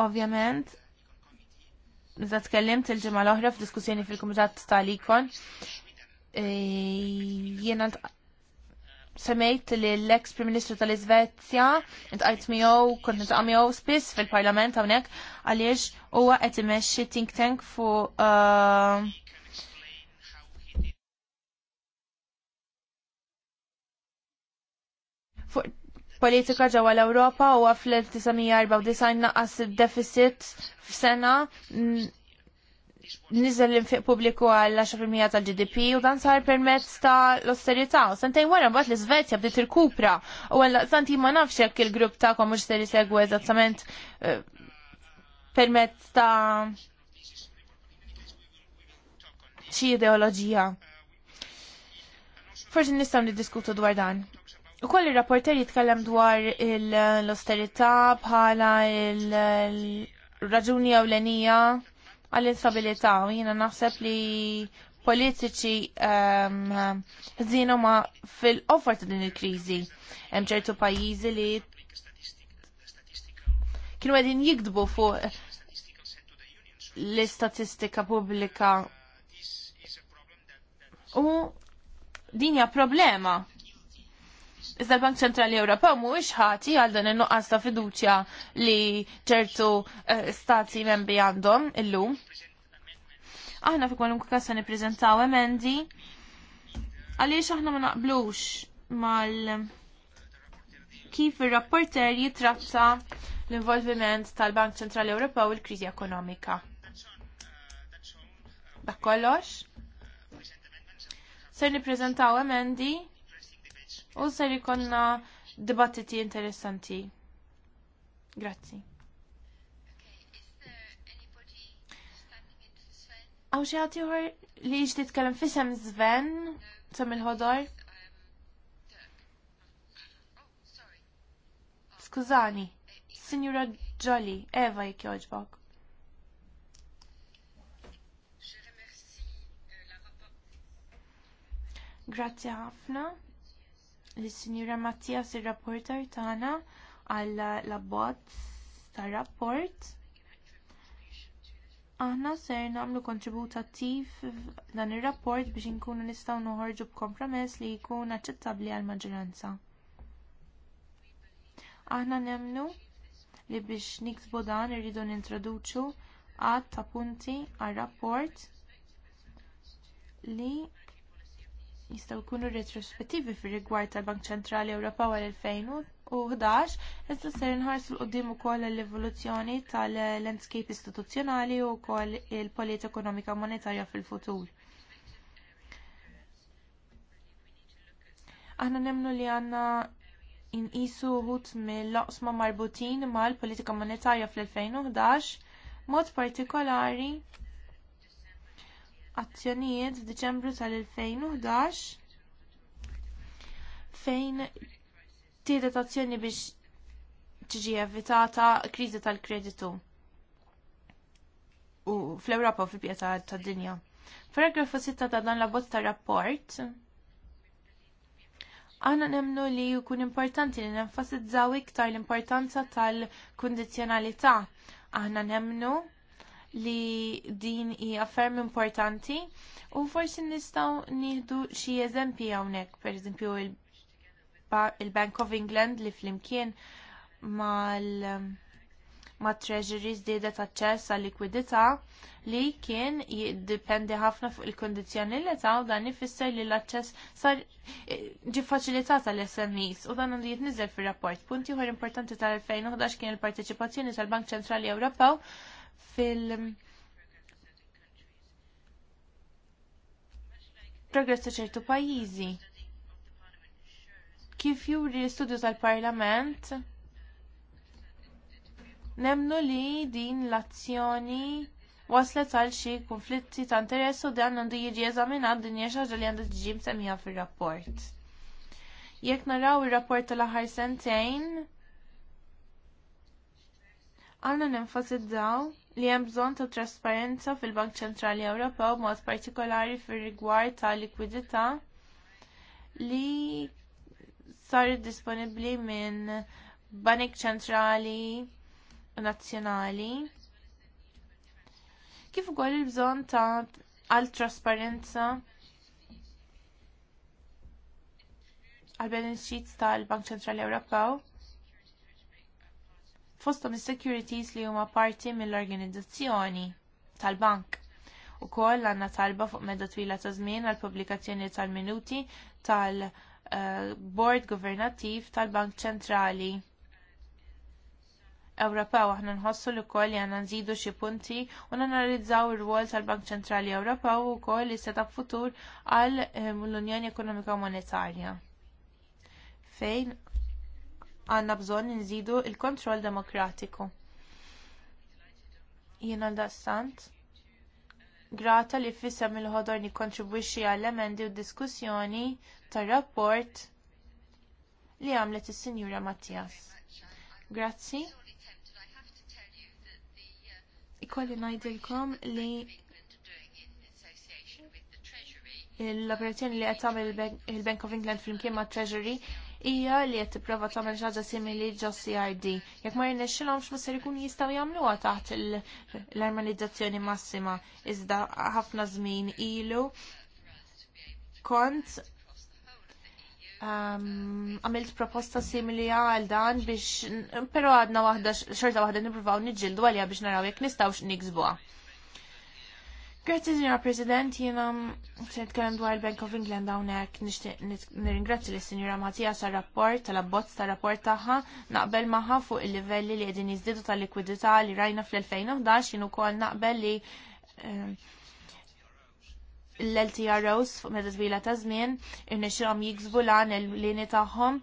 ovvjament Iżda tkellimt il-ġimgħa l-oħra f'diskussjoni fil-Kumitat tal-Ikon e, jiena semmejt li l-ex Prim Ministru tal-Iżvezja intqajt miegħu kont niltaqa' miegħu spiss fil-Parlament hawnhekk għaliex huwa qed imexxi think tank fuq uh, fuq politika ġewwa l-Ewropa huwa fl-1994 naqqas id-deficit f'sena niżel l-infiq pubbliku għal 10% tal-GDP u dan sar permezz ta' l osterità U wara mbagħad l-Iżvezja bdiet irkupra u għal santi ma nafx jekk il-grupp tagħkom mhux ser jisegwu eżattament eh, permezz ta' xi ideoloġija. Forsi nistgħu niddiskutu dwar dan. U koll il-rapporter jitkellem dwar l osterità bħala il-raġuni għawlenija għall-instabilità u jiena naħseb li politiċi zinu ehm, ma fil-offer ta' din il-kriżi. Hemm ċertu pajjiżi li kienu qegħdin jikdbu fuq l-istatistika pubblika u din hija problema Iżda l-Bank Ċentrali Ewropew mhuwiex ħati għal dan in-nuqqas ta' fiduċja li ċertu eh, stati membri għandhom illum. Aħna fi kwalunkwe każ nippreżentaw emendi għaliex aħna ma naqblux mal kif ir-rapporter jitratta l-involviment tal-Bank Ċentrali Ewropew il kriżi ekonomika. Dak kollox? Ser nippreżentaw emendi u ser ikonna dibattiti interessanti. Grazzi. Għaw xi ħadd li jiġi titkellem fisem Sven sam il-ħodor? Skużani, Signora Jolly, Eva jekk jogħġbok. Grazie ħafna l-Sinjura Mattias ir rapporter tagħna għall l-abbozz tar rapport. Aħna ser nagħmlu kontribut attiv dan ir-rapport biex inkunu nistgħu noħorġu b'kompromess li jkun aċċettabbli għall maġġoranza. Aħna nemnu li biex niksbu dan irridu nintroduċu għad ta' punti għar rapport li jistgħu jkunu retrospettivi fir-rigward tal-Bank Ċentrali Ewropew għal 2011, iżda ser inħarsu l-qudiem ukoll l-evoluzzjoni tal-landscape istituzzjonali u wkoll il-politika ekonomika monetarja fil-futur. Aħna nemnu li għandna nqisu wħud mill-loqsma marbutin mal-politika monetarja fl-2011 mod partikolari azzjonijiet f'Diċembru tal-2011 fejn tiedet azzjoni biex tiġi evitata kriżi tal-kreditu u fl-Ewropa u fil-pjeta tad-dinja. Paragrafu 6 ta' dan l-abbozz ta' rapport Aħna nemnu li jkun importanti li nenfasizzaw iktar l-importanza tal-kondizjonalità. Aħna nemnu li din hija ferm importanti u forsi nistgħu nieħdu xi eżempji hawnhekk, pereżempju il-Bank of England li flimkien mal ma treasury żdiedet aċċess għal likwidità li kien jiddependi ħafna fuq il li u dan ifisser li l-aċċess sar ġi faċilitata l smes u dan għandu jitniżel fir-rapport. Punti ieħor importanti tal-2011 kien il-parteċipazzjoni tal-Bank Ċentrali Ewropew fil- progress ta' ċertu pajjiżi. Kif juri l-istudju tal-Parlament, nemnu li din l-azzjoni waslet għal xi konflitti ta' interess u dan għandu jiġi eżaminat din hija xi ħaġa li għandha tiġi semmija fir-rapport. Jekk naraw ir-rapport tal-aħħar sentejn, għandna nenfasizzaw li hemm bżonn ta' trasparenza fil-Bank Ċentrali Ewropew b'mod partikolari fir-rigward ta' likwidità li sar disponibbli minn Banik Ċentrali Nazzjonali kif ukoll il-bżonn ta' għal trasparenza għal balance sheets tal-Bank Ċentrali Ewropew fostom is-securities li huma parti mill-organizzazzjoni tal-bank. Ukoll għandna talba fuq medda twila ta' żmien għall pubblikazzjoni tal-minuti tal-Bord eh, Governattiv tal-Bank Ċentrali. Ewropew aħna nħossu li wkoll li għandna nżidu xi punti u nanalizzaw ir-rwol tal-Bank Ċentrali Ewropew ukoll li seta' futur għall eh, l-Unjoni Ekonomika Monetarja fejn għanna bżonn nżidu l kontroll demokratiku. Jien għal daqstant grata li fissem il-ħodor nikkontribwixxi għall emendi u d diskussjoni tar-rapport li għamlet is-Sinjura Mattias. Grazzi. Ikolli ngħidilkom li l-operazzjoni li qed tagħmel il-Bank of England flimkien mat Treasury hija li qed tipprova tagħmel ħaġa simili ġo CRD. Jekk ma jirnexxilhomx ma ser ikun jistgħu jagħmluha taħt l-armonizzazzjoni massima iżda ħafna żmien ilu kont um, għamilt proposta simili għal dan biex, pero għadna wahda, xorta waħda nipruvaw nġildu għalija biex naraw jek nistawx nikzbuha. Grazzi, Signor President, jena se nitkellem dwar Bank of England hawnhekk nirringrazzi lis sinjura Mattia sar rapport tal-abbozz tar-rapport tagħha naqbel magħha fuq il-livelli li qegħdin jiżdiedu tal-likwidità li rajna fl-2011 jien ukoll naqbel li ehm, l-LTROs fuq meta twila ta' żmien irnexxilhom jiksbu lan il-lini tagħhom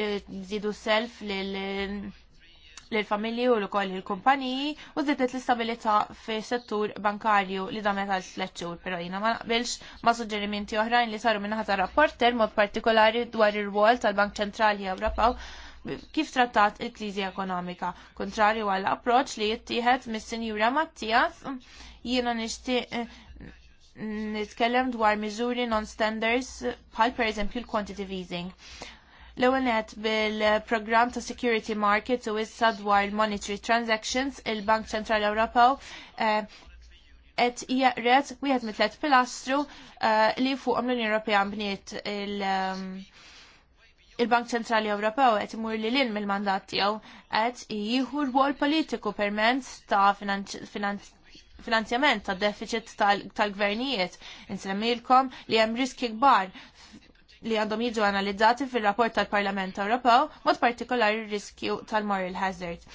li jżidu self lil l-familji u l-koll il-kumpaniji u zittet l-istabilita fi settur bankarju li damet għal tletxur, pero jina ma naqbilx ma suġġerimenti oħrajn li saru minnaħata rapporter mod partikolari dwar ir wol tal-Bank Ċentrali Ewropew kif trattat il-krizi ekonomika. Kontrarju għall approċ li jittieħed mis-Sinjura Mattias, jiena nixtieq eh, nitkellem dwar miżuri non-standards bħal per eżempju l-quantitative easing. L-ewwel bil-programm ta' Security Markets u issa dwar il-Monetary Transactions, il-Bank Ċentrali Ewropew eh, et jaqret wieħed mitlet pilastru eh, li fuqhom l-Unjoni Ewropea bniet il- eh, il-Bank Ċentrali Ewropew qed imur li lil mill-mandat tiegħu qed jieħu rwol politiku permezz ta' finanzjament ta' deficit tal-gvernijiet. Insemmilkom li hemm riski kbar li għandhom jiġu analizzati fil-rapport tal-Parlament Ewropew, mod partikolari riskju tal-moral hazard.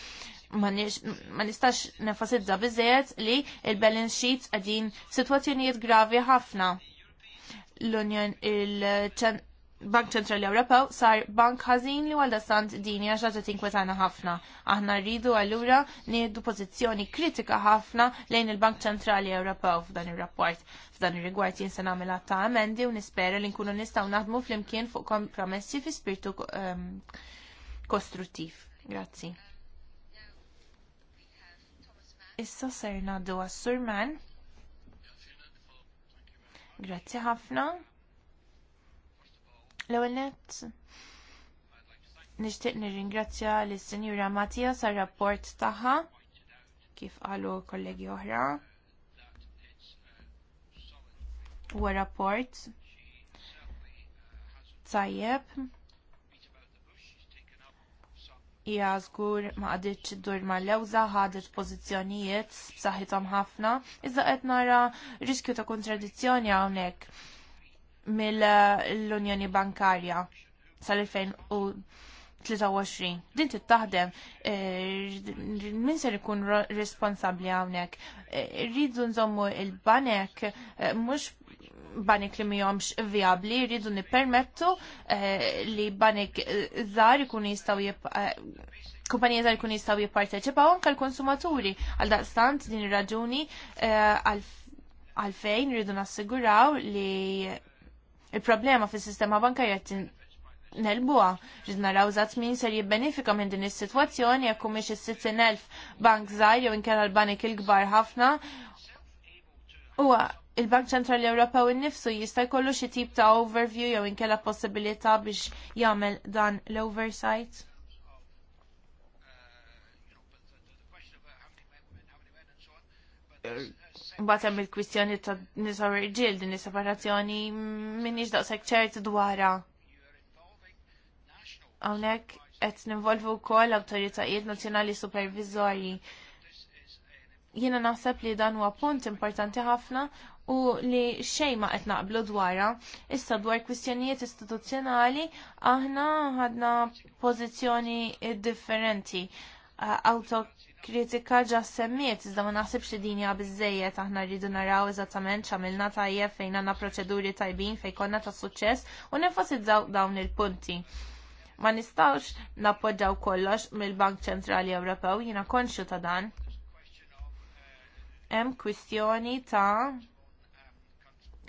Ma nistax nefasizza biżejjed li il-balance sheets għadin situazzjonijiet gravi ħafna l union il-ċan Bank Ċentrali Ewropew sar bank ħażin li għal sant dini għax ħaġa tinkwetana ħafna. Aħna rridu allura nieddu pożizzjoni kritika ħafna lejn il-Bank Ċentrali Ewropew f'dan ir-rapport. F'dan ir-rigward jien se nagħmel ta' amendi u nispera li nkunu nistgħu naħdmu flimkien fuq kompromessi fi spirtu ehm, kostruttiv. Grazzi. Issa ser ngħaddu għas-Surman. Grazzi ħafna. L-ewwel nett nixtieq nirringrazzja lis sinjura Mattia sar-rapport tagħha kif qalu kollegi oħra. Huwa rapport tajjeb hija żgur ma qaditx iddur mal-lewża ħadet pożizzjonijiet b'saħħithom ħafna, iżda qed nara riskju ta' kontradizzjoni hawnhekk mill-Unjoni Bankarja sal-2023. Din tittaħdem, eh, min ser ikun responsabli għawnek. Eh, rridu nżommu il-banek, eh, mux banek li mijomx viabli, rridu nipermettu li banek zar ikun jistaw kumpanija zar ikun jistaw jipparteċipaw għonka l-konsumaturi. Għal daqstant din raġuni għalfejn rridu nassiguraw li Il-problema fis sistema bankarja nelbuha ġid naraw żatt min ser jibbenefika minn din is-sitwazzjoni jekk humiex is elf bank żgħir jew inkella l-banik il-kbar ħafna. Huwa il-Bank Ċentrali Ewropew innifsu jista' jkollu xi tip ta' overview jew inkella possibilità biex jagħmel dan l-oversight? Uh, Mbagħad hemm il-kwistjoni ta' nisa u din is-separazzjoni m'iniex daqshekk ċert dwarha. Hawnhekk qed ninvolvu wkoll awtoritajiet nazzjonali supervizorji. Jiena naħseb li dan huwa punt importanti ħafna u li xejn ma qed naqblu dwarha. Issa dwar kwistjonijiet istituzzjonali aħna ħadna pożizzjoni differenti autokritika ġa semmiet, iżda ma naħsibx li din hija aħna rridu naraw eżattament x'għamilna tajjeb fejn għandna proċeduri tajbin fejn konna ta' suċċess u nenfasizzaw dawn il-punti. Ma nistgħux nappoġġaw kollox mill-Bank Ċentrali Ewropew, jiena konxu ta' dan. Hemm kwistjoni ta'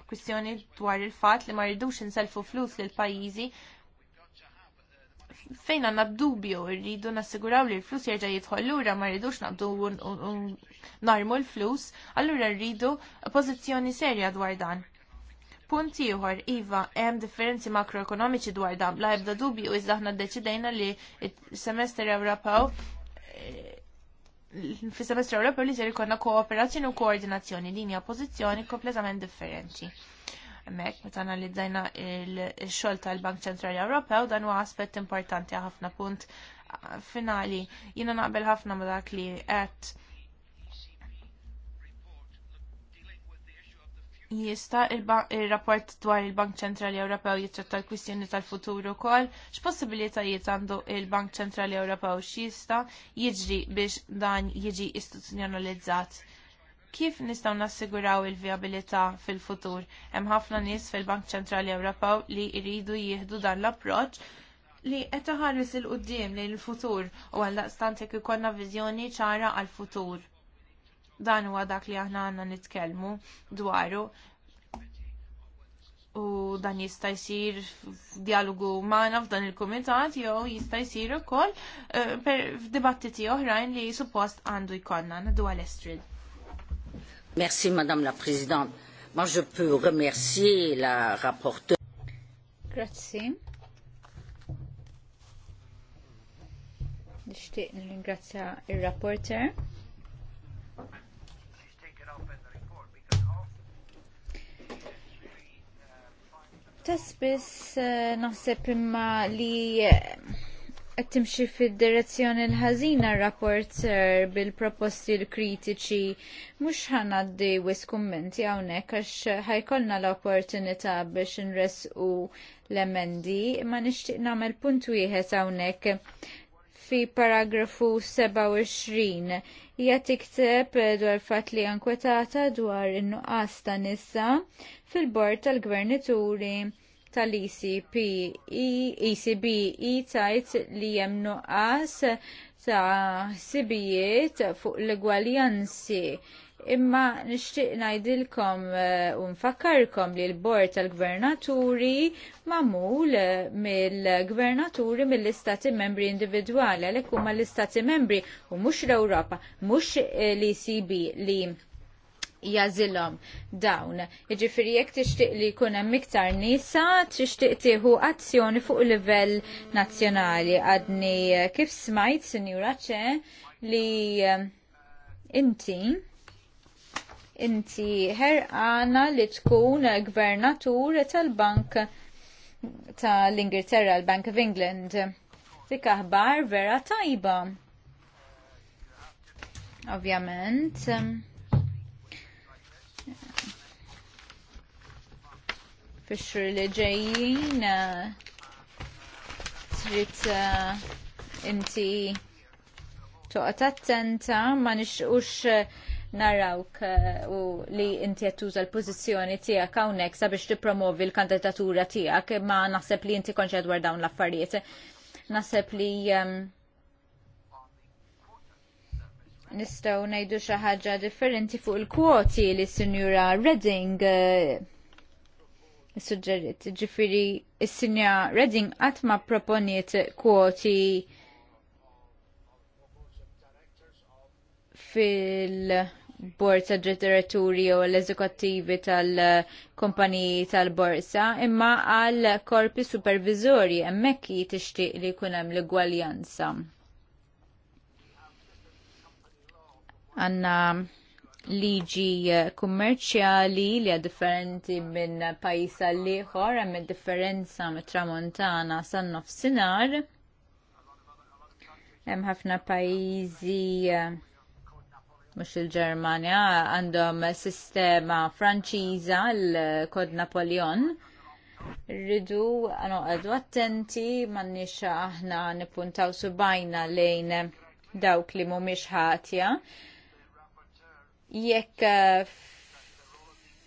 kwistjoni dwar il fatt li ma rridux inselfu flus lil pajjiżi fejn għanna dubju rridu nassiguraw li l-flus jerġa' jidħol lura ma rridux naqdu narmu l-flus, allura rridu pożizzjoni serja dwar dan. Punt ieħor iva hemm differenzi makroekonomiċi dwar dan bla ebda dubju iżda d ddeċidejna li s-semester Ewropew eh, fis semestru Ewropew li ser ikonna kooperazzjoni u koordinazzjoni din hija pożizzjoni kompletament differenti. Mek, meta analizzajna il-xol tal-Bank Ċentrali Ewropew, dan huwa aspett importanti ħafna punt finali. Jiena naqbel ħafna ma dak li qed jista il-rapport dwar il-Bank Ċentrali Ewropew jitratta l-kwistjoni tal-futur ukoll, x'possibilitajiet għandu il-Bank Ċentrali Ewropew x'jista jiġri biex dan jiġi istituzzjonalizzat kif nistgħu nassiguraw il-vjabilità fil-futur? Hemm ħafna nies fil-Bank Ċentrali Ewropew li jridu jieħdu dan l-approċċ li qed iħares il qudiem lejn il-futur u għal daqstant jekk ikollna viżjoni ċara għall futur. Dan huwa dak li aħna għandna nitkellmu dwaru u dan jista' jsir f'djalogu magħna f'dan il-kumitat jew jista' jsir ukoll eh, f'dibattiti oħrajn li suppost għandu jkollna. Nadu l Estrid. Merci, Madame la Présidente. Moi, je peux remercier la rapporteure. Grazie. Nishtiq ringrazzja il-rapporter. Tasbis eh, naħseb imma li eh, qed timxi fid-direzzjoni l-ħażina rapporter bil-proposti l-kritiċi mhux ħanaddi wis kummenti hawnhekk għax ħajkollna l-opportunità biex nresqu l-emendi imma nixtieq nagħmel punt wieħed hawnhekk fi paragrafu 27 hija tikteb dwar fatt li ankwetata dwar in-nuqqas ta' nisa fil-bord tal-gvernituri tal-ECB e ECB tajt li hemm nuqqas ta' sibijiet fuq l-egwaljanzi imma nixtieq ngħidilkom eh, u nfakkarkom li l-bord tal-gvernaturi magħmul eh, mill-gvernaturi mill-istati membri individwali għalhekk huma l-istati membri u mhux l-Ewropa, mhux eh, l-ECB li jazilom dawn. Iġifiri jek tixtiq li kuna miktar nisa, tixtiq tiħu azzjoni fuq livell nazjonali. Għadni kif smajt, sinjura ċe, li eh, inti inti ħerqana li tkun gvernatur tal-Bank tal-Ingilterra, l-Bank of England. Dik aħbar vera tajba. Ovvjament fix-xhur li ġejjin eh, trid eh, inti toqgħod attenta ma nixqux eh, narawk u li inti qed tuża l-pożizzjoni tiegħek hawnhekk sabiex tippromovi l-kandidatura tiegħek imma naħseb li inti konċed dwar dawn l-affarijiet. Naħseb li ehm, nistgħu ngħidu xi ħaġa differenti fuq il-kwoti li Sinjura Redding suġġerit. Ġifiri, il-sinja Redding għatma proponiet kwoti fil-bord ta' ġeneraturi u l-eżekuttivi tal-kompaniji tal-borsa imma għal korpi supervizori hemmhekk tixtieq li jkun hemm l-gwaljanza. Għanna liġi eh, kummerċjali li għad differenti minn pajis għal ieħor hemm id differenza mit tramontana san nofsinhar. Hemm ħafna pajjiżi eh, mhux il-Ġermanja għandhom sistema Franċiża l-Kod Napoleon. Rridu għadu attenti m'għandniex aħna nippuntaw subajna lejn dawk li mhumiex ħatja jekk eh,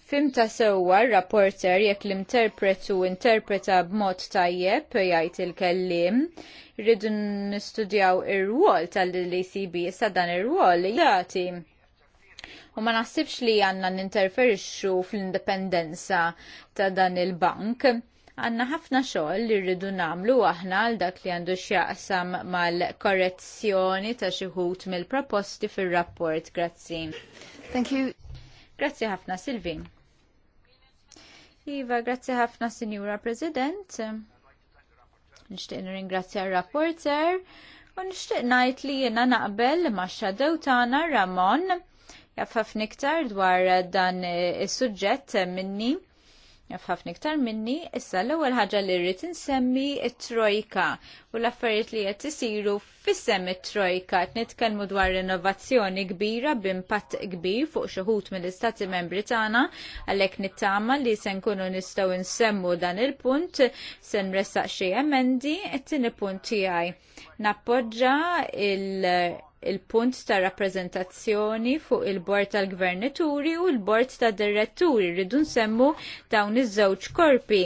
fimta sewwa r-rapporter jekk l-interpretu interpreta b'mod tajjeb jgħid il-kellim, rridu nistudjaw ir-rwol tal-ACB issa dan ir-rwol jagħti. U ma naħsibx li għanna ninterferixxu fl-indipendenza ta' dan il-bank. Għanna ħafna xogħol li rridu namlu aħna għal dak li għandu x'jaqsam mal-korrezzjoni ta' xi mill-proposti fir-rapport. Grazzi. Thank you. Grazzi ħafna, Silvi. Iva, grazie ħafna, Signora President. Nishtiq nirringrazzja r-rapporter u nishtiq najt li jena naqbel ma' xadew tana Ramon jaffaf niktar dwar dan is-suġġett minni Jaf ktar minni, issa l-ewwel ħaġa li rrid insemmi trojka u l-affarijiet li qed isiru fissem it-trojka qed nitkellmu dwar innovazzjoni kbira b'impatt kbir fuq xi ħut mill-Istati Membri tagħna għalhekk nittama li se nkunu nistgħu nsemmu dan il-punt se nressaq xi emendi it-tieni punt tiegħi. Nappoġġa il- il-punt ta' rappreżentazzjoni fuq il-bord tal-gvernaturi u l-bord tad diretturi rridu nsemmu dawn iż-żewġ korpi.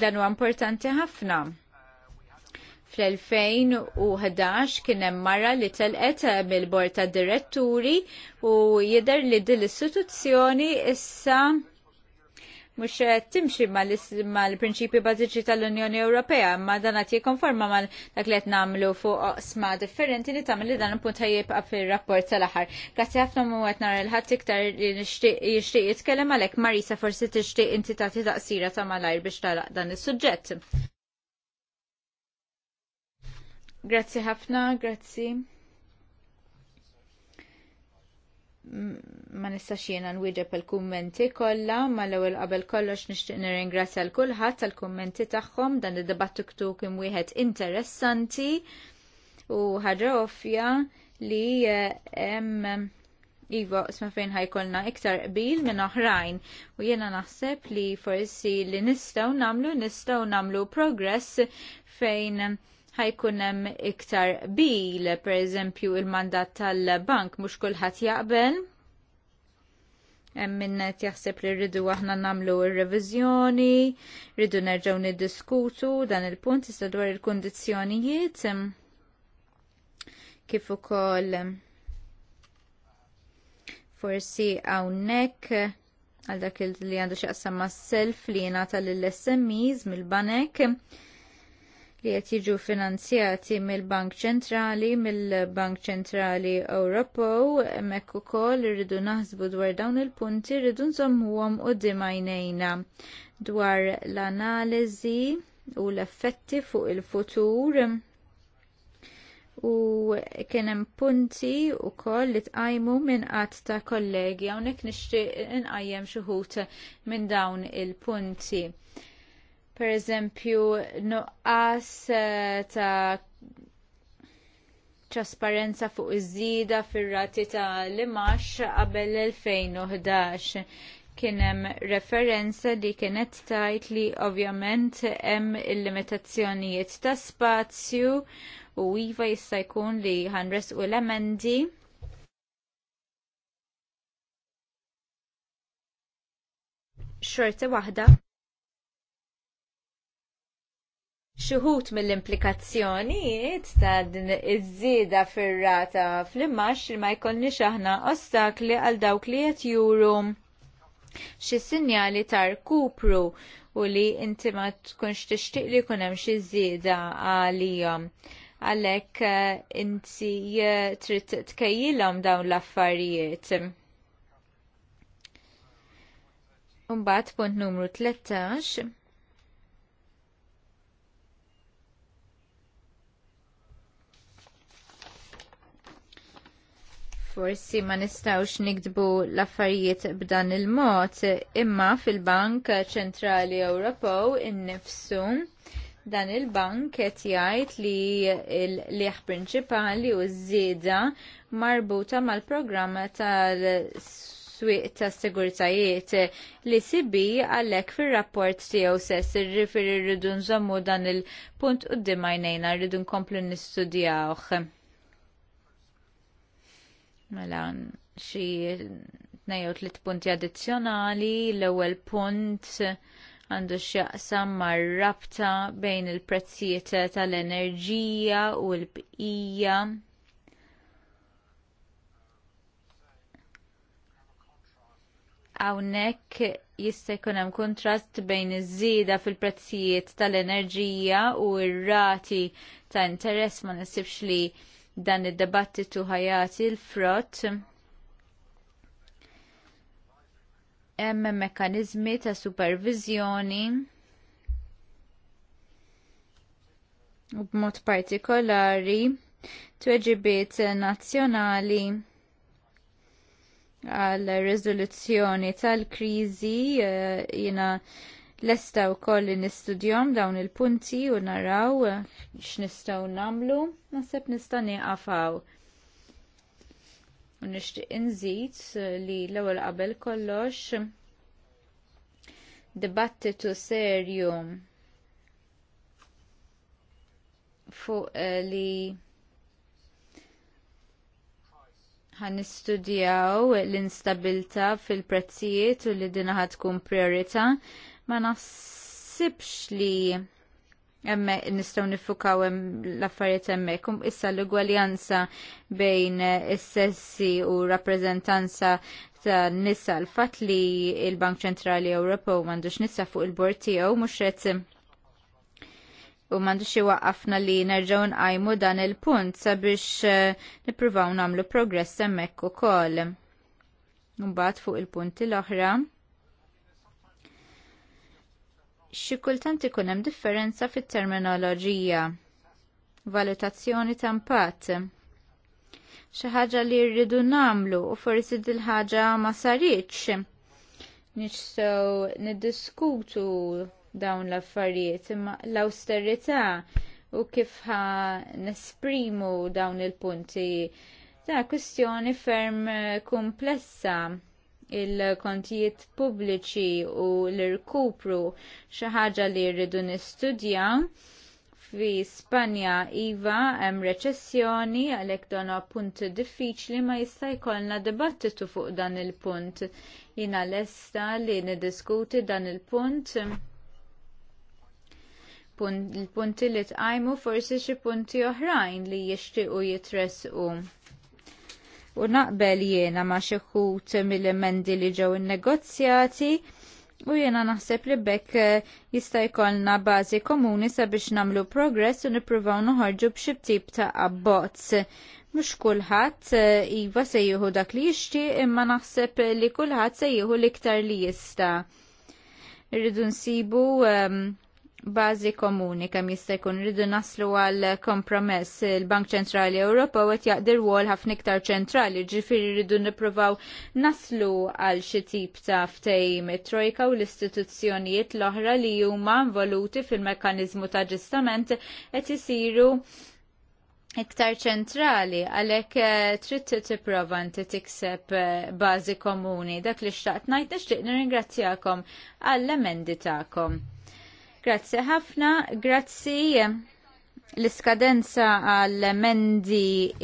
Dan huwa importanti ħafna fl-2011 kien hemm mara li telqet mill-bord tad diretturi u jidher li din l-istituzzjoni issa mhux timxi mal prinċipi bażiċi tal-Unjoni Ewropea, imma dan qed jikkonforma ma dak li qed nagħmlu fuq sma' differenti li tagħmel li dan il-punt ħajjibqa' fir-rapport tal-aħħar. Grazzi ħafna mu qed nara l-ħadd iktar jixtieq jitkellem għalhekk Marisa forsi tixtieq inti tagħti taqsira ta' malajr biex talaq dan is-suġġett. Grazzi ħafna, grazzi. ma nistax jiena nwieġeb il-kummenti kollha, ma l-ewwel qabel kollox nixtieq nirringrazzja l kulħadd tal-kummenti tagħhom dan id-dibattitu kien wieħed interessanti u ħaġa ovvja li eh, hemm Iva, isma fejn ħajkolna iktar qbil minn oħrajn u jiena naħseb li forsi li nistgħu nagħmlu nistgħu nagħmlu progress fejn ħajkun hemm iktar bil, pereżempju il-mandat tal-bank mhux kulħadd jaqbel. Hemm min qed jaħseb li rridu aħna nagħmlu r-reviżjoni, rridu nerġgħu niddiskutu dan il-punt issa dwar il-kundizzjonijiet kif ukoll forsi hawnhekk għal dak li għandu xaqsam ma' self li jingħata lill smes mill-banek li qed jiġu finanzjati mill-Bank Ċentrali, mill-Bank Ċentrali Ewropew, hemmhekk ukoll irridu naħsbu dwar dawn il-punti rridu nżommuhom quddiem għajnejna dwar l-analiżi u l-effetti fuq il-futur. U kien hemm punti wkoll li tqajmu minn qatt ta' kollegi hawnhekk nixtieq inqajjem xi ħut minn dawn il-punti per eżempju nuqqas eh, ta' trasparenza fuq iż-żida fir-rati ta' limax qabel 2011 kien hemm referenza li kienet tajt li ovvjament hemm il-limitazzjonijiet ta' spazju u iva jista' jkun li ħanres u l-emendi. Xorta waħda. Xuħut mill-implikazzjonijiet ta' din iż-żieda fir-rata fl-imax li ma jkollniex aħna ostakli għal dawk li qed juru xi sinjali ta' kupru u li inti ma tkunx tixtieq li jkun hemm xi żieda għalihom. Għalhekk eh, inti eh, trid tkejjilhom dawn l-affarijiet. Imbagħad punt numru 13 forsi ma nistawx nikdbu l-affarijiet b'dan il-mod, imma fil-Bank Ċentrali Ewropew innifsu dan il-bank qed jgħid li l-lieħ prinċipali u żieda marbuta mal-programm tal-swieq tas-sigurtajiet li sibi għalhekk fir-rapport tiegħu sess irriferi rridu nżommu dan il-punt quddiem għajnejna rridu nkomplu nistudjawh Mela, xi 2-3 tliet punti addizzjonali, l-ewwel punt għandu x'jaqsam mar-rabta bejn il-prezzijiet tal-enerġija u l-bqija. Hawnhekk jista' jkun hemm kontrast bejn iż-żieda fil-prezzijiet tal-enerġija u r-rati ta' interess ma nisibx li dan id-debattitu ħajati l-frott hemm mekkaniżmi ta' supervizjoni u b'mod partikolari tweġibiet nazzjonali għal riżoluzzjoni tal-kriżi eh, jiena uh, Lesta u koll nistudjom dawn il-punti u naraw x'nistgħu namlu, naħseb nista' nieqafaw. U nixtieq inżid li l-ewwel qabel kollox dibattitu serju fuq eh, li ħanistudjaw l-instabilta fil-prezzijiet u li dina tkun priorità ma nasibx li emme nistaw nifukaw l-affarijiet hemmhekk issa l-ugwaljanza bejn is-sessi u rappreżentanza ta' nisa l fat li il-Bank Ċentrali Ewropew m'għandux nisa fuq il-bord tiegħu mhux qed u m'għandux iwaqqafna li nerġgħu nqajmu dan il-punt sabiex eh, nippruvaw nagħmlu progress hemmhekk ukoll. Mbagħad fuq il-punti l-oħra xi kultant ikun hemm differenza fit-terminoloġija. Valutazzjoni ta' impatt. Xi ħaġa li rridu nagħmlu u forsi dil ħaġa ma saritx. Nixsew niddiskutu dawn l-affarijiet imma l-awsterità u kif ħa nesprimu dawn il-punti. Ta' kwistjoni ferm komplessa il-kontijiet pubbliċi u l-irkupru xi ħaġa li rridu nistudja fi Spanja iva hemm reċessjoni għalhekk dan punt diffiċli ma jista' jkollna dibattitu fuq dan il-punt. Jiena lesta li niddiskuti dan il-punt il-punti li tqajmu forsi xi punti oħrajn li jixtiequ jitressqu u naqbel jiena ma xeħut mill-emendi li ġew innegozjati u jiena naħseb li bekk eh, jista' jkollna bażi komuni sabiex nagħmlu progress u nippruvaw noħorġu b'xi tip ta' abbozz. Mhux kulħadd eh, iva se jieħu dak li jixtieq imma naħseb li kulħadd se jieħu l-iktar li jista' irridu nsibu um, bażi komuni kemm jista' jkun rridu naslu għal kompromess il-Bank Ċentrali Ewropa qed jaqdir wol ħafna iktar ċentrali, ġifieri rridu nippruvaw naslu għal xi tip ta' ftehim it-trojka u l-istituzzjonijiet l-oħra li huma involuti fil-mekkaniżmu ta' aġġustament qed isiru iktar ċentrali għalhekk eh, trid tipprova inti tikseb eh, bażi komuni dak li xtaqt ngħid nixtieq nirringrazzjakom għall-emendi tagħkom. Grazzi ħafna, grazzi l-iskadenza għal-emendi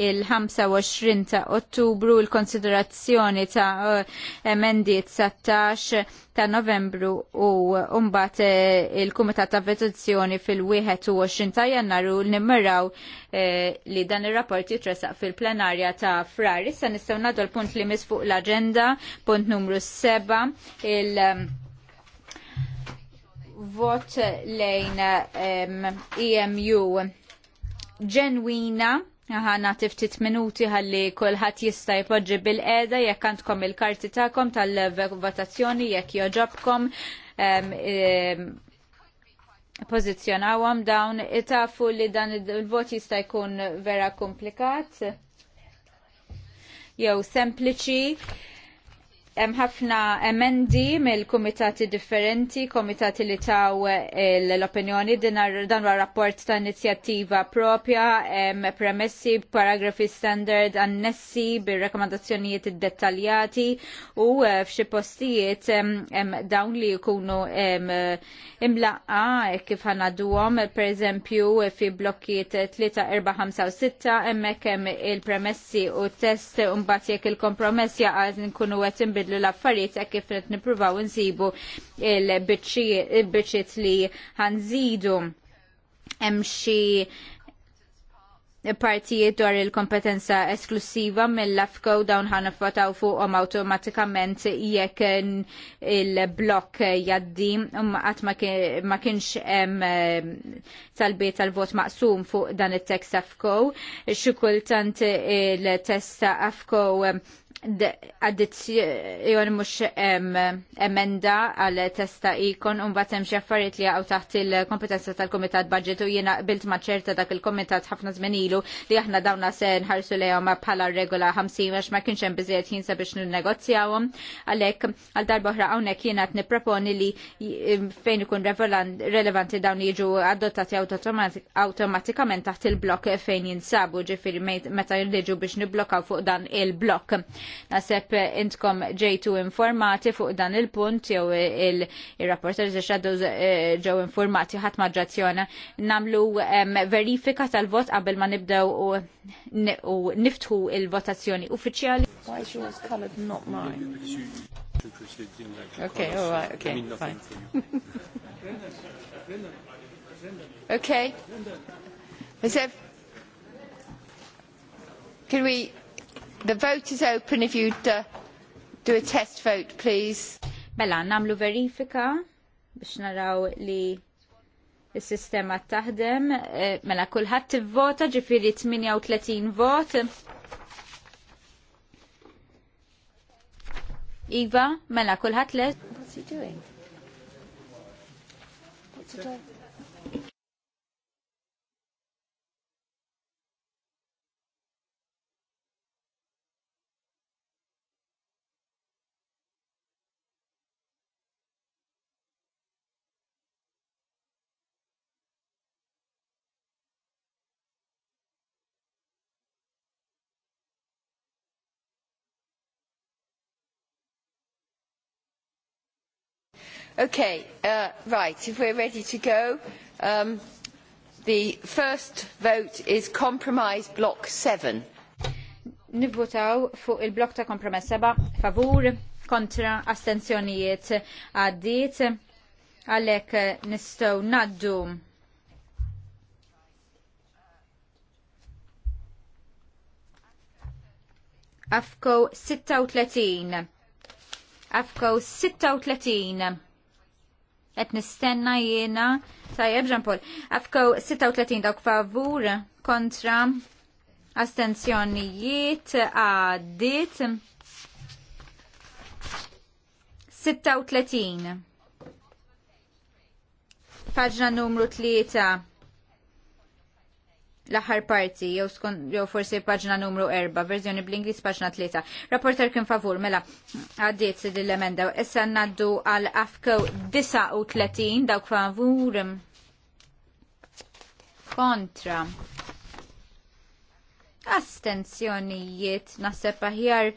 il-25 ta' ottubru, il-konsiderazzjoni ta' emendi 19 ta' novembru u umbat eh, il-Kumitat ta' Vetuzzjoni fil-21 ta' jannaru nimmiraw nimmeraw eh, li dan il-rapport jitresaq fil-plenarja ta' frar. Issa nistaw nadu l-punt li mis fuq l-agenda, punt numru 7, il- vot lejn um, EMU ġenwina ħana tiftit minuti ħalli kolħat jista' jpoġġi bil eda jekk għandkom il-karti tagħkom tal-votazzjoni jekk joġobkom um, um, pożizzjonawhom dawn tafu li dan il-vot jista' jkun vera komplikat jew sempliċi Hemm ħafna emendi mill-kumitati differenti, komitati li taw eh, l-opinjoni din dan rapport ta' inizjattiva propja, hemm premessi, paragrafi standard annessi bir-rekomandazzjonijiet iddettaljati u eh, f'xi postijiet hemm dawn li jkunu eh, imlaqqa kif per pereżempju fi blokkiet 3, 4, 5 u 6 hemmhekk hemm il-premessi u test u mbagħad jekk il-kompromess jaqgħad nkunu qed nibidlu l-affarijiet hekk kif qed nippruvaw insibu il-biċċiet li ħanżidu hemm xi partijiet dwar il-kompetenza esklusiva mill-AFCO dawn ħana fotaw fuqhom awtomatikament jekk il-blok jaddi qatt um, ma kienx hemm eh, talbiet tal-vot maqsum fuq dan it-tekst AFCO. Xi kultant il-testa AFCO eh, addizjoni mhux emenda għal testa ikon u mbagħad hemm affarijiet li għaw taħt il-kompetenza tal-Kumitat Budget u jiena qbilt ma' ċerta dak il-Kumitat ħafna żmien ilu li aħna dawna se nħarsu għom bħala regola 50 għax ma kienx hemm jinsa biex n ninnegozjawhom. Għalhekk għal darba ħra hawnhekk jena qed nipproponi li fejn ikun relevanti dawn jiġu adottati awtomatikament taħt il-blok fejn jinsabu ġifieri meta jiġu biex nibblokkaw fuq dan il-blok. Naseb intkom ġejtu informati fuq dan il-punt jew il-rapporter il xaddu eh, ġew informati ħat maġġazzjona namlu verifika tal-vot qabel ma nibdew u niftħu il-votazzjoni uffiċjali. Okay, all right, okay, fine. okay. Is it, Can we The vote is open if you'd uh, do a test vote, please. Mela, namlu verifika biex naraw li il-sistema taħdem. Eh, mela, kullħat t-vota ġifiri 38 vot. Iva, mela, kullħat le. What's he doing? What's he doing? Okay, uh, right, if we're ready to go, um, the first vote is compromise block 7. Nivvotaw fuq il-blok ta' kompromess 7, favur, kontra, astenzjonijiet għaddiet, għalek eh, nistow naddu Afko 36. Afko 36. Qed nistenna jiena. Tajjeb, Ġampol. Afko 36 dawk favur kontra astenzjonijiet għaddit. 36. Faġna numru 3 l-aħħar parti, jew skon, jew forsi paġna numru 4, verżjoni bl-Inglis paġna 3. Rapporter kien favur, mela, għaddiet l-emenda. Issa naddu għal afko 39, dawk favur. Kontra. Astenzjonijiet, naħseb aħjar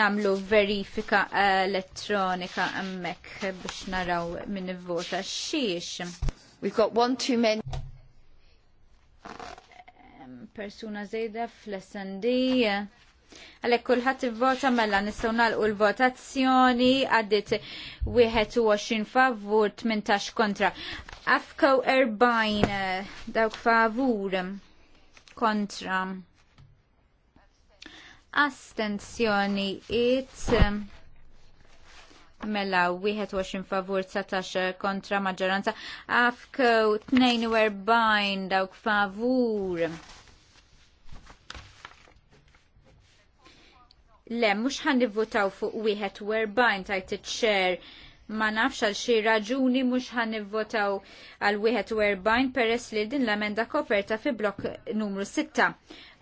namlu verifika elettronika emmek biex naraw minn vota xiex. We've got one too many persuna zejda fl-SND. Għalek kullħat il-vota mella nistaw nalqu l-votazzjoni għaddit 21 favur 18 kontra. Afko Erbajn eh, dawk favur kontra astenzjoni it mela 21 favur 19 kontra maġġoranza afko 42 dawk favur Le, mux ħan nivvotaw fuq wieħed u erbajn tajt iċ-ċer ma nafx għal xi raġuni mhux ħan nivvotaw għal wieħed u erbajn peress li din l-emenda koperta fi blok numru 6.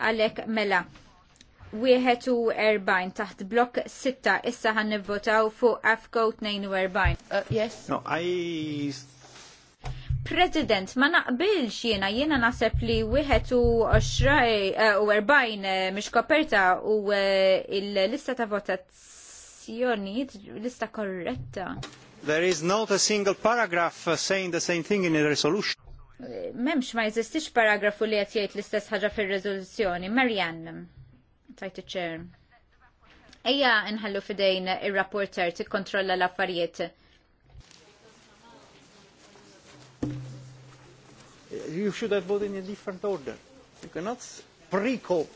Għalhekk mela wieħed u erbajn taħt blok 6 issa ħan nivvotaw fuq AFCO 42. Uh, yes. No, I President, ma naqbilx jiena, jiena naħseb li wieħed u 40 eh, eh, mhix koperta u eh, il lista ta' votazzjoni, lista korretta. There is not a single paragraph uh, saying the same thing in the resolution. Memx ma jeżistix paragrafu li qed jgħid l-istess ħaġa fir-riżoluzzjoni. Marianne, tajt iċ-ċer. Ejja nħallu fidejn ir-rapporter tikkontrolla l-affarijiet You should have voted in a different order. You cannot pre-cope.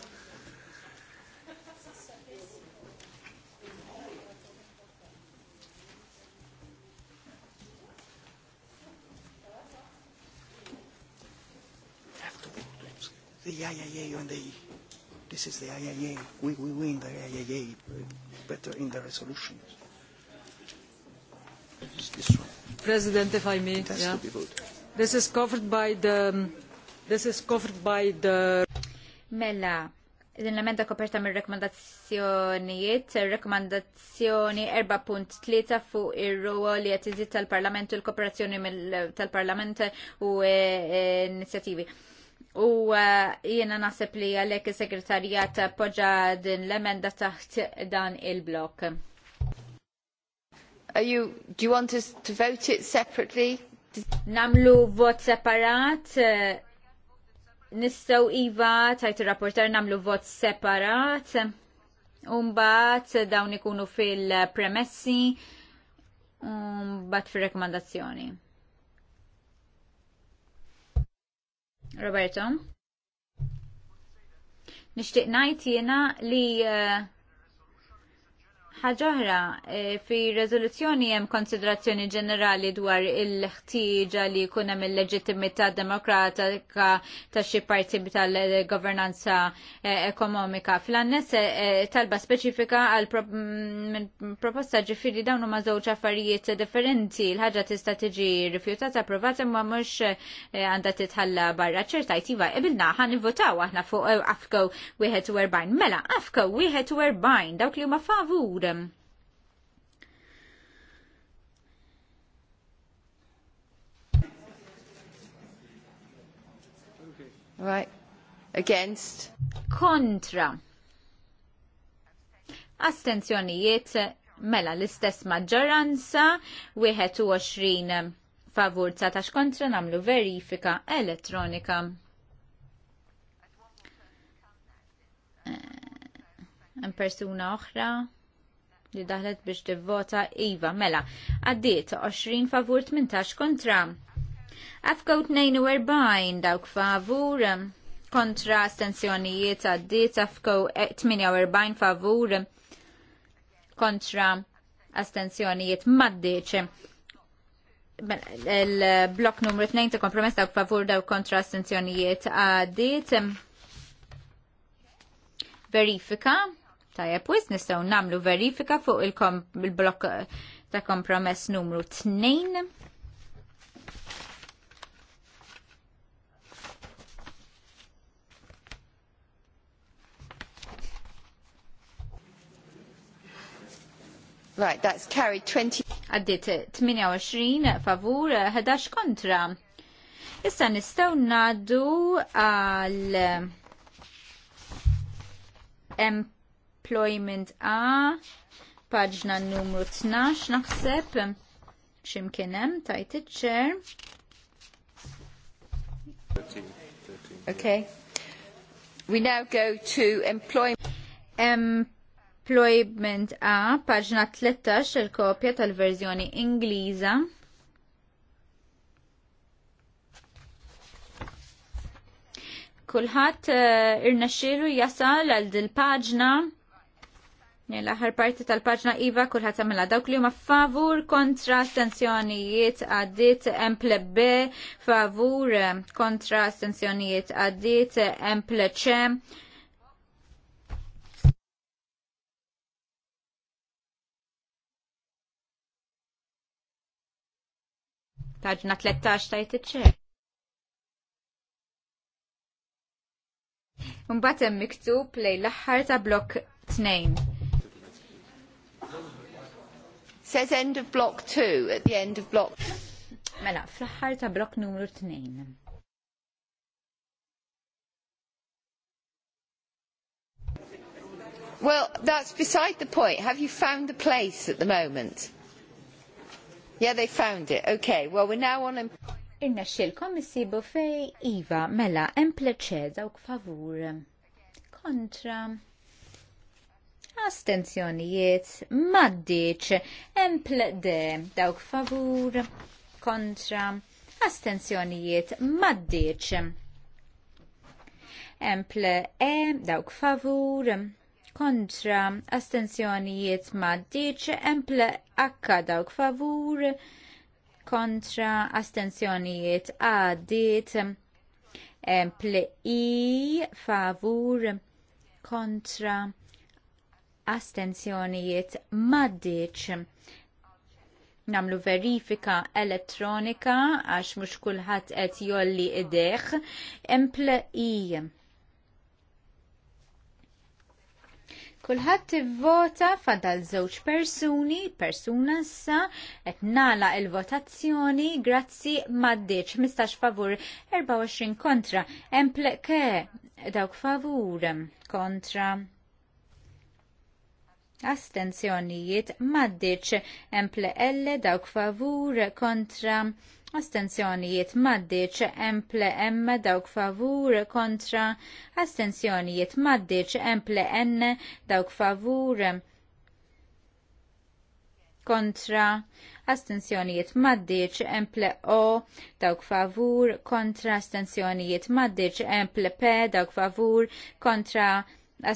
the IAA on the this is the IIA. We we win the IAA uh, better in the resolutions. this one. President, if I may. Yeah. This is covered by the... This is covered by the... Mela, l emenda koperta mir rekomendazzjonijiet, rekomendazzjoni 4.3 fuq ir ruwa li iżid tal-Parlament u l-kooperazzjoni tal-Parlament u e, e, inizjattivi. U e, jiena naħseb li għalhekk is-segretarjat poġġa din l-emenda taħt dan il-blok you, do you want us to vote it separately? Namlu vot separat. Nistaw Iva, tajt il-rapporter namlu vot separat. Umbat dawn ikunu fil-premessi. Umbat fil-rekomandazzjoni. Roberto? Nishtiq najt jena li uh, ħaġoħra, eh, fi rezoluzzjoni hemm konsiderazzjoni ġenerali dwar il-ħtieġa li jkun hemm il-leġittimità demokratika ta' xi parti tal-governanza eh, ekonomika. Fl-annes eh, talba speċifika għal mm, proposta ġifieri dawn huma żewġ affarijiet differenti. L-ħaġa tista' tiġi rifjutata approvata ma mhux għandha titħalla barra. Ċertajt iva qabilna ħan votaw aħna fuq afko 41. Mela, afko 41 dawk li huma favur jaħdem. Right. Against. Kontra. Astenzjonijiet mela l-istess maġġoranza 21 favur 19 kontra namlu verifika elettronika. Eh, persuna oħra li daħlet biex tivvota Iva mela. Għaddiet 20 favur 18 kontra. Afko 42 dawk favur kontra astensjonijiet għaddiet afko 48 e, favur kontra astenzjonijiet maddiċ. Mela, Il-blok numru 2 ta' kompromess dawk favur dawk kontra astenzjonijiet għaddiet. Verifika. Tajab, wis nistaw namlu verifika fuq il-blok ta' kompromess numru 2. Right, that's carried 20. Għaddit 28 favur, 11 kontra. Issa nistaw naddu għal MP Employment A, paġna numru 12 naħseb X'imkienem, hemm tajt iċ Okay. We now go to employment. Employment A, paġna 13 il-kopja tal-verżjoni Ingliża. Kulħadd uh, irnexxielu jasal għal dil-paġna L-aħħar mela, parti tal-paġna Iva kulħadd tagħmilha dawk li huma favur kontra astensjonijiet għaddit emplebe favur eh, kontra astensjonijiet għaddit pleċem. Paġna 13 tajt iċċer. Mbagħad hemm miktub lejn l-aħħar ta' blok 2 Says end of block two at the end of block. Mela, fl-ħar ta' blok numru 2. Well, that's beside the point. Have you found the place at the moment? Yeah, they found it. Okay, well, we're now on... Inna xilkom jisibu fej Iva, mela, empleċeda u kfavur. Kontra astenzjonijiet maddiċ emple de dawk favur kontra astenzjonijiet maddiċ emple e dawk favur kontra astenzjonijiet maddiċ emple akka dawk favur kontra astenzjonijiet għaddit emple i favur kontra astenzjonijiet maddiċ. Namlu verifika elettronika għax mhux kulħadd qed jolli id-deħ emple i. Kulħadd ivvota fadal żewġ persuni, persuna issa qed nala il-votazzjoni grazzi maddiċ Mistax favur 24 kontra. Emple ke dawk favur kontra astenzjonijiet maddiċ MPL L dawk favur kontra astenzjonijiet maddiċ emple M dawk favur kontra astenzjonijiet maddiċ emple N dawk favur kontra astenzjonijiet maddiċ emple O dawk favur kontra astenzjonijiet maddiċ emple P dawk favur kontra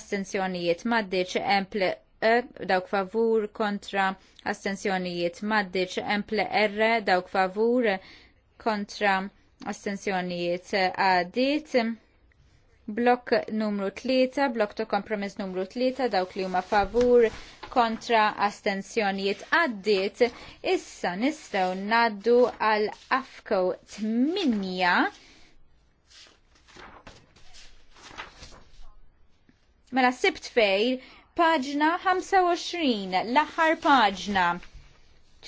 astenzjonijiet maddiċ emple dawk favur kontra astensjonijiet maddiċ emple R dawk favur kontra astensjonijiet għadit blok numru 3, blok ta' kompromis numru 3, dawk li huma favur kontra astensjonijiet għaddit. Issa nistgħu naddu għal afko 8 Mela sibt fej paġna 25, l-aħħar paġna.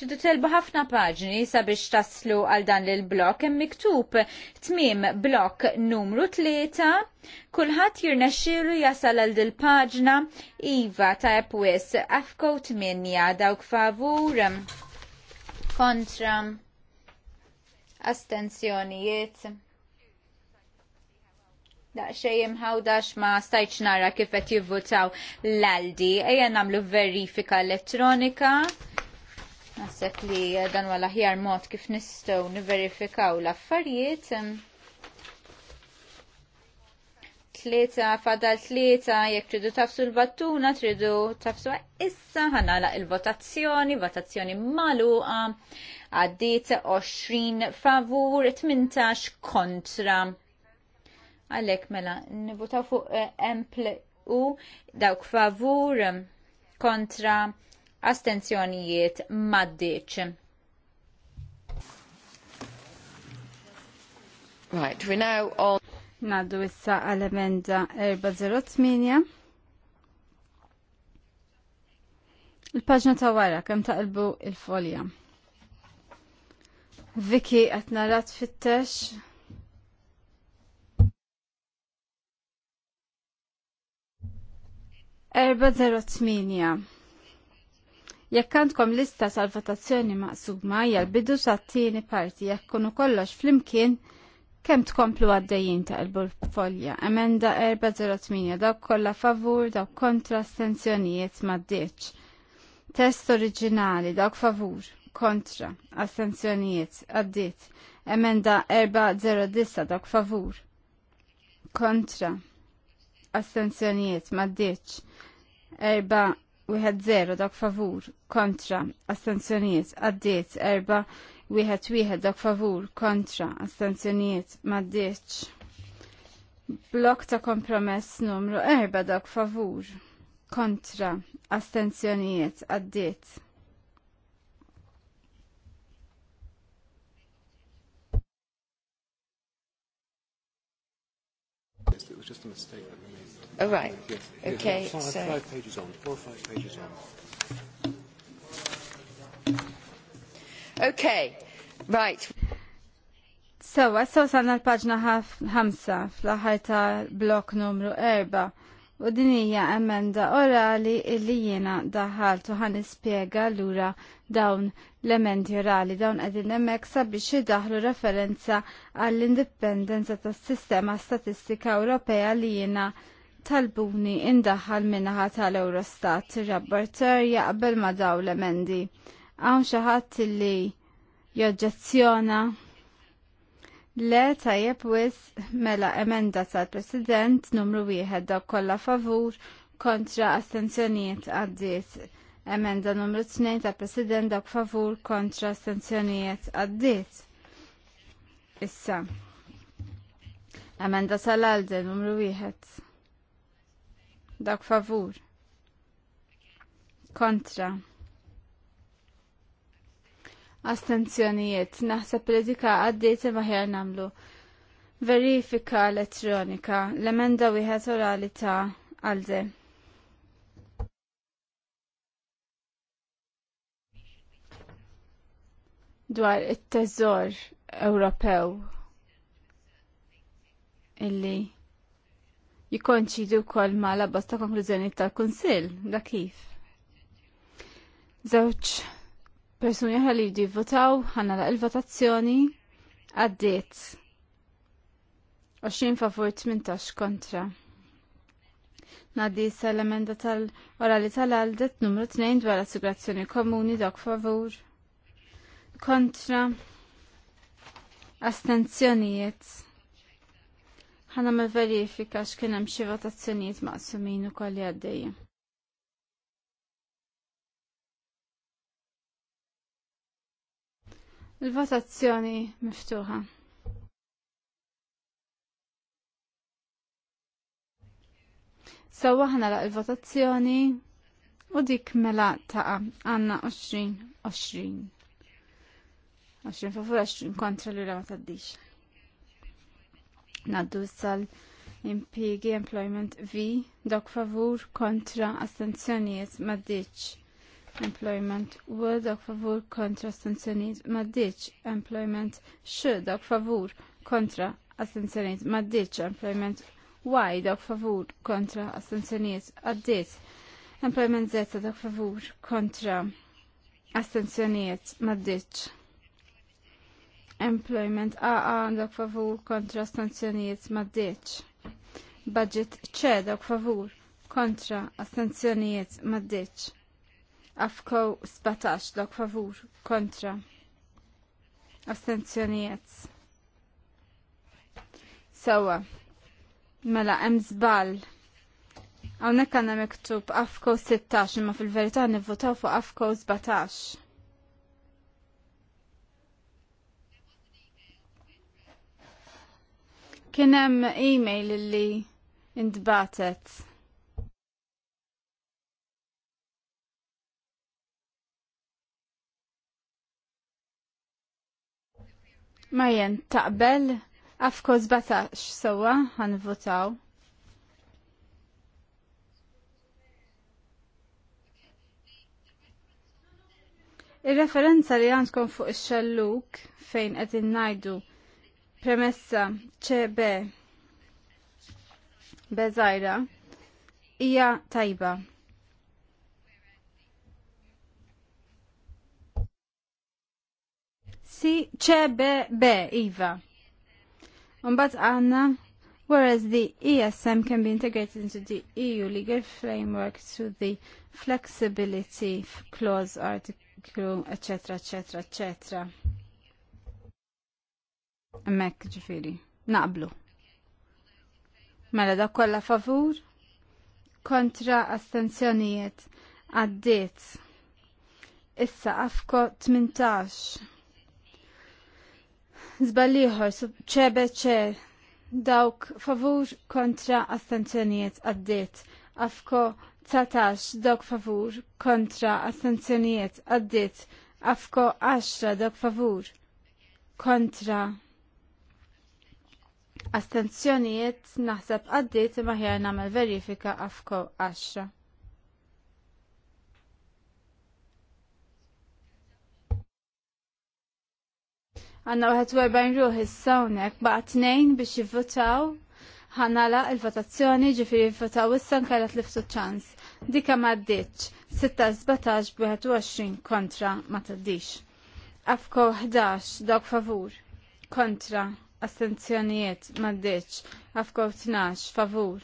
ċidu telbu ħafna paġni sabiex taslu għal dan il-blok, hemm miktub tmim blok numru 3, kulħadd jirnexxielu jasal għal dil paġna Iva ta' Epwis Afko 8 dawk favur kontra astensjonijiet. Daqxej imħawdax ma stajċ nara kif qed jivvutaw l-aldi. Ejja nagħmlu verifika elettronika. Naħseb li dan wala ħjar mod kif nistgħu niverifikaw l-affarijiet. Tlieta fadal tlieta jekk tridu tafsu l-battuna tridu tafsu issa la il-votazzjoni, votazzjoni maluqa għaddit 20 favur, 18 kontra Għalek mela, nivutaw fuq empl eh, u dawk favur kontra astenzjonijiet maddiċ. Right, we now all... Naddu issa għal-emenda 408. Il-paġna ta' wara, kem taqlbu il-folja. Viki rat fit-tex. 408. Jekk għandkom lista tal-votazzjoni maqsuma hija l-bidu sattini tieni parti jekk kunu kollox flimkien kemm tkomplu għaddejjin ta' il-folja. Emenda 408 dawk kollha favur, dawk kontra astensjonijiet m'għaddiex. Test oriġinali dawk favur, kontra, astenzjonijiet għaddiet. Emenda 409 dawk favur, kontra, astensjonijiet m'għaddiex erba wieħed zero dak favur kontra astenzjonijiet għaddiet erba wieħed wieħed dak favur kontra astenzjonijiet maddiċ. Blok ta' kompromess numru erba dak favur kontra astenzjonijiet għaddiet. It was just a mistake that we made. Oh, right. Yes. Okay. Five, so. five pages on, four or five pages on. Okay. Right. So, għassaw sanna l-pagġna ħamsa fl-ħar ta' blok numru erba' u din hija emenda orali illi jiena daħaltu ħan ispjega lura dawn l-emendi orali dawn qegħdin hemmhekk sabiex idaħlu referenza għall-indipendenza tas-sistema statistika Ewropea li jiena talbuni indaħal minnaħa tal-Eurostat ir-rapporter jaqbel ma daw l-emendi. Hawn xi ħadd li joġġezzjona le tajjeb wis mela emenda tal-President numru wieħed daw kollha favur kontra astenzjonijiet għaddiet. Emenda numru 2 tal-President dak favur kontra astenzjonijiet għaddiet. Issa. Emenda tal-Alde numru wieħed Dak favur. Kontra. Astenzjonijiet. Naħseb predika għaddejt maħjar namlu. Verifika elettronika. L-emenda wieħed orali ta' għalde. dwar it-teżor Ewropew illi jikonċidu wkoll ma l-abbas ta' konklużjoni tal-Kunsill, da kif. Żewġ persuni oħra li jdi jivvotaw ħanna la' il-votazzjoni għaddiet 20 favur 18 kontra. Naddi l-emenda tal-orali tal-għaldet numru 2 dwar assigurazzjoni komuni dak favur. Kontra. Astenzjonijiet ħanamel verifika x'kien hemm xi votazzjonijiet maqsumin ukoll li għaddejja. Il-votazzjoni miftuħa. Sawa ħana laq il-votazzjoni u dik mela ta' għandna 20 20. 20 favur 20 kontra l-ura ma taddix. Naddu sal impiegi employment V, dok favur kontra astenzjoniet maddiċ. Employment W, dok favur kontra astenzjoniet maddiċ. Employment X, dok favur kontra astenzjoniet maddiċ. Employment Y, dok favur kontra astenzjoniet għaddit. Employment Z, dok favur kontra astenzjoniet maddiċ employment AA għandok favur kontra astenzjonijiet maddiċ. Budget C dawk favur kontra astenzjonijiet maddiċ. Afko 17 dawk favur kontra sanzjonijiet. Sawa, mela hemm żball. Hawnhekk għandna miktub Afko 16 imma fil-verità nivvotaw fuq Afko 17. Kien hemm email li intbatet. jen taqbel, x-sowa, għan votaw. Il-referenza li għandkom fuq ix-xalluk fejn qed innajdu premessa ċB beżajra hija tajba. Si B iva. Unbat għanna whereas the ESM can be integrated into the EU legal framework through the flexibility clause article, etc., etc., etc. Mek ġifiri, naqblu. Mela da kolla favur, kontra astenzjonijiet, għaddiet. Issa afko 18. Zballiħor, ċebe ċe, dawk favur kontra astenzjonijiet, għaddiet. Afko 19, dawk favur kontra astenzjonijiet, għaddiet. Afko 10, dawk favur kontra Astenzjonijiet naħseb għaddit imma ħjar nagħmel verifika għafko 10. Għanna għarbajn ruħi s sawnek baqa' tnejn biex jivvotaw ħanala il-votazzjoni ġifiri jivvotaw issa nkella tliftu ċans. Dika ma ddiċ, 6-17 b-21 kontra ma taddix. Afko 11, dog favur, kontra astenzjonijiet maddiċ, afko 12 favur,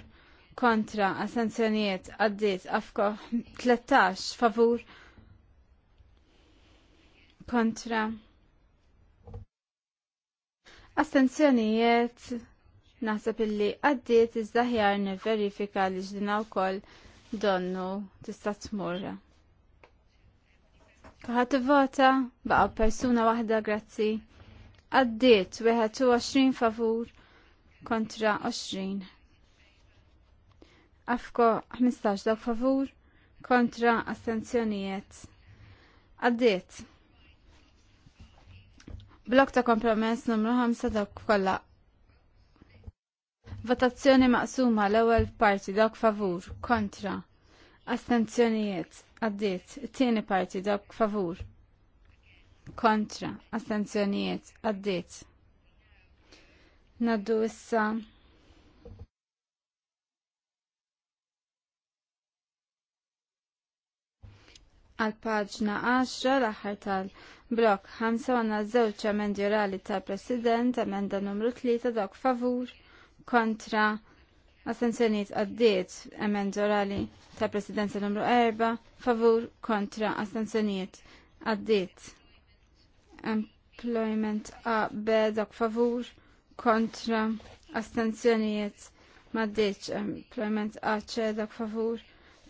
kontra assenzjonijiet għaddit, afko 13 favur, kontra assenzjonijiet naħseb illi għaddit iżdaħjar verifika li ġdina u koll donnu tista' tmurra. Kħat vota, baqa persuna wahda, grazzi għaddiet 21 favur kontra 20. Afko 15 dak favur kontra astenzjonijiet. Għaddiet. Blok ta' kompromess numru 5 dak kollha. Votazzjoni maqsuma l-ewwel parti dawk favur kontra astenzjonijiet. Għaddiet. It-tieni parti dawk favur kontra astenzjonijiet għaddiet. Naddu issa għal paġna 10 l-aħħar tal-blok 5 għanna żewġ emendi orali tal-President, emenda numru 3 dok favur kontra astenzjoniet għaddiet, emendi orali tal-Presidenza numru 4 favur kontra astenzjoniet għaddiet employment A, B, dak favur, kontra, astenzjonijiet, maddiċ, employment A, C, favur,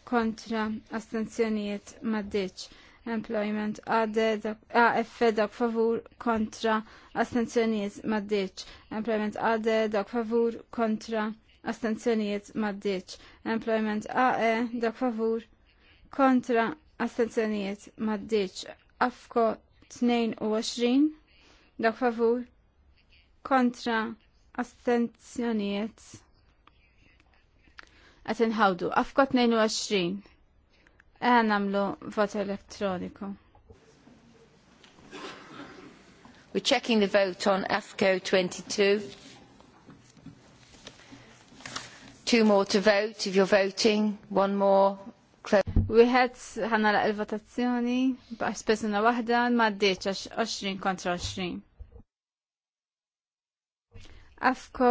kontra, astenzjonijiet, maddiċ, employment A, D, dak, A, F, favur, kontra, astenzjonijiet, maddiċ, employment A, D, dak favur, kontra, astenzjonijiet, maddiċ, employment A, E, dak favur, kontra, astenzjonijiet, maddiċ, afko 22 dak favur kontra astenzjonijiet għat nħawdu afko 22 għan għamlu vot elektroniku We're checking the vote on AFCO 22. Two more to vote if you're voting. One more. Wieħed ħanala il-votazzjoni b'għax persuna waħda m'għaddiex għax 20 kontra 20. Afko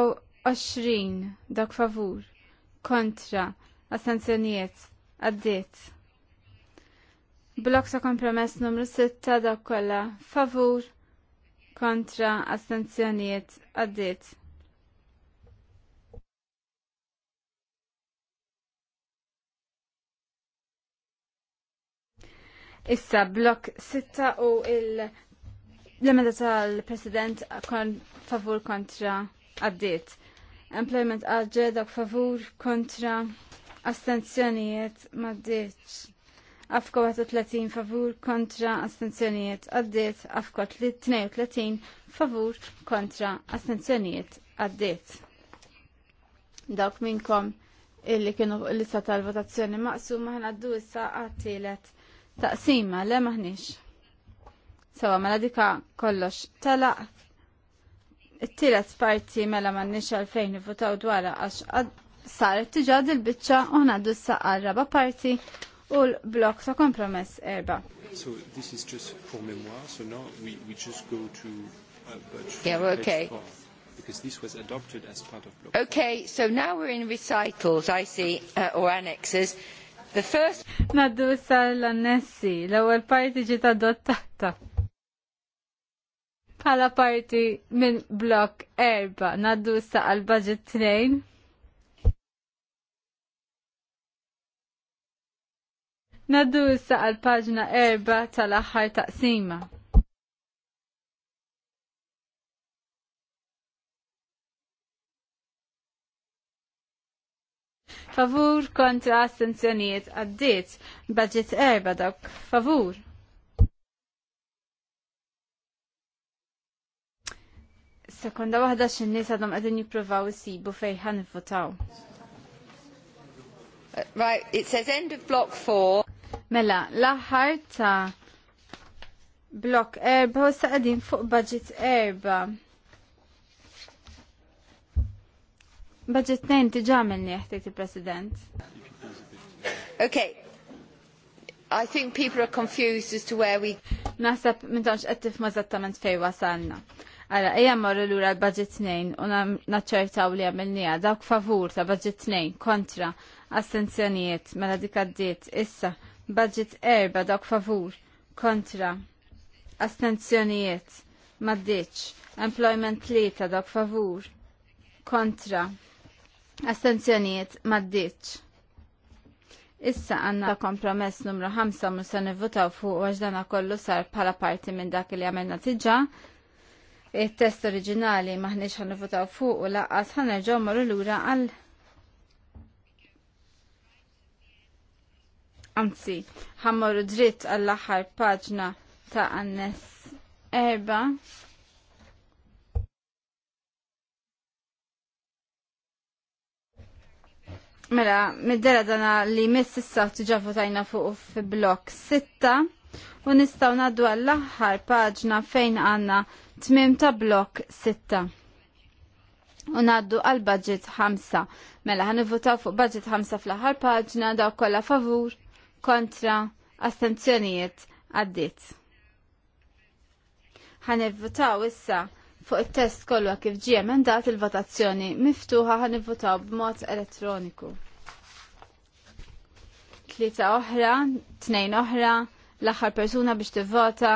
20 dak favur kontra astenzjonijiet għaddiet. Blok ta' kompromess numru 6 dak kollha favur kontra astenzjonijiet għaddiet. Issa blok 6 u l-emenda tal-President kon favur kontra għaddit. Employment għadġe dak favur kontra astenzjonijiet maddiċ. Afko 30 favur kontra astenzjonijiet għaddit. afko 32 favur kontra astenzjonijiet għaddit. Dawk minkom illi kienu l-lista tal-votazzjoni maqsuma ħan għaddu issa għattilet Taqsima, le maħniex. Sawa, mela dika kollox tala it tilet parti mela maħniex għalfejn votaw dwar għax saret tiġad il-bicċa u għandu s-saqqa raba parti u l-blok ta' kompromess erba. So this is just for memoir, so now we, we just go to a uh, budget yeah, okay. because this was adopted as part of block. Okay, so now we're in recitals, I see, uh, or annexes. The first... Naddu issa l-annessi, l-ewwel parti ġiet adottata. Pala parti minn blok erba, naddu issa għal budget train. Naddu issa għal paġna erba tal-aħħar taqsima. favur kontra astenzjonijiet għaddiet. Budget erba dok. favur. Sekonda waħda x'in-nies għadhom qegħdin jippruvaw isibu fejn ħan votaw. Right, it says end of block four. Mela, laħar ta' block erba' u għadin fuq budget erba' Budget 2 tiġa minni il-President. Okay. I think people are confused as to where we... Naħseb mintonx għattif mażattament fej wasalna. Għara, ejja morru l-ura l-budget nejn u naċċertaw li għamilnija dawk favur ta' budget nejn kontra astenzjonijiet mela dikaddiet issa budget erba dawk favur kontra astenzjonijiet maddiċ employment ta' dawk favur kontra Astenzjonijiet maddiċ. Issa għanna kompromess numru 5 mux se nivvutaw fuq għax dana kollu sar pala parti minn dak li għamilna tiġa. Il-test oriġinali maħniex għan nivvutaw fuq u laqqas ħan nerġaw marru l-ura għal Anzi, ħammorru dritt għall-aħħar paġna ta' annes erba' Mela, middera dana li miss issa tiġa votajna fuq fi blok 6 u nistaw naddu għall-aħħar paġna fejn għanna tmim ta' blok 6. U naddu għal budget 5. Mela, għan votaw fuq budget 5 fl-aħħar paġna daw kolla favur, kontra, astenzjonijiet, għaddit. Għan votaw issa fuq it-test kollha kif ġie emendat il-votazzjoni miftuħa ħan nivvotaw b'mod elettroniku. Tlieta oħra, tnejn oħra, l-aħħar persuna biex tivvota,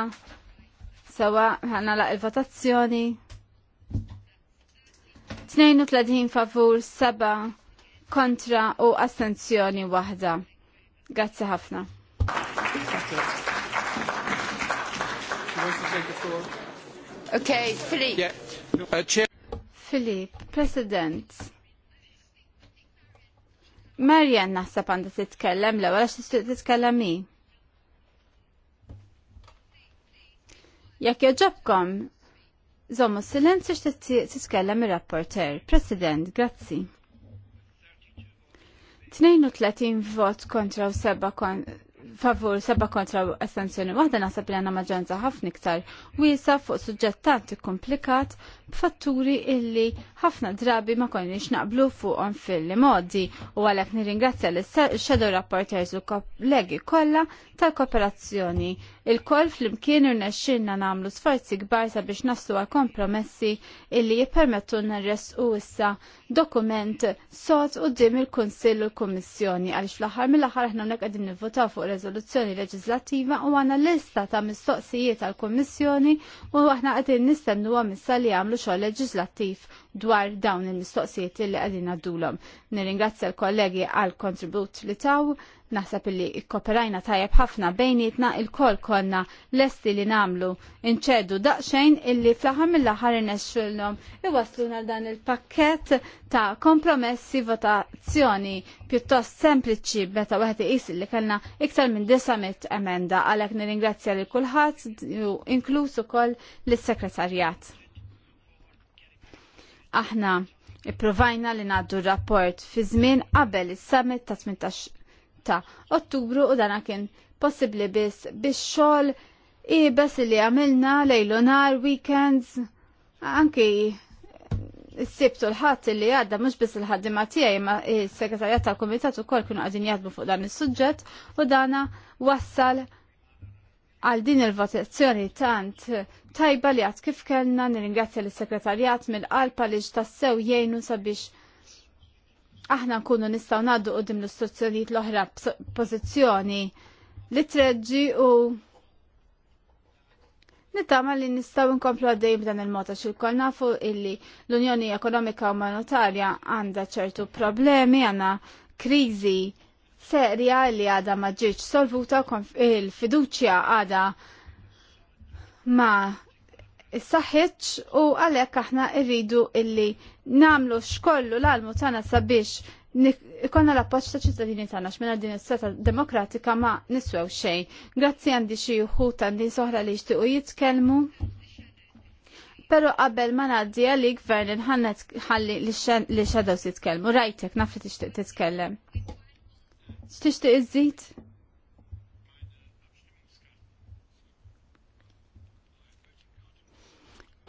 sewa ħana laq il-votazzjoni. 32 favur, 7 kontra u astenzjoni waħda. Grazzi ħafna. Thank you. Okay, Filip. Yeah. Uh, Filip, President. Marjan naħseb għandha titkellem l għax tixtieq titkellem hi. Jekk joġobkom, żommu silenzju x'tixtieq titkellem ir-rapporter. President, grazzi. 32 vot kontra u 7 kontra favur seba kontra estensjoni waħda naħseb li għanna maġġoranza ħafna iktar wiesa fuq suġġett tant komplikat b'fatturi illi ħafna drabi ma konniex naqblu fuqhom fil-modi u għalhekk nirringrazzja l shadow rapporters u kollegi kollha tal-kooperazzjoni Il-koll fl-imkien irnexxinna namlu sforzi kbar sabiex naslu għal kompromessi illi jippermettu nerres u issa dokument sot u dim il-Kunsill u l-Kummissjoni għaliex fl-aħħar mill-aħħar aħna qegħdin nivvotaw fuq reżoluzzjoni leġislattiva u għandna lista ta' mistoqsijiet għal kummissjoni u aħna qegħdin għam missa li jagħmlu xogħol leġislattiv dwar dawn il-mistoqsijiet illi qegħdin għaddulhom. Nirringrazzja l-kollegi għal kontribut li taw Naħseb illi ikkoperajna tajjeb ħafna bejnietna il-kol konna lesti li namlu inċedu daqxejn illi fl-aħħar mill-aħħar inexxulhom iwasluna dan il-pakkett ta' kompromessi votazzjoni pjuttost sempliċi meta wieħed is li kellna iktar minn 900 emenda għalhekk nirringrazzja lil kulħadd inkluż ukoll lis-sekretarjat. Aħna Iprovajna li ngħaddu r-rapport fi żmien qabel is-summit ta' 18 ta' Ottubru u dana kien possibbli biss biex xogħol ibes li għamilna lejlu nar, weekends, anki s-sibtu l-ħat li għadda mux biss l-ħaddima tijaj ma il-segretarjat tal komitat u kol kienu għadin jadbu fuq dan il-sujġet u dana wassal għal din il-votazzjoni tant tajba li għad kif kellna nirringrazzja l-segretarjat mill-qalpa li ġtassew jgħinu sabiex aħna nkunu nistgħu ngħaddu qudiem l-istruzzjonijiet l-oħra pożizzjoni li treġġi u Nittama li nistaw nkomplu għaddej b'dan il-mota xil nafu illi l-Unjoni Ekonomika u Monetarja għanda ċertu problemi, għanna krizi serja li għada maġġiċ solvuta il-fiduċja għada ma s-saħħiċ u għalhekk aħna rridu illi nagħmlu xkollu l-almu tagħna sabiex ikonna l-appoġġ ta' ċittadini tagħna x'minn din is-seta demokratika ma niswew xejn. Grazzi għandi xi wħud għandi soħra li xtiequ jitkellmu. Pero qabel ma ngħaddi għalik gvern inħannet ħalli li shadows jitkellmu. Rajtek naf li tixtieq titkellem. X'tixtieq iżid?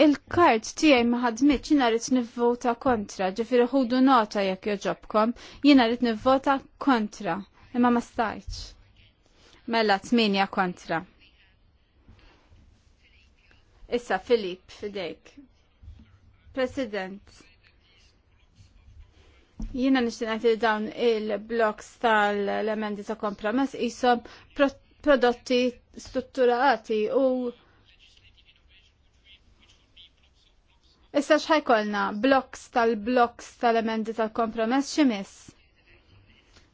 il-kart tiegħi ma jina jiena rrid nivvota kontra, ġifieri ħudu nota jekk joġobkom, jiena rrid nivvota kontra, imma ma stajtx. Mela tminja kontra. Issa Filip fidejk. President. Jiena nishtin li dawn il-bloks tal-elementi ta' kompromess qishom prodotti strutturati u Issa xħajkolna bloks tal-bloks tal-emendi tal-kompromess ximis.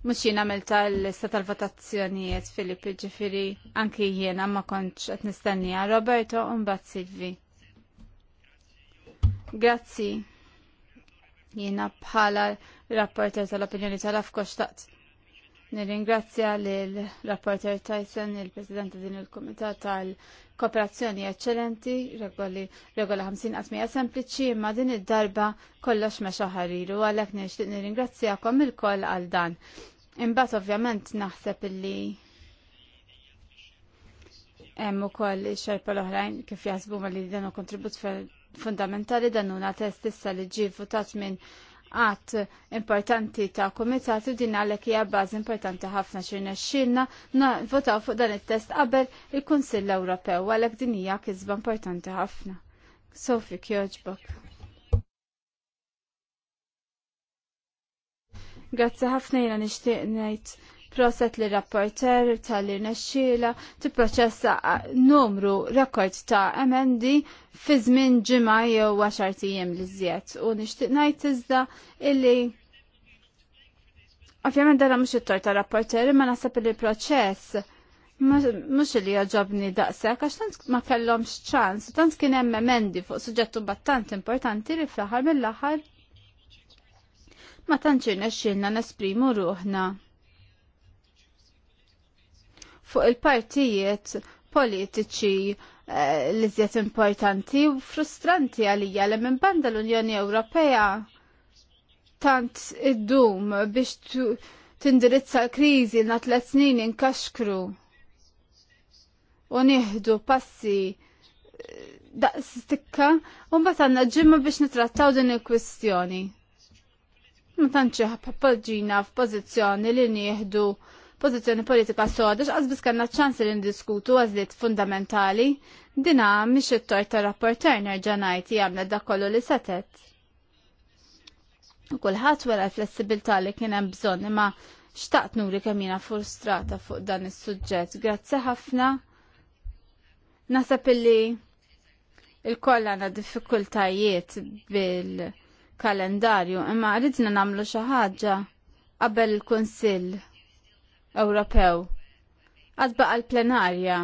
Mux jina għamilta l-lista tal-votazzjonijiet Filip ġifiri anki jiena ma konċ qed nistennija Roberto un Silvi. Grazzi. Jiena bħala rapporter tal-opinjoni tal-afkoċ taqt Nirringrazzja lil rapporter Tyson, il-President din il-Komitat tal-Kooperazzjoni Eccellenti, regoli regola 50 qasmija sempliċi, imma din id-darba kollox mexa ħariru, għalhekk nirringrazzja kom il-koll għal dan. Imbagħad ovvjament naħseb illi hemm ukoll ix l-oħrajn kif jaħsbu ma li dan kontribut fundamentali dan huna test issa li ġie votat minn għat importanti ta' komitatu din għalek hija bażi importanti ħafna xirna xilna votaw fuq dan it-test qabel il-Kunsill Ewropew għalek din hija kisba importanti ħafna. Sofi kjoġbok. Grazzi ħafna jena nixtieq ngħid Proset li rapporter tal-li nesċila tipproċessa numru rekord ta' emendi fi żmien ġimgħa jew 10 tiem li żjed u nixtieq ngħid iżda illi Ovvjament dara mhux it-tor ta' rapporter ma naħseb li proċess mhux li jogħġobni daqshekk għax tant ma kellhomx ċans tant kien hemm emendi fuq suġġett battant importanti li fl-aħħar mill-aħħar ma tantx irnexxielna nesprimu ruħna fuq il-partijiet politiċi eh, li zjed importanti u frustranti għalija li minn banda l-Unjoni Ewropea tant id-dum biex tindirizza l-krizi na tlet snin inkaxkru u nieħdu passi eh, daqs stikka u mbagħad għandna ġimma biex nitrattaw din il-kwistjoni. Ma tantx poġġina f'pożizzjoni li nieħdu pożizzjoni politika soda x'qas biss kanna ċans li ndiskutu għazliet fundamentali dina mhix it-tort tar-rapporter nerġa' ngħid għamlet dak kollu li setet. U kulħadd wara l-flessibilità li kien hemm bżonn imma xtaqt nuri kemm jiena frustrata fuq dan is-suġġett. Grazzi ħafna. Nasab illi il-koll għandna diffikultajiet bil- kalendarju, imma rridna namlu xi ħaġa qabel il-Kunsill. Ewropew. Għad baqa l-plenarja.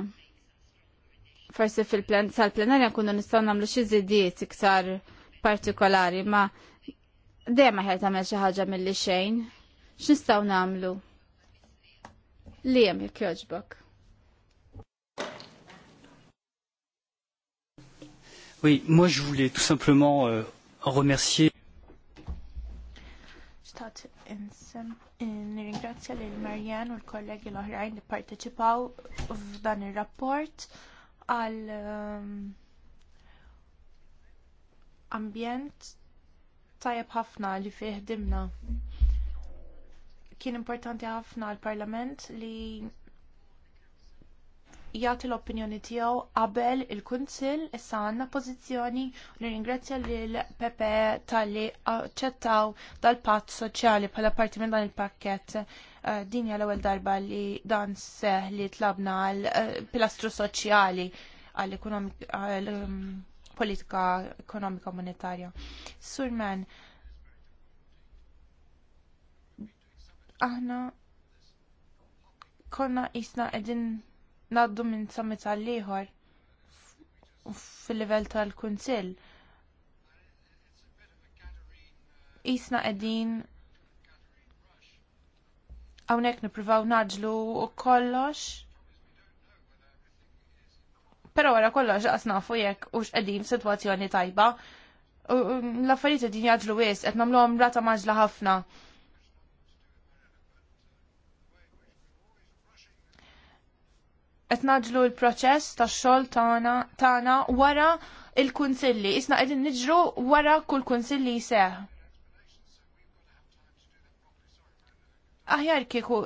Forsi fil-plen sal-plenarja kunu nistgħu nagħmlu xi żidiet iktar partikolari, ma dejjem ħed għamel xi ħaġa milli xejn. X'nistgħu nagħmlu? Li hemm jekk jogħġbok. Oui, moi je voulais tout simplement euh, remercier xtaqt nirringrazzja lil Marjan u l-kollegi l-oħrajn li parteċipaw f'dan ir-rapport għal um, ambjent tajjeb ħafna li fih dimna. Kien importanti ħafna għall parlament li jagħti l-opinjoni tiegħu qabel il-Kunsill issa għandna pożizzjoni u nirringrazzja lil Pepe talli aċċettaw dal-patt soċjali bħala parti minn dan il-pakkett eh, din hija l-ewwel darba li dan seħ li tlabna għal eh, pilastru soċjali għal um, politika ekonomika monetarja. Surman, aħna konna isna edin naddu minn summit għal ieħor fil-livell tal-Kunsill. Isna qegħdin hawnhekk nippruvaw naġlu kollox. Però wara kollox qas nafu jekk hux qegħdin f'sitwazzjoni tajba. L-affarijiet qegħdin jaġlu wisq qed nagħmluhom rata maġla ħafna. qed naġlu l-proċess tax-xogħol tagħna wara il-kunsilli. Isna qegħdin niġru wara kull kunsilli jseħ. Aħjar kieku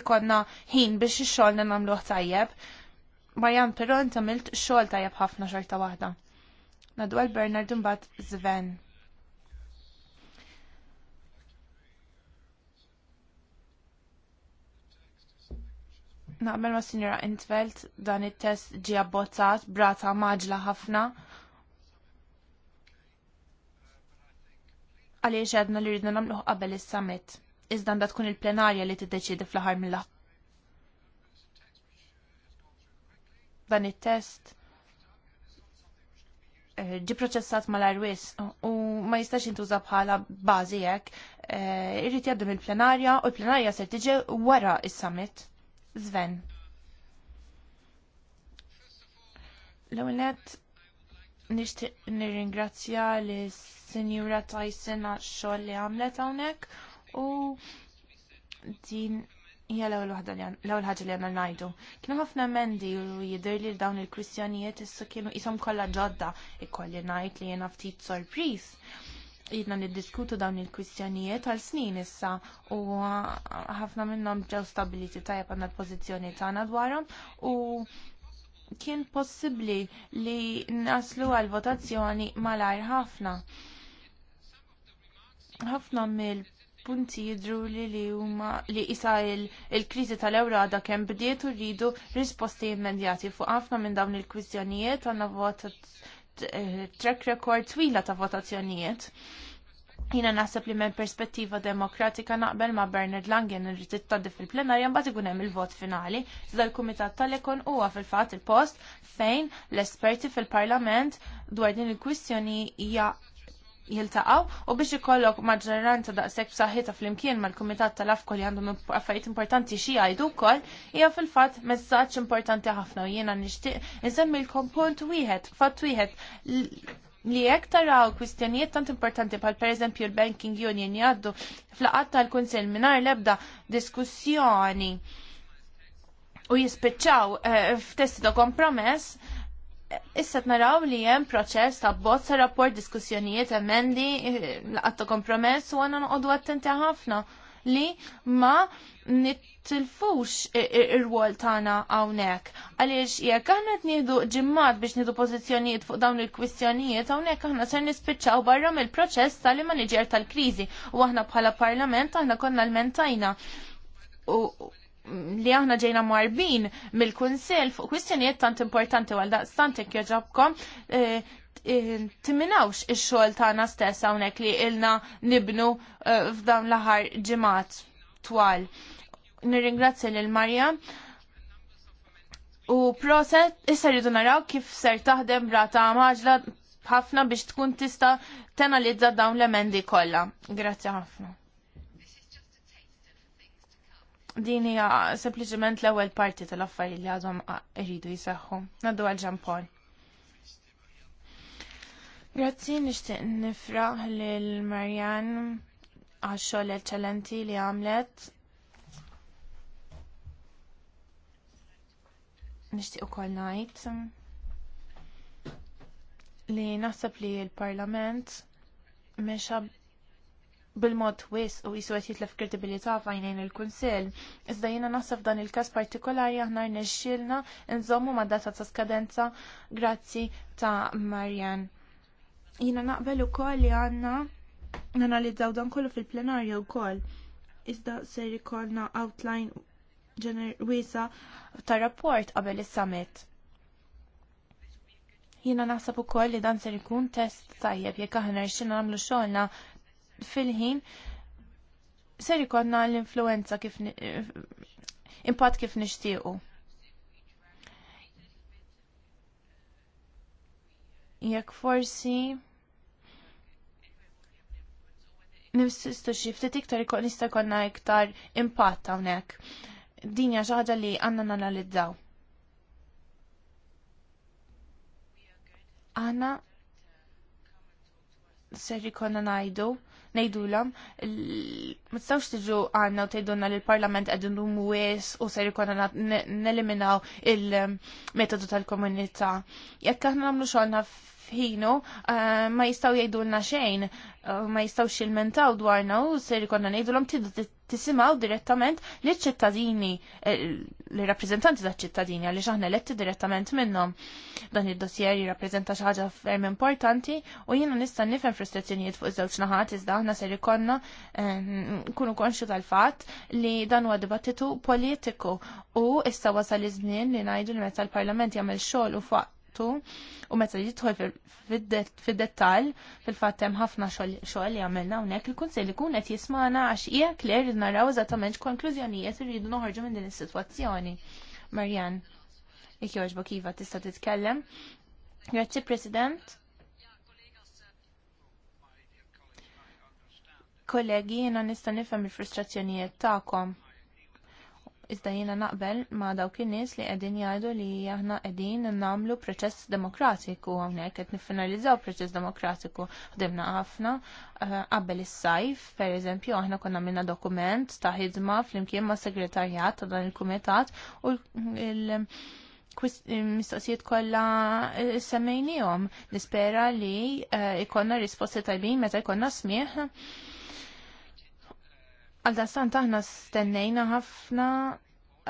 ikonna ħin biex ix-xogħol nagħmluh tajjeb. Marjan però intamilt xogħol tajjeb ħafna xorta waħda. Nadwar Bernard imbagħad Zven. Naqbel ma' Sinjora Intveld dan it-test ġi abbozzat brata maġla ħafna. Għaliex għedna li rridna namluħ qabel is-summit. Iżda għandha tkun il-plenarja li tiddeċidi fl-aħħar mill Dan it-test eh, ġi proċessat mal-arwis u ma jistax jintuża bħala bażi hekk. Eh, irrid jgħaddu mill plenarja u l-plenarja se tiġi wara is-summit. Sven. L-għunet nishtiq nirringrazzja li Senjura Tyson għal xogħol li għamlet hawnhekk u din hija l-ewwel ħaġa li għandna ngħidu. Kienu ħafna emendi u jidher li dawn il-kwistjonijiet issa kienu qishom kollha ġodda ikolli ngħid li jiena ftit sorpriż jidna niddiskutu dawn il-kwistjonijiet għal snin issa u ħafna minnhom ġew stabiliti tajjeb għandna l-pożizzjoni tagħna dwarhom u kien possibbli li naslu għal votazzjoni malajr ħafna. Ħafna mill punti jidru li li huma li isa il-kriżi il kriżi il tal ewrada għadha kemm bdiet u rridu risposti immedjati fuq ħafna minn dawn il-kwistjonijiet għandna votazzjoni Eh, track record twila ta' votazzjonijiet. Jina naħseb li minn perspettiva demokratika naqbel ma' Bernard Langen irrid ittaddi fil-plenarja mbagħad ikun hemm il-vot finali. Iżda l-Kumitat tal-Ekon huwa fil-fatt il-post fejn l-esperti fil-Parlament dwar din il-kwistjoni jiltaqgħu u biex ikollok maġġoranza daqshekk b'saħħitha flimkien mal-kumitat tal-afko li għandhom affarijiet importanti xi jgħidu wkoll hija fil-fatt messaġġ importanti ħafna u jiena nixtieq insemmilkom punt wieħed, fatt wieħed li jekk taraw kwistjonijiet tant importanti bħal pereżempju l-Banking Union jgħaddu fl-qatt tal-Kunsill mingħajr l-ebda diskussjoni u jispiċċaw eh, f'testi ta' kompromess, issa naraw li hemm proċess ta' bozza rapport diskussjonijiet emendi laqgħat kompromess u għandna noqogħdu attenti ħafna li ma nittilfux ir-rwol tagħna hawnhekk. Għaliex jekk aħna qed nidu ġimmat biex nidu pożizzjonijiet fuq dawn il-kwistjonijiet hawnhekk aħna ser nispiċċaw barra mill-proċess tal-manager tal-kriżi u aħna bħala parlament aħna konna l-mentajna li aħna ġejna marbin mill-kunsel fuq kwistjonijiet tant importanti għal daqstant jekk joġobkom eh, eh, timinawx ix-xogħol tagħna stess hawnhekk li ilna nibnu eh, f'dawn l-aħħar ġimgħat twal. Nirringrazzja lil Marja. U proset issa rridu naraw kif ser taħdem rata maġla ħafna biex tkun tista' tenalizza dawn l-emendi kollha. Grazzi ħafna. Din hija sempliċement l-ewwel parti tal-affarijiet li għadhom iridu jisaħħu. Naddu għal Ġan Paul. Grazzi nixtieq nifraħ lil Marjan għax-xogħol eċċellenti li għamlet. Nixtieq ukoll ngħid li naħseb li l-Parlament mexa bil-mod wis u jisu għet jitlef kredibilità fajnejn il kunsel Iżda jina nasaf dan il-kas partikolari aħna rnexxilna nżommu ma' data ta' skadenza grazzi ta' Marjan. Jina naqbel u koll li għanna nanalizzaw dan kollu fil-plenarju u koll. Iżda ser ikollna outline wisa ta' rapport qabel is-summit. Jiena naħseb ukoll li dan ser ikun test tajjeb jekk aħna rixxin nagħmlu xogħolna fil-ħin ser ikonna l-influenza kif impatt kif nixtiequ. Jekk forsi nifsistu xi ftit iktar nista' jkollna iktar impatt hawnhekk. Din hija xi li għandna nanalizzaw. Aħna ser ikonna ngħidu ngħidulhom Mistawx tiġu għanna u tgħidulna li l-Parlament qegħdin rumu wis u ser ikolna neliminaw il-metodu tal-komunità. Jekk aħna nagħmlu xogħolna f'ħinu eh, ma jistgħu jgħidulna xejn, eh, ma jistgħux jilmentaw dwarna u ser ikolna ngħidulhom tidu tisimgħu direttament li ċittadini eh, li rappreżentanti da ċittadini għaliex aħna eletti direttament minnhom. Dan id-dossier jirrappreżenta xi ħaġa ferm importanti u jina nista' nifem frustrazzjonijiet fuq iż-żewġ naħat iżda aħna ser ikollna nkunu konxu tal-fatt li dan huwa dibattitu politiku u issa wasal iż-żmien li ngħidu li meta l-Parlament jagħmel xogħol u faqtu u meta jidħol fid-dettall fil-fatt hemm ħafna xogħol li għamilna hawnhekk il-Kunsill ikun qed jismana għax jekk li rrid naraw eżattament x'konklużjonijiet irridu noħorġu minn din is-sitwazzjoni. Marjan, ikjoġbok kiva tista' titkellem. Grazzi President Kollegi, jiena nista' nifhem il-frustrazzjonijiet tagħkom. Iżda jiena naqbel ma dawk in-nies li qegħdin jgħidu li aħna qegħdin nagħmlu proċess demokratiku hawnhekk qed niffinalizzaw proċess demokratiku ħdimna ħafna eh, qabel is-sajf, pereżempju aħna konna minna dokument ta' ħidma flimkien mas segretarjat ta' dan il-kumitat u l- mistoqsijiet kollha eh, semmejnijom. Nispera li eh, ikonna risposti tajbin meta jkollna smieħ dastant aħna stennejna ħafna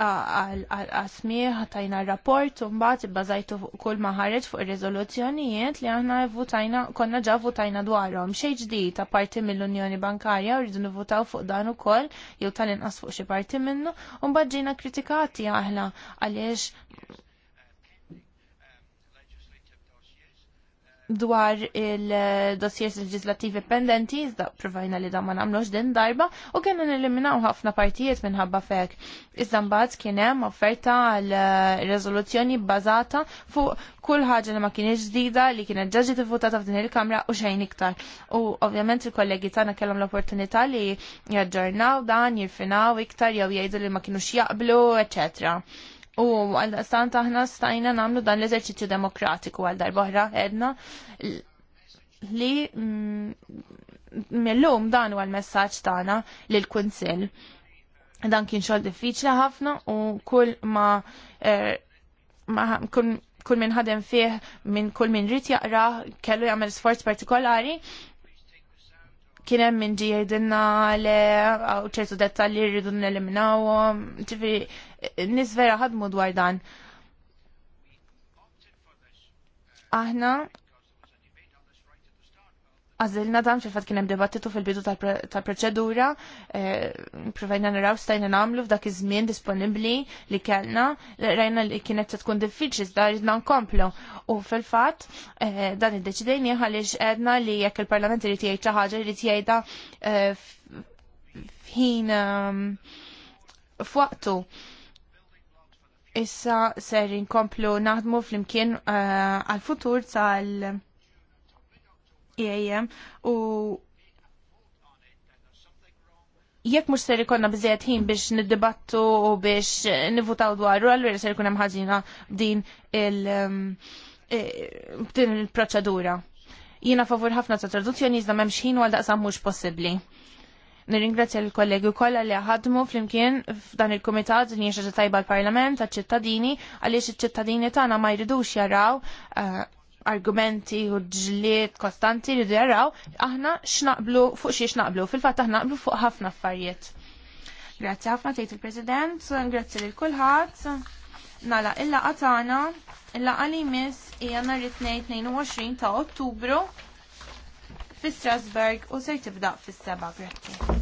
għal-asmiħ għatajna rapport un bat bazajtu kull maħarġ fuq il-rezoluzzjonijiet li aħna votajna, konna ġa votajna dwarhom. Xej ta' parti mill-Unjoni Bankarja u rridu nivutaw fuq dan ukoll jew tal-inqas fuq xi parti minnu u mbagħad ġejna kritikati aħna għaliex dwar il-dossiers legislativi pendenti, iżda provajna li da ma namlux din darba, u n neliminaw ħafna partijiet minħabba fek. Iżda mbagħad kien hemm offerta għal eh, rezoluzzjoni bbażata fuq kull ħaġa li ma kienx ġdida li kienet ġaġi t-votata f'din il-Kamra u xejn iktar. U ovvjament il-kollegi tagħna kellhom l-opportunità li jaġġornaw dan, jirfinaw iktar jew jgħidu li ma kienux jaqblu, eccetera. U għal-stant aħna stajna namlu dan l-eżerċizzju demokratiku għal darbohra edna li mm, mill-lum dan huwa l-messaġġ tagħna l kunsill Dan kien xogħol diffiċli ħafna u kull ma, eh, kull minn ħadem fih minn kull minn rrit jaqra kellu jagħmel sforz partikolari kien hemm min ġiedinna le ċertu dettalji rridu nelliminawhom, ġifieri nis vera ħadmu dwar dan. Aħna għazilna dan fil fat kienem debattitu fil-bidu tal-proċedura, eh, provajna naraw stajna namlu f'dak iż-żmien disponibli li kellna, rajna li kienet se tkun diffiċli da ridna nkomplu. U fil-fatt eh, dan id-deċidejni għaliex għedna li jekk il-Parlament irid jgħid xi ħaġa irid jgħidha eh, f'ħin ehm, f'waqtu. Issa ser inkomplu naħdmu fl-imkien uh, għal-futur uh, tal-EAM u jekk mhux ser ikonna biżejjed ħin biex niddibattu u biex nivutaw dwaru, allura ser ikun hemm ħażina din um, e, il-proċedura. Jiena favur ħafna ta' traduzzjoni iżda m'hemmx ħin għal daqsa mhux possibbli nirringrazzja l-kollegi kollha li ħadmu flimkien f'dan il-kumitat din hija tajba l-Parlament għaċ-ċittadini għaliex iċ-ċittadini tagħna ma jridux jaraw eh, argumenti u ġliet kostanti li jaraw aħna x'naqblu fuq xi x'naqblu. Fil-fatt aħna qblu fuq ħafna affarijiet. Grazzi ħafna tgħid il-President, grazzi lil kulħadd. Nala il-laqa tagħna, il-laqa li miss hija 22 ta' Ottubru fi Strasburg u ser tibda fis-seba' grazzi.